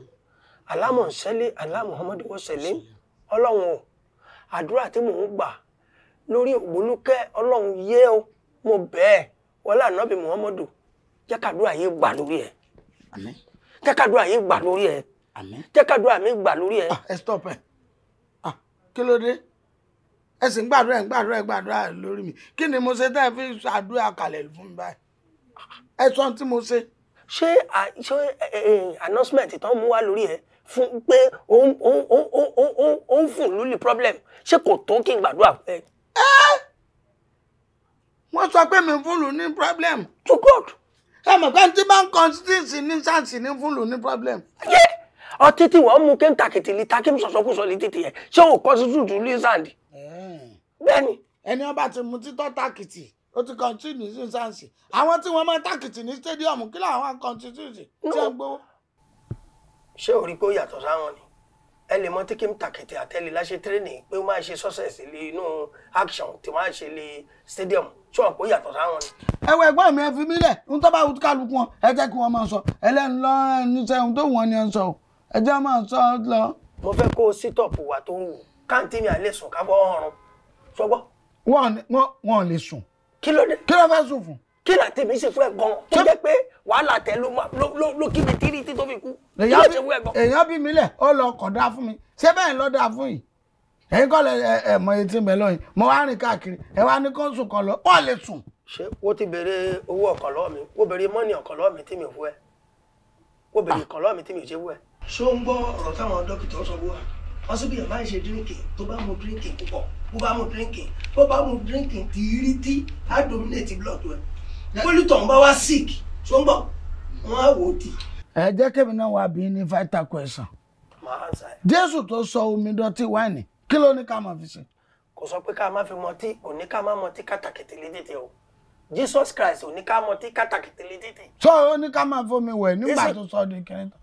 alámọ̀sẹ́lẹ̀ alámọ̀hánmọ́dú wọ̀sẹ̀lẹ̀ ọlọ́run o àdúrà tí mò ń gbà lórí ògbólúkẹ́ ọlọ́run yé o mo bẹ́ẹ̀ wọlé ànábì muhammadu jẹ́ kàdúrà yìí gbà lórí ẹ̀ àmín jẹ́ kàdúrà yìí gbà lórí ẹ̀ àmín jẹ́ kàdúrà mi gbà lórí ẹ̀. Ah, ẹ stop ẹ ah, kí ló dé ẹ sì ń gbàdúrà ń gbàdúrà ń gbàdúrà lórí mi kí ni mo ṣe tá ẹ fi ṣàdúrà kalẹ̀ fún mi báyìí ẹ sọ ohun tí mo ṣe. ṣé ṣé announcement tó ń mú wá lórí ẹ fún pé ó ń fún lulí problem ṣé kò tó kí n gbàdúrà fún ẹ. ẹ wọ́n sọ pé mi fún lù ní problem. to God. ẹ mọ̀ pé tí bá ń constituency ní sáǹsì ní fún lù ní problem. ọtí tí wọ́n mú kéńtàkìtì lítà kí n sọ̀sọ́kùsọ̀ lítìtì yẹn ṣé ò constitute lizard bẹ́ẹ̀ni. ẹni ọba ti mu títọ́ tákìtì ó ti continue ní sísáǹsì àwọn tí wọ́n máa tákìtì ní stadium kí làwọn kọ̀ǹtìtìtì tí wọ́n gbowó. ṣé o rí i pé ó yàtọ̀ sáwọn ni ẹ lè mọ tíkìm tàkìtì àtẹ́lẹ̀ láṣẹ tírénì pé ó máa ṣe sọ́sẹ̀sì lé inú action tí wọ́n á ṣe lé stadium tí wọ́n kó yàtọ̀ sáwọn ni. ẹ wọ ẹ̀gbọ́n mi ẹ fi mí lẹ̀ ń tọ́ bá wù kálukú wọn ẹ jẹ́ kí wọ́n máa sọ ẹlẹ́nlọ́ ẹni sẹ́yìn tó wọ́n ni ẹ ń sọ ẹ jẹ́ máa sọ lọ. mo fẹ́ kó o sítọ̀pù wà tó ń wù káńtì ni àlẹ́ sùn kábọ̀ ọ̀run sọgbọ́. wọn wọn lè sùn. kí ló dé. kí ló fẹ́ sùn fún. kí là tèmi ṣe fún ẹ gan tó jẹ pé wàhálà tẹ ló ló ló kí mi tírí tí tó fi kú. èèyàn bí mi lẹ̀ ó lọ kọ̀dá fún mi ṣé bẹ́ẹ̀ ló dáa fún yìí ẹ̀yin kọ́ lẹ ẹ mọ etí mi lọ́yìn mo wá rìn káàkiri ẹ wá ní kóńsù kan lọ wọn lè sùn. ṣé wọ́n ti béèrè owó ọkàn lọ́wọ́ mi wọ́n béèrè mọ́nì ọkàn lọ́wọ́ mi tí mi ò ẹ wọ́n béèrè ah. ọkàn lọ́wọ́ mi tí mi ò ṣe wú ẹ. ṣó ń gbọ́ ọ̀rọ̀ táwọn dókítà sọ wú wọ́n sún bí yàn máa ń ṣe drinking tó bá mu drinking púpọ̀ bó bá mu drinking bó bá mu drinking tìrìtì á dominate blood wẹ̀ pólítọ̀ ń bá wá sick tó ń bọ̀ wọ́n á wò ó tì. ẹ jẹ́ kẹ́mi náà wá bí ní vital question jésù tó sọ omi dọ̀tí wáìnì kí ló ní ká máa fi ṣe. kò sọ pé ká má fi mọtí ò ní ká má mọtí kátàkìtì lédèdè o jesus christ ò ní ká mọtí kátàkìtì lédèdè. sọ ó ní ká máa fomi wẹ̀ nígbà tó sọ ọdún hmm, kẹrin tán.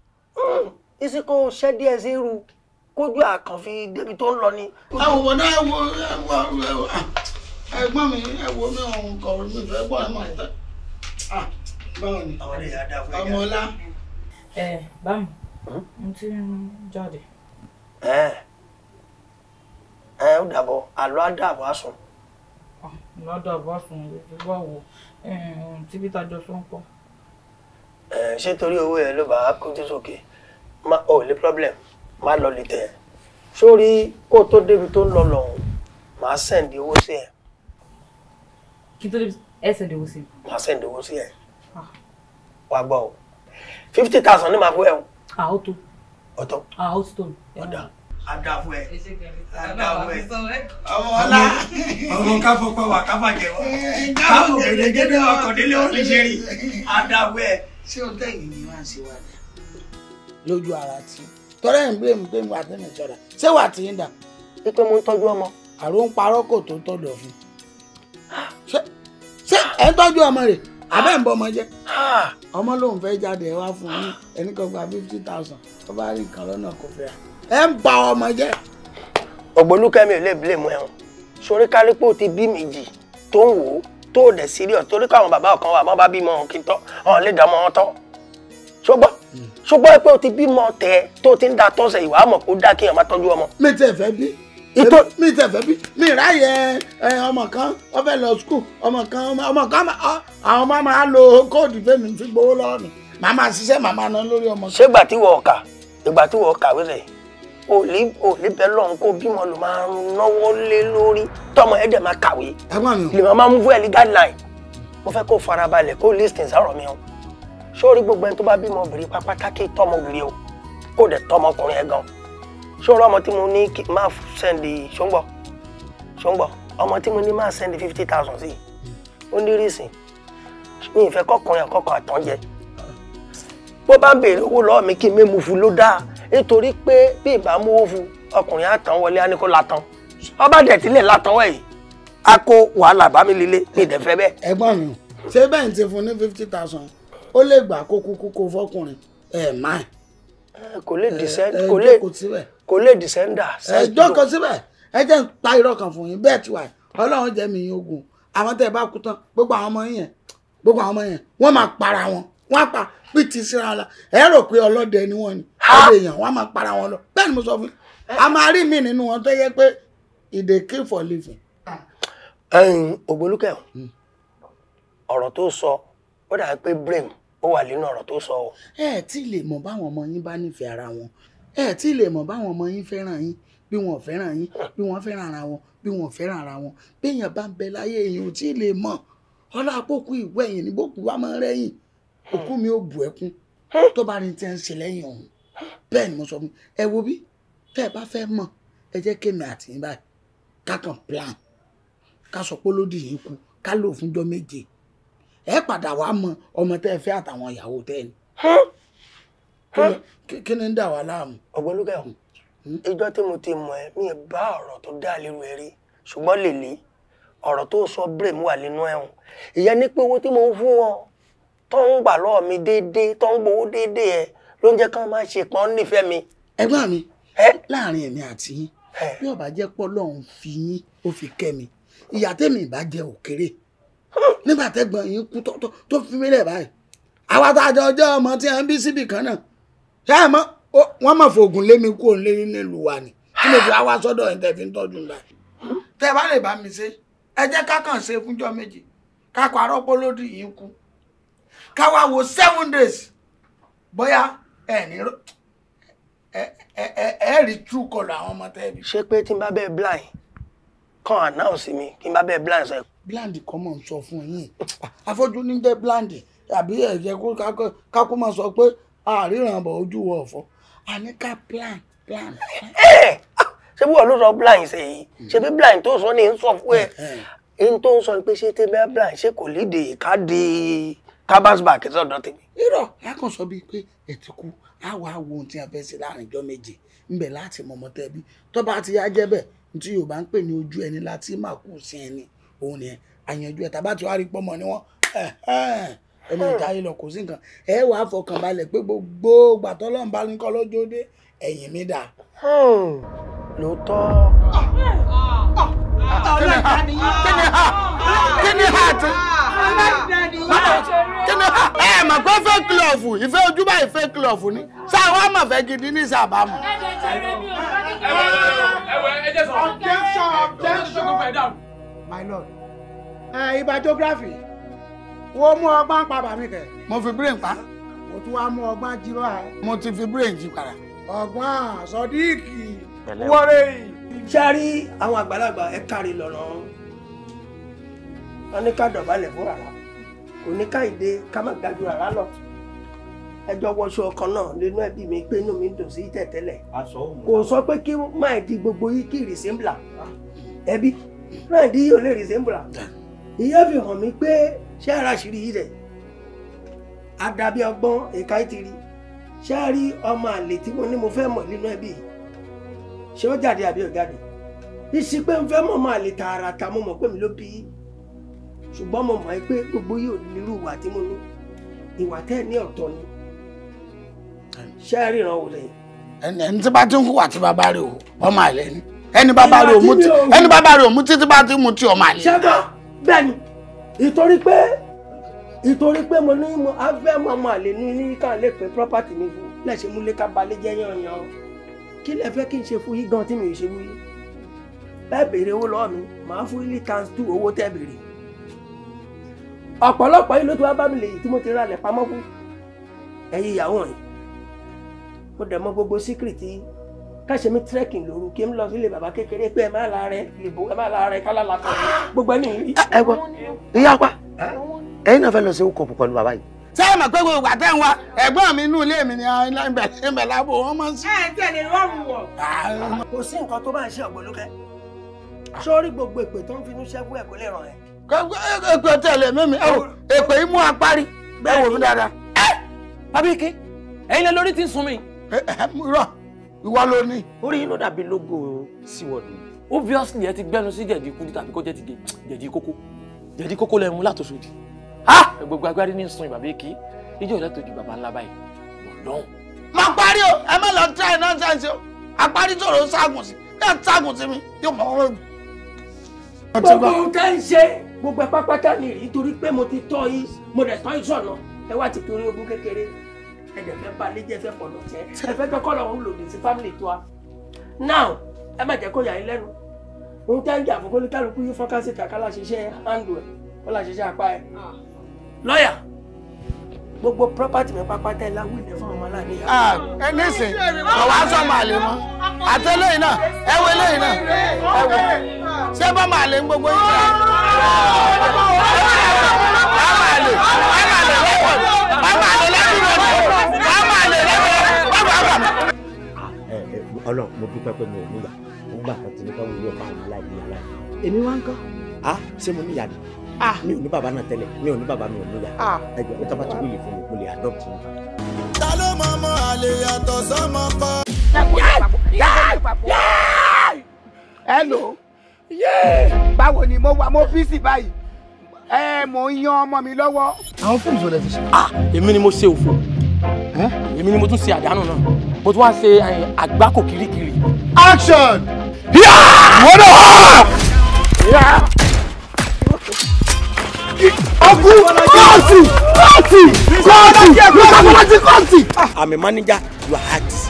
ìsìnkú ṣẹ́díẹ̀ sí irú kójú àkànfi débi tó ń lọ ni. ẹ wò náà ẹ wò ẹ wò ẹ wò ah, mi ọhún kọ mi fẹ bọ ẹ mọ ah, báwo ni ọmọọlá. ẹ bámu hmm? mo ti ń jáde. ẹ ẹ ó dàbọ̀ àlọ á dàbọ̀ á sùn. Ah, lọ́dọ̀ àbọ̀ fún mi lójú bá wo tí peter jọ fún pọ̀. ṣé torí owó ẹ ló bá kójú sókè ó lè problem má lọ lè tẹ̀ sórí kó tó débi tó ń lọ lọ́hùn màá sẹ̀ǹdì owó sí ẹ̀. kí tó débi ẹ sẹ̀ǹdì owó sí ẹ. màá sẹ̀ǹdì owó sí ẹ. wàá gbọ́ o fifty thousand ní màá fún ẹ o. à ó tó. ọ̀tọ̀. à ó tó. ọ̀dà adáfo ẹ adáfo ẹ ọmọ ọlá ọmọ káfọpọ wà káfàjẹ wà káfọ gẹdẹgẹdẹ ọkọ délé ó lè ṣe rí adáfo ẹ. ṣé o tẹ̀yìn ni wọ́n á ṣe wá dà. lójú ara tí tọ́rẹ́ ẹ̀ ń blame blame wà nínú ìṣọ́ra ṣé wà tí ń dà. pípé mo ń tọ́jú ọmọ. àrò ń parọ́ kò tó tọ́dọ̀ fún un. ṣé ẹ̀ ń tọ́jú ọmọ rẹ̀ abẹ́ ń bọ ọmọ jẹ́ ọmọ lòun fẹ́ jáde wá fún un ẹni kan gba fifty thousand tó bá rí nǹkan lọ́nà kó fẹ́ ẹ ń ba ọmọ jẹ́. ògbólúkẹ́mi ò lè blame ẹ̀hún sórí kárípò ti bí méjì tó ń wò ó tó dẹ̀ sírí ọ̀ torí káwọn bàbá ọ̀kan wà mọ́ bá bímọ òkìtọ́ ọ̀hún lè dá ọmọ wọn tọ́ ṣùgbọ́n pé o ti bímọ tẹ tó ti ń da tọ́sẹ̀ ìwà àmọ̀ kó dá kéèyàn má tọ́jú ọmọ. mi tẹ fẹ́ bí mi tẹ fẹ́ bí mi ráyè ọmọ kan ó fẹ́ lọ skul ọmọ kan ọmọ kan àwọn ọmọ máa lo kóòdù fẹmi fi gbowó lọ́wọ́ mi màá máa ṣiṣẹ́ màá máa ná lórí ọmọ. ṣégbà tí wọ́n kà ìgbà tí wọ́n kàwé rẹ̀ òní òní bẹ́ẹ̀ lọ́n kó bímọ ló máa náwó lé lórí tọmọ ẹ̀dẹ̀ máa kàwé. ẹ̀gbọ́n mi o lè máa mú fún ẹ̀ ní guideline mo fẹ́ kó farabalẹ̀ kó list sárọ̀ mi o sórí gbogbo ẹni tó bá bímọ obìnrin pápátá kí tọmọ obìnrin o kò dẹ̀ tọmọ ọkùnrin ẹ̀ gan sórí ọmọ tí mo ní máa sẹ́ndì ṣóńgbọ̀ ṣóńgbọ̀ ọmọ tí mo ní máa sẹ́ndì fifty thousand sí ó ní rìsìn mi ìfẹ́ kọkùnrin àkọ́kọ́ àtọ́jẹ bó bá ń béèrè owó lọ́wọ́ mi kí n mímú fún ló dáa nítorí pé bí ìbá mú owó fún ọkùnrin àtàn wọlé á ní kó látàn ọba dẹ̀ tilẹ̀ látàn wẹ̀yìn á kó wàhálà bá líle mi ìdẹ̀fẹ́ bẹ́ẹ̀. ẹ̀gbọ́n mi ṣé bẹ́ẹ̀ ń ti fún ní fifty thousand ó lè gbà kó kúkú kó fọkùnrin ẹ̀ máa kò lè dìsẹ́ndà kò lè kò lè dìsẹ́ndà. ẹjọ́ kan síbẹ̀ ẹ jẹ́ ń pa irọ́ kan fún yín bẹ́ẹ̀ tí wà ọlọ́run jẹ́ mi yín ogun àwọn tẹ́ ẹ bá kú tán gbogbo àwọn ọmọ yín yẹn gbogbo àwọn ọmọ yẹn wọ́n máa para wọn wọ́n á pa pìtì síra wọn la ẹ rò pé ọlọ́dẹ ni wọ́n ni ọdẹ èèyàn wọ́n máa para wọn lọ bẹ́ẹ̀ ni mo sọ fún yín a máa rí mi nínú wọn tó yẹ pé ìdè kill for living. ògbólúkẹ́ hmm. ọ̀rọ̀ tó sọ ó dàbí pé brain ó wà nínú ọ̀rọ̀ tó sọ o. ẹ ẹ tí lè mọ̀ báwọn ọmọ yín bá nífẹ̀ẹ́ ara wọn ẹ ẹ tí lè mọ̀ báwọn ọmọ yín fẹ́ràn yín bí wọn fẹ́ràn yín bí wọn fẹ́ràn ara wọn bí wọn fẹ́ràn ara wọn béèyàn bá ń bẹ láyé èèyàn ò tí lè mọ̀ ọlá àpòkù ìwé ẹ̀yìn ní bòkù wa máa ń rẹ́yìn òkú mi ò bù ẹkún tó bá ní tẹ́ ń ṣe lẹ́yìn ọ̀hún bẹ́ẹ̀ ni mo sọ fún ẹ wo bí tẹ́ ẹ bá fẹ́ mọ̀ ẹ jẹ́ kémi àtìyín báyìí plan ká sọ pé lódì yìí kú ká lò fúnjọ́ méje ẹ padà wàá mọ ọmọ tẹ́ ẹ fẹ́ àtàwọn ìyàwó tẹ́ ẹ ní. kí ni ń dà wá láàmú. ọ̀gbọ́nlúkẹ́ ọ̀hún hmm? ìjọ tí mo ti mọ̀ ẹ́ mi bá ọ̀rọ̀ tó dá lérò ẹ rí ṣùgbọ́n lèlè ọ̀rọ̀ tó sọ brem wà nínú ẹ̀hún ìyẹn ní pé owó tí mo ń fún ọ tó ń gbà lọ́ọ̀ mi déédéé tó ń gbowó déédéé ẹ ló ń jẹ́ kí wọ́n máa ṣe pọ́n nífẹ̀ẹ́ mi. ẹ̀gbọ́n mi láàrin èmi àti yín bí ọba jẹ́ pọ́ lọ́hùn fi yín ó fi kẹ́ mi ìyá tèmi ìbá jẹ́ òkèrè nígbà tẹ́gbọ̀n yìí kú tó fi mí lẹ̀ báyìí àwa tá a jọ ọjọ́ ọmọ tí a ń bí síbì kan náà ṣé àmọ́ wọ́n mọ̀ fògùn lémi kú òun lé nílùú wa ni kí ló fi àwa sọ́dọ̀ ẹ̀ tẹ̀ fi ń tọ́jú ńlá tẹ́ bá lè bá mi ṣe ẹ jẹ́ ká kàn ṣe fúnjọ́ méje ká parọ́ pólódì yìí kú ká wá wo seven days bóyá ẹ̀ ní ẹ rí true colour àwọn ọmọ tẹ́ bí. ṣé pé tí n bá bẹ́ẹ̀ blind kan announce mi kí n bá bẹ́ẹ̀ blind sọ ẹ̀ bland kan mọ̀ ń sọ fún yín afọ́jú ní jẹ́ bland àbí ẹ̀jẹ̀ kákó máa sọ pé àríran bọ̀ ojú wọ ọ̀fọ́ àníká plan plan. Eh, eh, ah, ṣé bí wọn ló sọ blind ṣe yìí hmm. ṣe bí blind tó sọ ni ń sọ fún ẹ eh, n tó ń sọ ni pé ṣé tẹ́lẹ̀ blind ṣé kò léde ká di kábàsbà kẹsàn ọ̀dọ́ tèmi. irọ́ a kàn sọ bíi pé ètí kú a wà á wo ohun tí a fẹ́ ṣe láàrin ìjọ méje ńbẹ̀ láti mọ̀mọ́ tẹ́bí tó bá ti yá jẹ́ bẹ́ẹ̀ tí Yorùbá ń pè ní ojú ẹni láti máa kú sí ẹni òun nìyẹn àyànjú ẹ̀ tàbá tí wàá rí pọ́mọ ni wọ́n ẹ máa jáyé lọ kò sí nǹkan ẹ wàá fọkàn balẹ̀ pé gbogbo gbàtọ́lọ́n bá ní kọ́ dé ẹ̀yìn mi dà. lóòótọ́. kíni ha kíni ha kíni ha ti. kíni ha ẹ mà pé fẹ́ kílọ̀fù ìfẹ́ ojúbà ìfẹ́ kílọ̀fù ni sáwọn àmọ̀ fẹ́ gidi ní sábàámu. ẹ wẹ ẹ jẹ sọ. objection objection my lord ẹ ibà geography wo mú ọgbọ́n pa bàmí kẹ. mo fi brain pa. mo tún wá mú ọgbọ́n jírọ́ ẹ. mo ti fi brain jí padà. ọgbọ́n sọdíìkì wọlé yìí. ṣé a rí àwọn àgbàlagbà ẹ kárí lọ́nà wọn ní ká dọ̀bálẹ̀ fún rárá kò ní ká ìdè ká má gbájú rárá lọ ẹjọ́ wọṣọ ọkàn náà nínú ẹbí mi pé inú mi ń dùn sí tẹ̀tẹ̀lẹ̀ kò sọ pé kí máa di gbogbo yìí kí ìrìsí ń bla ẹbí náà dí yóò lè rí sẹ́ńbùlà ìyá fi hàn mí pé ṣé ara ṣìírí yìí rẹ̀ àdàbí ọgbọ́n ẹ̀ka ìtìrí ṣé a rí ọmọ àlè tí mo ní mo fẹ́ mọ̀ nínú ẹbí ṣé ó jáde àbí ó jáde ìsì pé ń fẹ́ mọ̀ ọmọ àlè tààràtà mo mọ̀ pé mi ló bí ṣùgbọ́n mo mọ̀ pé gbogbo yìí nírú ìwà tí mo ní ìwà tẹ́ ní ọ̀tọ̀ ni ṣé a ríran wò lẹ́yìn. ẹni tí bá tún hùwà tí bàbá rẹ̀ o ọmọ àlè ni ẹni bàbá rẹ̀ òmù tí ẹni bàbá rẹ̀ òmù títí bá ti mu tí ọmọ àlè. ṣẹ́gbọ́n bẹ́ẹ̀ ni ìtorí pé ìtorí pé mo ní mo á fẹ́ mọ ọmọ àlè ní ní ká lè pé property mi fún lẹ́sẹ̀ mú lé ká balẹ̀ jẹ́ yanyan kí lẹ fẹ́ kí n ṣe fún yín gan tí mi ò ṣe wí ẹ béèrè owó lọ́wọ́ mi màá fún yín times two owó tẹ́ béèrè ọ̀pọ̀lọpọ̀ yìí ló ti wá bá mi lè yìí tí mo ti ralẹ̀ pamọ́ fún ẹ̀yin ìyàwó yìí mo dẹ̀ mọ gbogbo síkírì tí káṣe mi trekking lóru kí n lọ sílé bàbá kékeré pé ẹ má la rẹ lèbó ẹ má la rẹ kálálà kan gbogbo ẹni yìí. ẹ gbọ́ ìyá wa ẹ̀yin náà fẹ́ lọ sí òkòpù pẹ̀lú bàbá yìí. ṣé ẹ mọ̀ pé gbogbo àtẹ̀ ń wa ẹ̀gbọ́n mi inú ilé mi ni ìbẹ̀lẹ̀ láàbò wọn máa ń sùn. ẹ tẹ̀lé rọrùn wọ̀. kò sí nǹkan tó bá ń ṣe ọ̀gbọ̀lókẹ́ sórí gbogbo èpè tó ń finú ṣẹ́gun ẹ̀ kò lè ràn ẹ́. èpè tẹ̀lé mímí èpè yìí mú apárí bẹ́ẹ̀ wò mí dáadáa. Abíkẹ́ ẹ̀yin lẹ lórí ti ń sun mi. rọ ìwà ló ní. orí yín ló dàbí logo síwọ̀dù obviously ẹ ti gbẹnu sí jẹ̀dí kudi tàbí kó jẹ́ ti jẹ̀dí kókó jẹ̀dí kókó lẹ́mu látòsó di. ha gbogbo agbárí ní sun ìbàbá èkì ijó ìlẹ́tò ju bàbá ńlá báyìí ọlọ́run. mo parí o ẹ má lọ try nonsense o àparí tòrò ságun sí ẹ ságun sí mi yóò mọ ọ̀rọ̀. gbogbo ohun tẹ́ ń ṣe gbogbo pápátá nìyí torí pé mo ti tọ́ yìí mo dẹ̀ tọ́ ìṣọ̀nà ẹ wá ti torí ogun kékeré ẹ̀jẹ̀ fẹ́ ba léjẹ́ fẹ́ pọ̀nà jẹ́ ẹ fẹ́ fẹ́ kọ́lọ̀ òun lòdì sí fámìlì tó wa now ẹ má jẹ́ kó yà yín lẹ́nu òun tẹ́ ń jà fún kólíkálukú yín fọ́nká sí kàkà láṣiṣẹ́ handle ẹ̀ kó láṣiṣẹ́ apá ẹ̀ ah. lọ́ọ̀yà gbogbo property mi pápátá ẹ̀ láwùjọ fún ọmọ aláàbí. Ah, ẹ nísìn àwọn ah. aṣọ màlè mọ àti eléyìí náà ẹ wo eléyìí náà ẹ wo ṣé bá màlè ń gbogbo yín Ọlọ́run mo dúpẹ́ pé mi ò nígbà mo gbà kan ti ní káwọn ilé ọkọ àwọn aláìní aláìní èmi wá ń kọ́ a ṣé mo níyà ni mi ò ní bàbá náà tẹ́lẹ̀ mi ò ní bàbá mi ò níyà ẹgbẹ́ mi tọ́ba ti wúyè fún mi mo lè adopt mi. ta ló mọ ọmọ àlè yàtọ̀ sọmọ kọ. hello báwo ni mo wà mo bísí báyìí ẹ mò ń yan ọmọ mi lọ́wọ́. àwọn fóònù sọ̀rọ̀ ẹ ti ṣe. Ah, èmi ni mo ṣe òfò èmi ni mo tún ṣe àdánù náà mo tún wá ṣe àgbákò kirikiri. action. wọ́n náà wá. Ogu kọ́ọ̀tì kọ́ọ̀tì kọ́ọ̀tì lùkàkọ́lájì kọ́ọ̀tì. àmì mánìjà yóò hàtì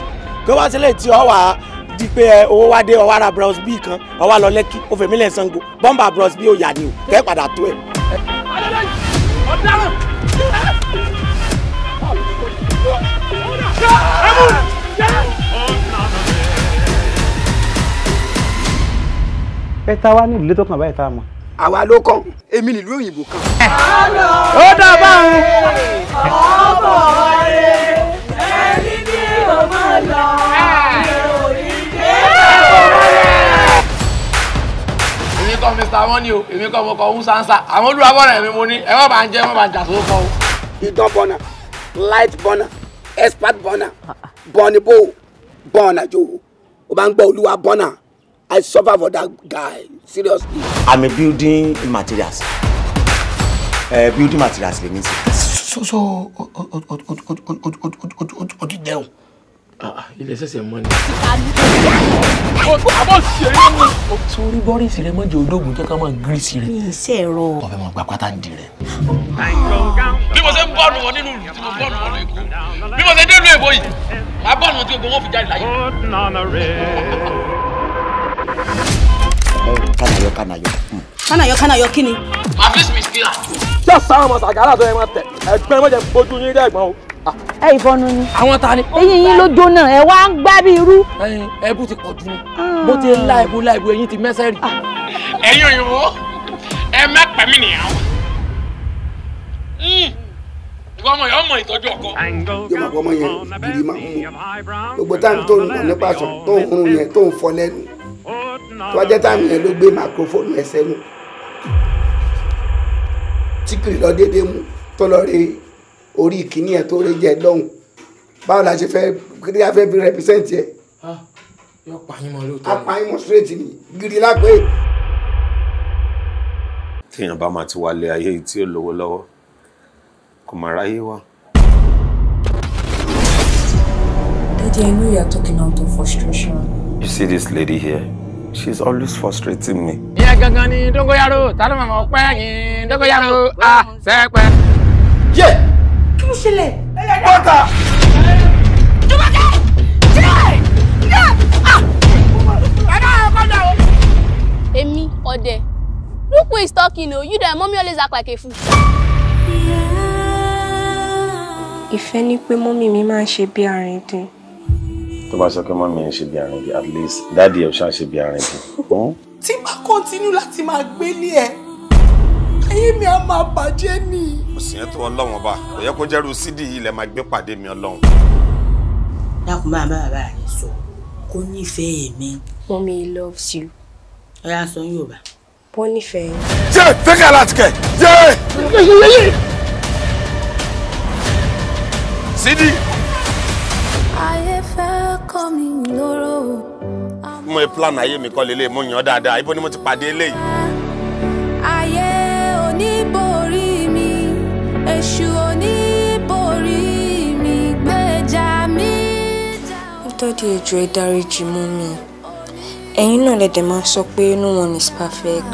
kí wọ́n bá ṣe lè ti ọ wá di pé owó wá dé ọwọ́ ara bros b kan ọwọ́ lọ lẹ́kì ó fẹ̀mí lẹ̀ sango bọ́mbà bros b ò yà ni o kẹ́ padà tó ẹ̀. ọ̀daràn. ẹ ta wá ní ìlú tó kàn báyìí tá a mọ̀. àwa ló kàn èmi nílùú òyìnbó kan. ó dà bá òun. ọ̀pọ̀ ọ̀rẹ́ ẹni tí o máa lọ. èmi kọ́ Mr. Money o èmi kọ́ mo kọ́ ń sáńsà àwọn olùwàbọ̀nà mi mo ní ẹ má bàa ń jẹ́ ẹ má ń jà sóko kọ́ o. ìdán bọ́nà light bọ́nà expert bọ́nà bọ́nìbó bọ́nà jò ó bá ń gbọ́ olúwa bọ́nà. I suffer for that guy. Seriously. I'm a building materials. Uh, building materials lè mi sè. So so o ti dẹ́hùn. Ilé ṣẹ̀ṣẹ̀ mọ́ ni. Àbọ̀ ṣe é ní. Sori Boris rẹ mọ̀jẹ̀ odóògùn kí ọkọ máa gírísì rẹ̀. Ní iṣẹ́ ẹ̀rọ. Ọ̀fẹ́ máa gba pátá ń di rẹ̀. Bí mo ṣe ń bọ́ọ̀nù wọn nínú ìlú tí mo bọ́ọ̀nù wọn lóko. Bí mo ṣe dé ìlú Èkó yìí, màá bọ́ọ̀nù tí gbogbo wọn fi jáde láyé kánayọ kánayọ. Hmm. kánayọ kánayọ kí ni. my place miss kila. jọ sáwọn ọmọ sàgárà tó máa tẹ ẹgbẹ́ mọ̀jẹ̀ gbójú yín dẹ́gbọ́n o. ẹ ìfọnu ni. àwọn ta ni. eyín yín ló jóná ẹ wá ń gbá bí irú. ẹbú ti pọ̀ jù ní. bó ah. ti láìbu láìbu eyín ti mẹ́sẹ̀ rì. Ah. ẹ̀yin òyìnbó ẹ má pẹ́ mi nìyàwó. Hmm. ìwọ ọmọ yẹn ọmọ ìtọ́jú ọkọ. yóò ọmọ yẹn bìrì máa ń mú gbogbo táwọn tó ń lọ nípa aṣọ tó ń hun yẹn tó ń fọ lẹ́nu tọ́jẹ́ táwọn yẹn ló gbé microphone ẹ̀ sẹ́nu tí lọ dédé mú tó lọ rí orí ìkíní ẹ̀ tó rí jẹ lọ́hùn báwo la ṣe fẹ́ kí a fẹ́ fi represent yẹ. yóò pààyàn mọ lóòótọ́ ni. apààyàn mọ straight ni gidi lápẹ́. téèyàn bá máa ti wálé ayé tí ò lówó lọ́wọ́ kò máa ráyé wá. Daddy, I know you are talking out of frustration. You see this lady here? She's always frustrating me. Yeah, gangan ni dogoyaro, ta ló mọ̀ pé yin dogoyaro ah sepe. Yeah. Kí ló ṣẹlẹ̀? Bọ́tà. Jùmọ̀kẹ́! Jẹ́! Yẹ́! Ẹ̀dá ọ̀kọ́dà o. Èmi ọ̀dẹ̀. Look who is talking o, you there, mommy always act like a fool. If any, pé mọ́mì mi máa ń ṣe bí tó bá sọ pé mọ́mí ẹ̀ ṣe bí arìnrìn at least dáàdi ẹ̀ ṣáà ṣe bí arìnrìn. tí má kọ́ntínú láti máa gbé ní ẹ ayé mi á máa bàjẹ́ ni. kò sí yẹn tó ọlọ́run ọba kò yẹ kó jẹ́rú sídì yìí lẹ máa gbé pàdé mi ọlọ́run. dákun máa bá bàbá rẹ sọ kó nífẹ̀ẹ́ mi. mọ́mí loves you. ọ̀rẹ́ aṣọ yorùbá. wọ́n nífẹ̀ẹ́. jẹ́ fẹ́kẹ́ láti kẹ̀ jẹ́. sídì kọ́ mi lóró. mo ye plan ayé mi kọ́ lélẹ̀ mo yàn ọ́ dáadáa ibo ni mo ti pàdé eléyìí. ayé oníborí mi èṣù oníborí mi gbèjà mi. ó dọ́dí ìjọ ìdáríjì mú mi ẹ̀yin náà lẹ́dẹ̀ máa sọ pé no one is perfect.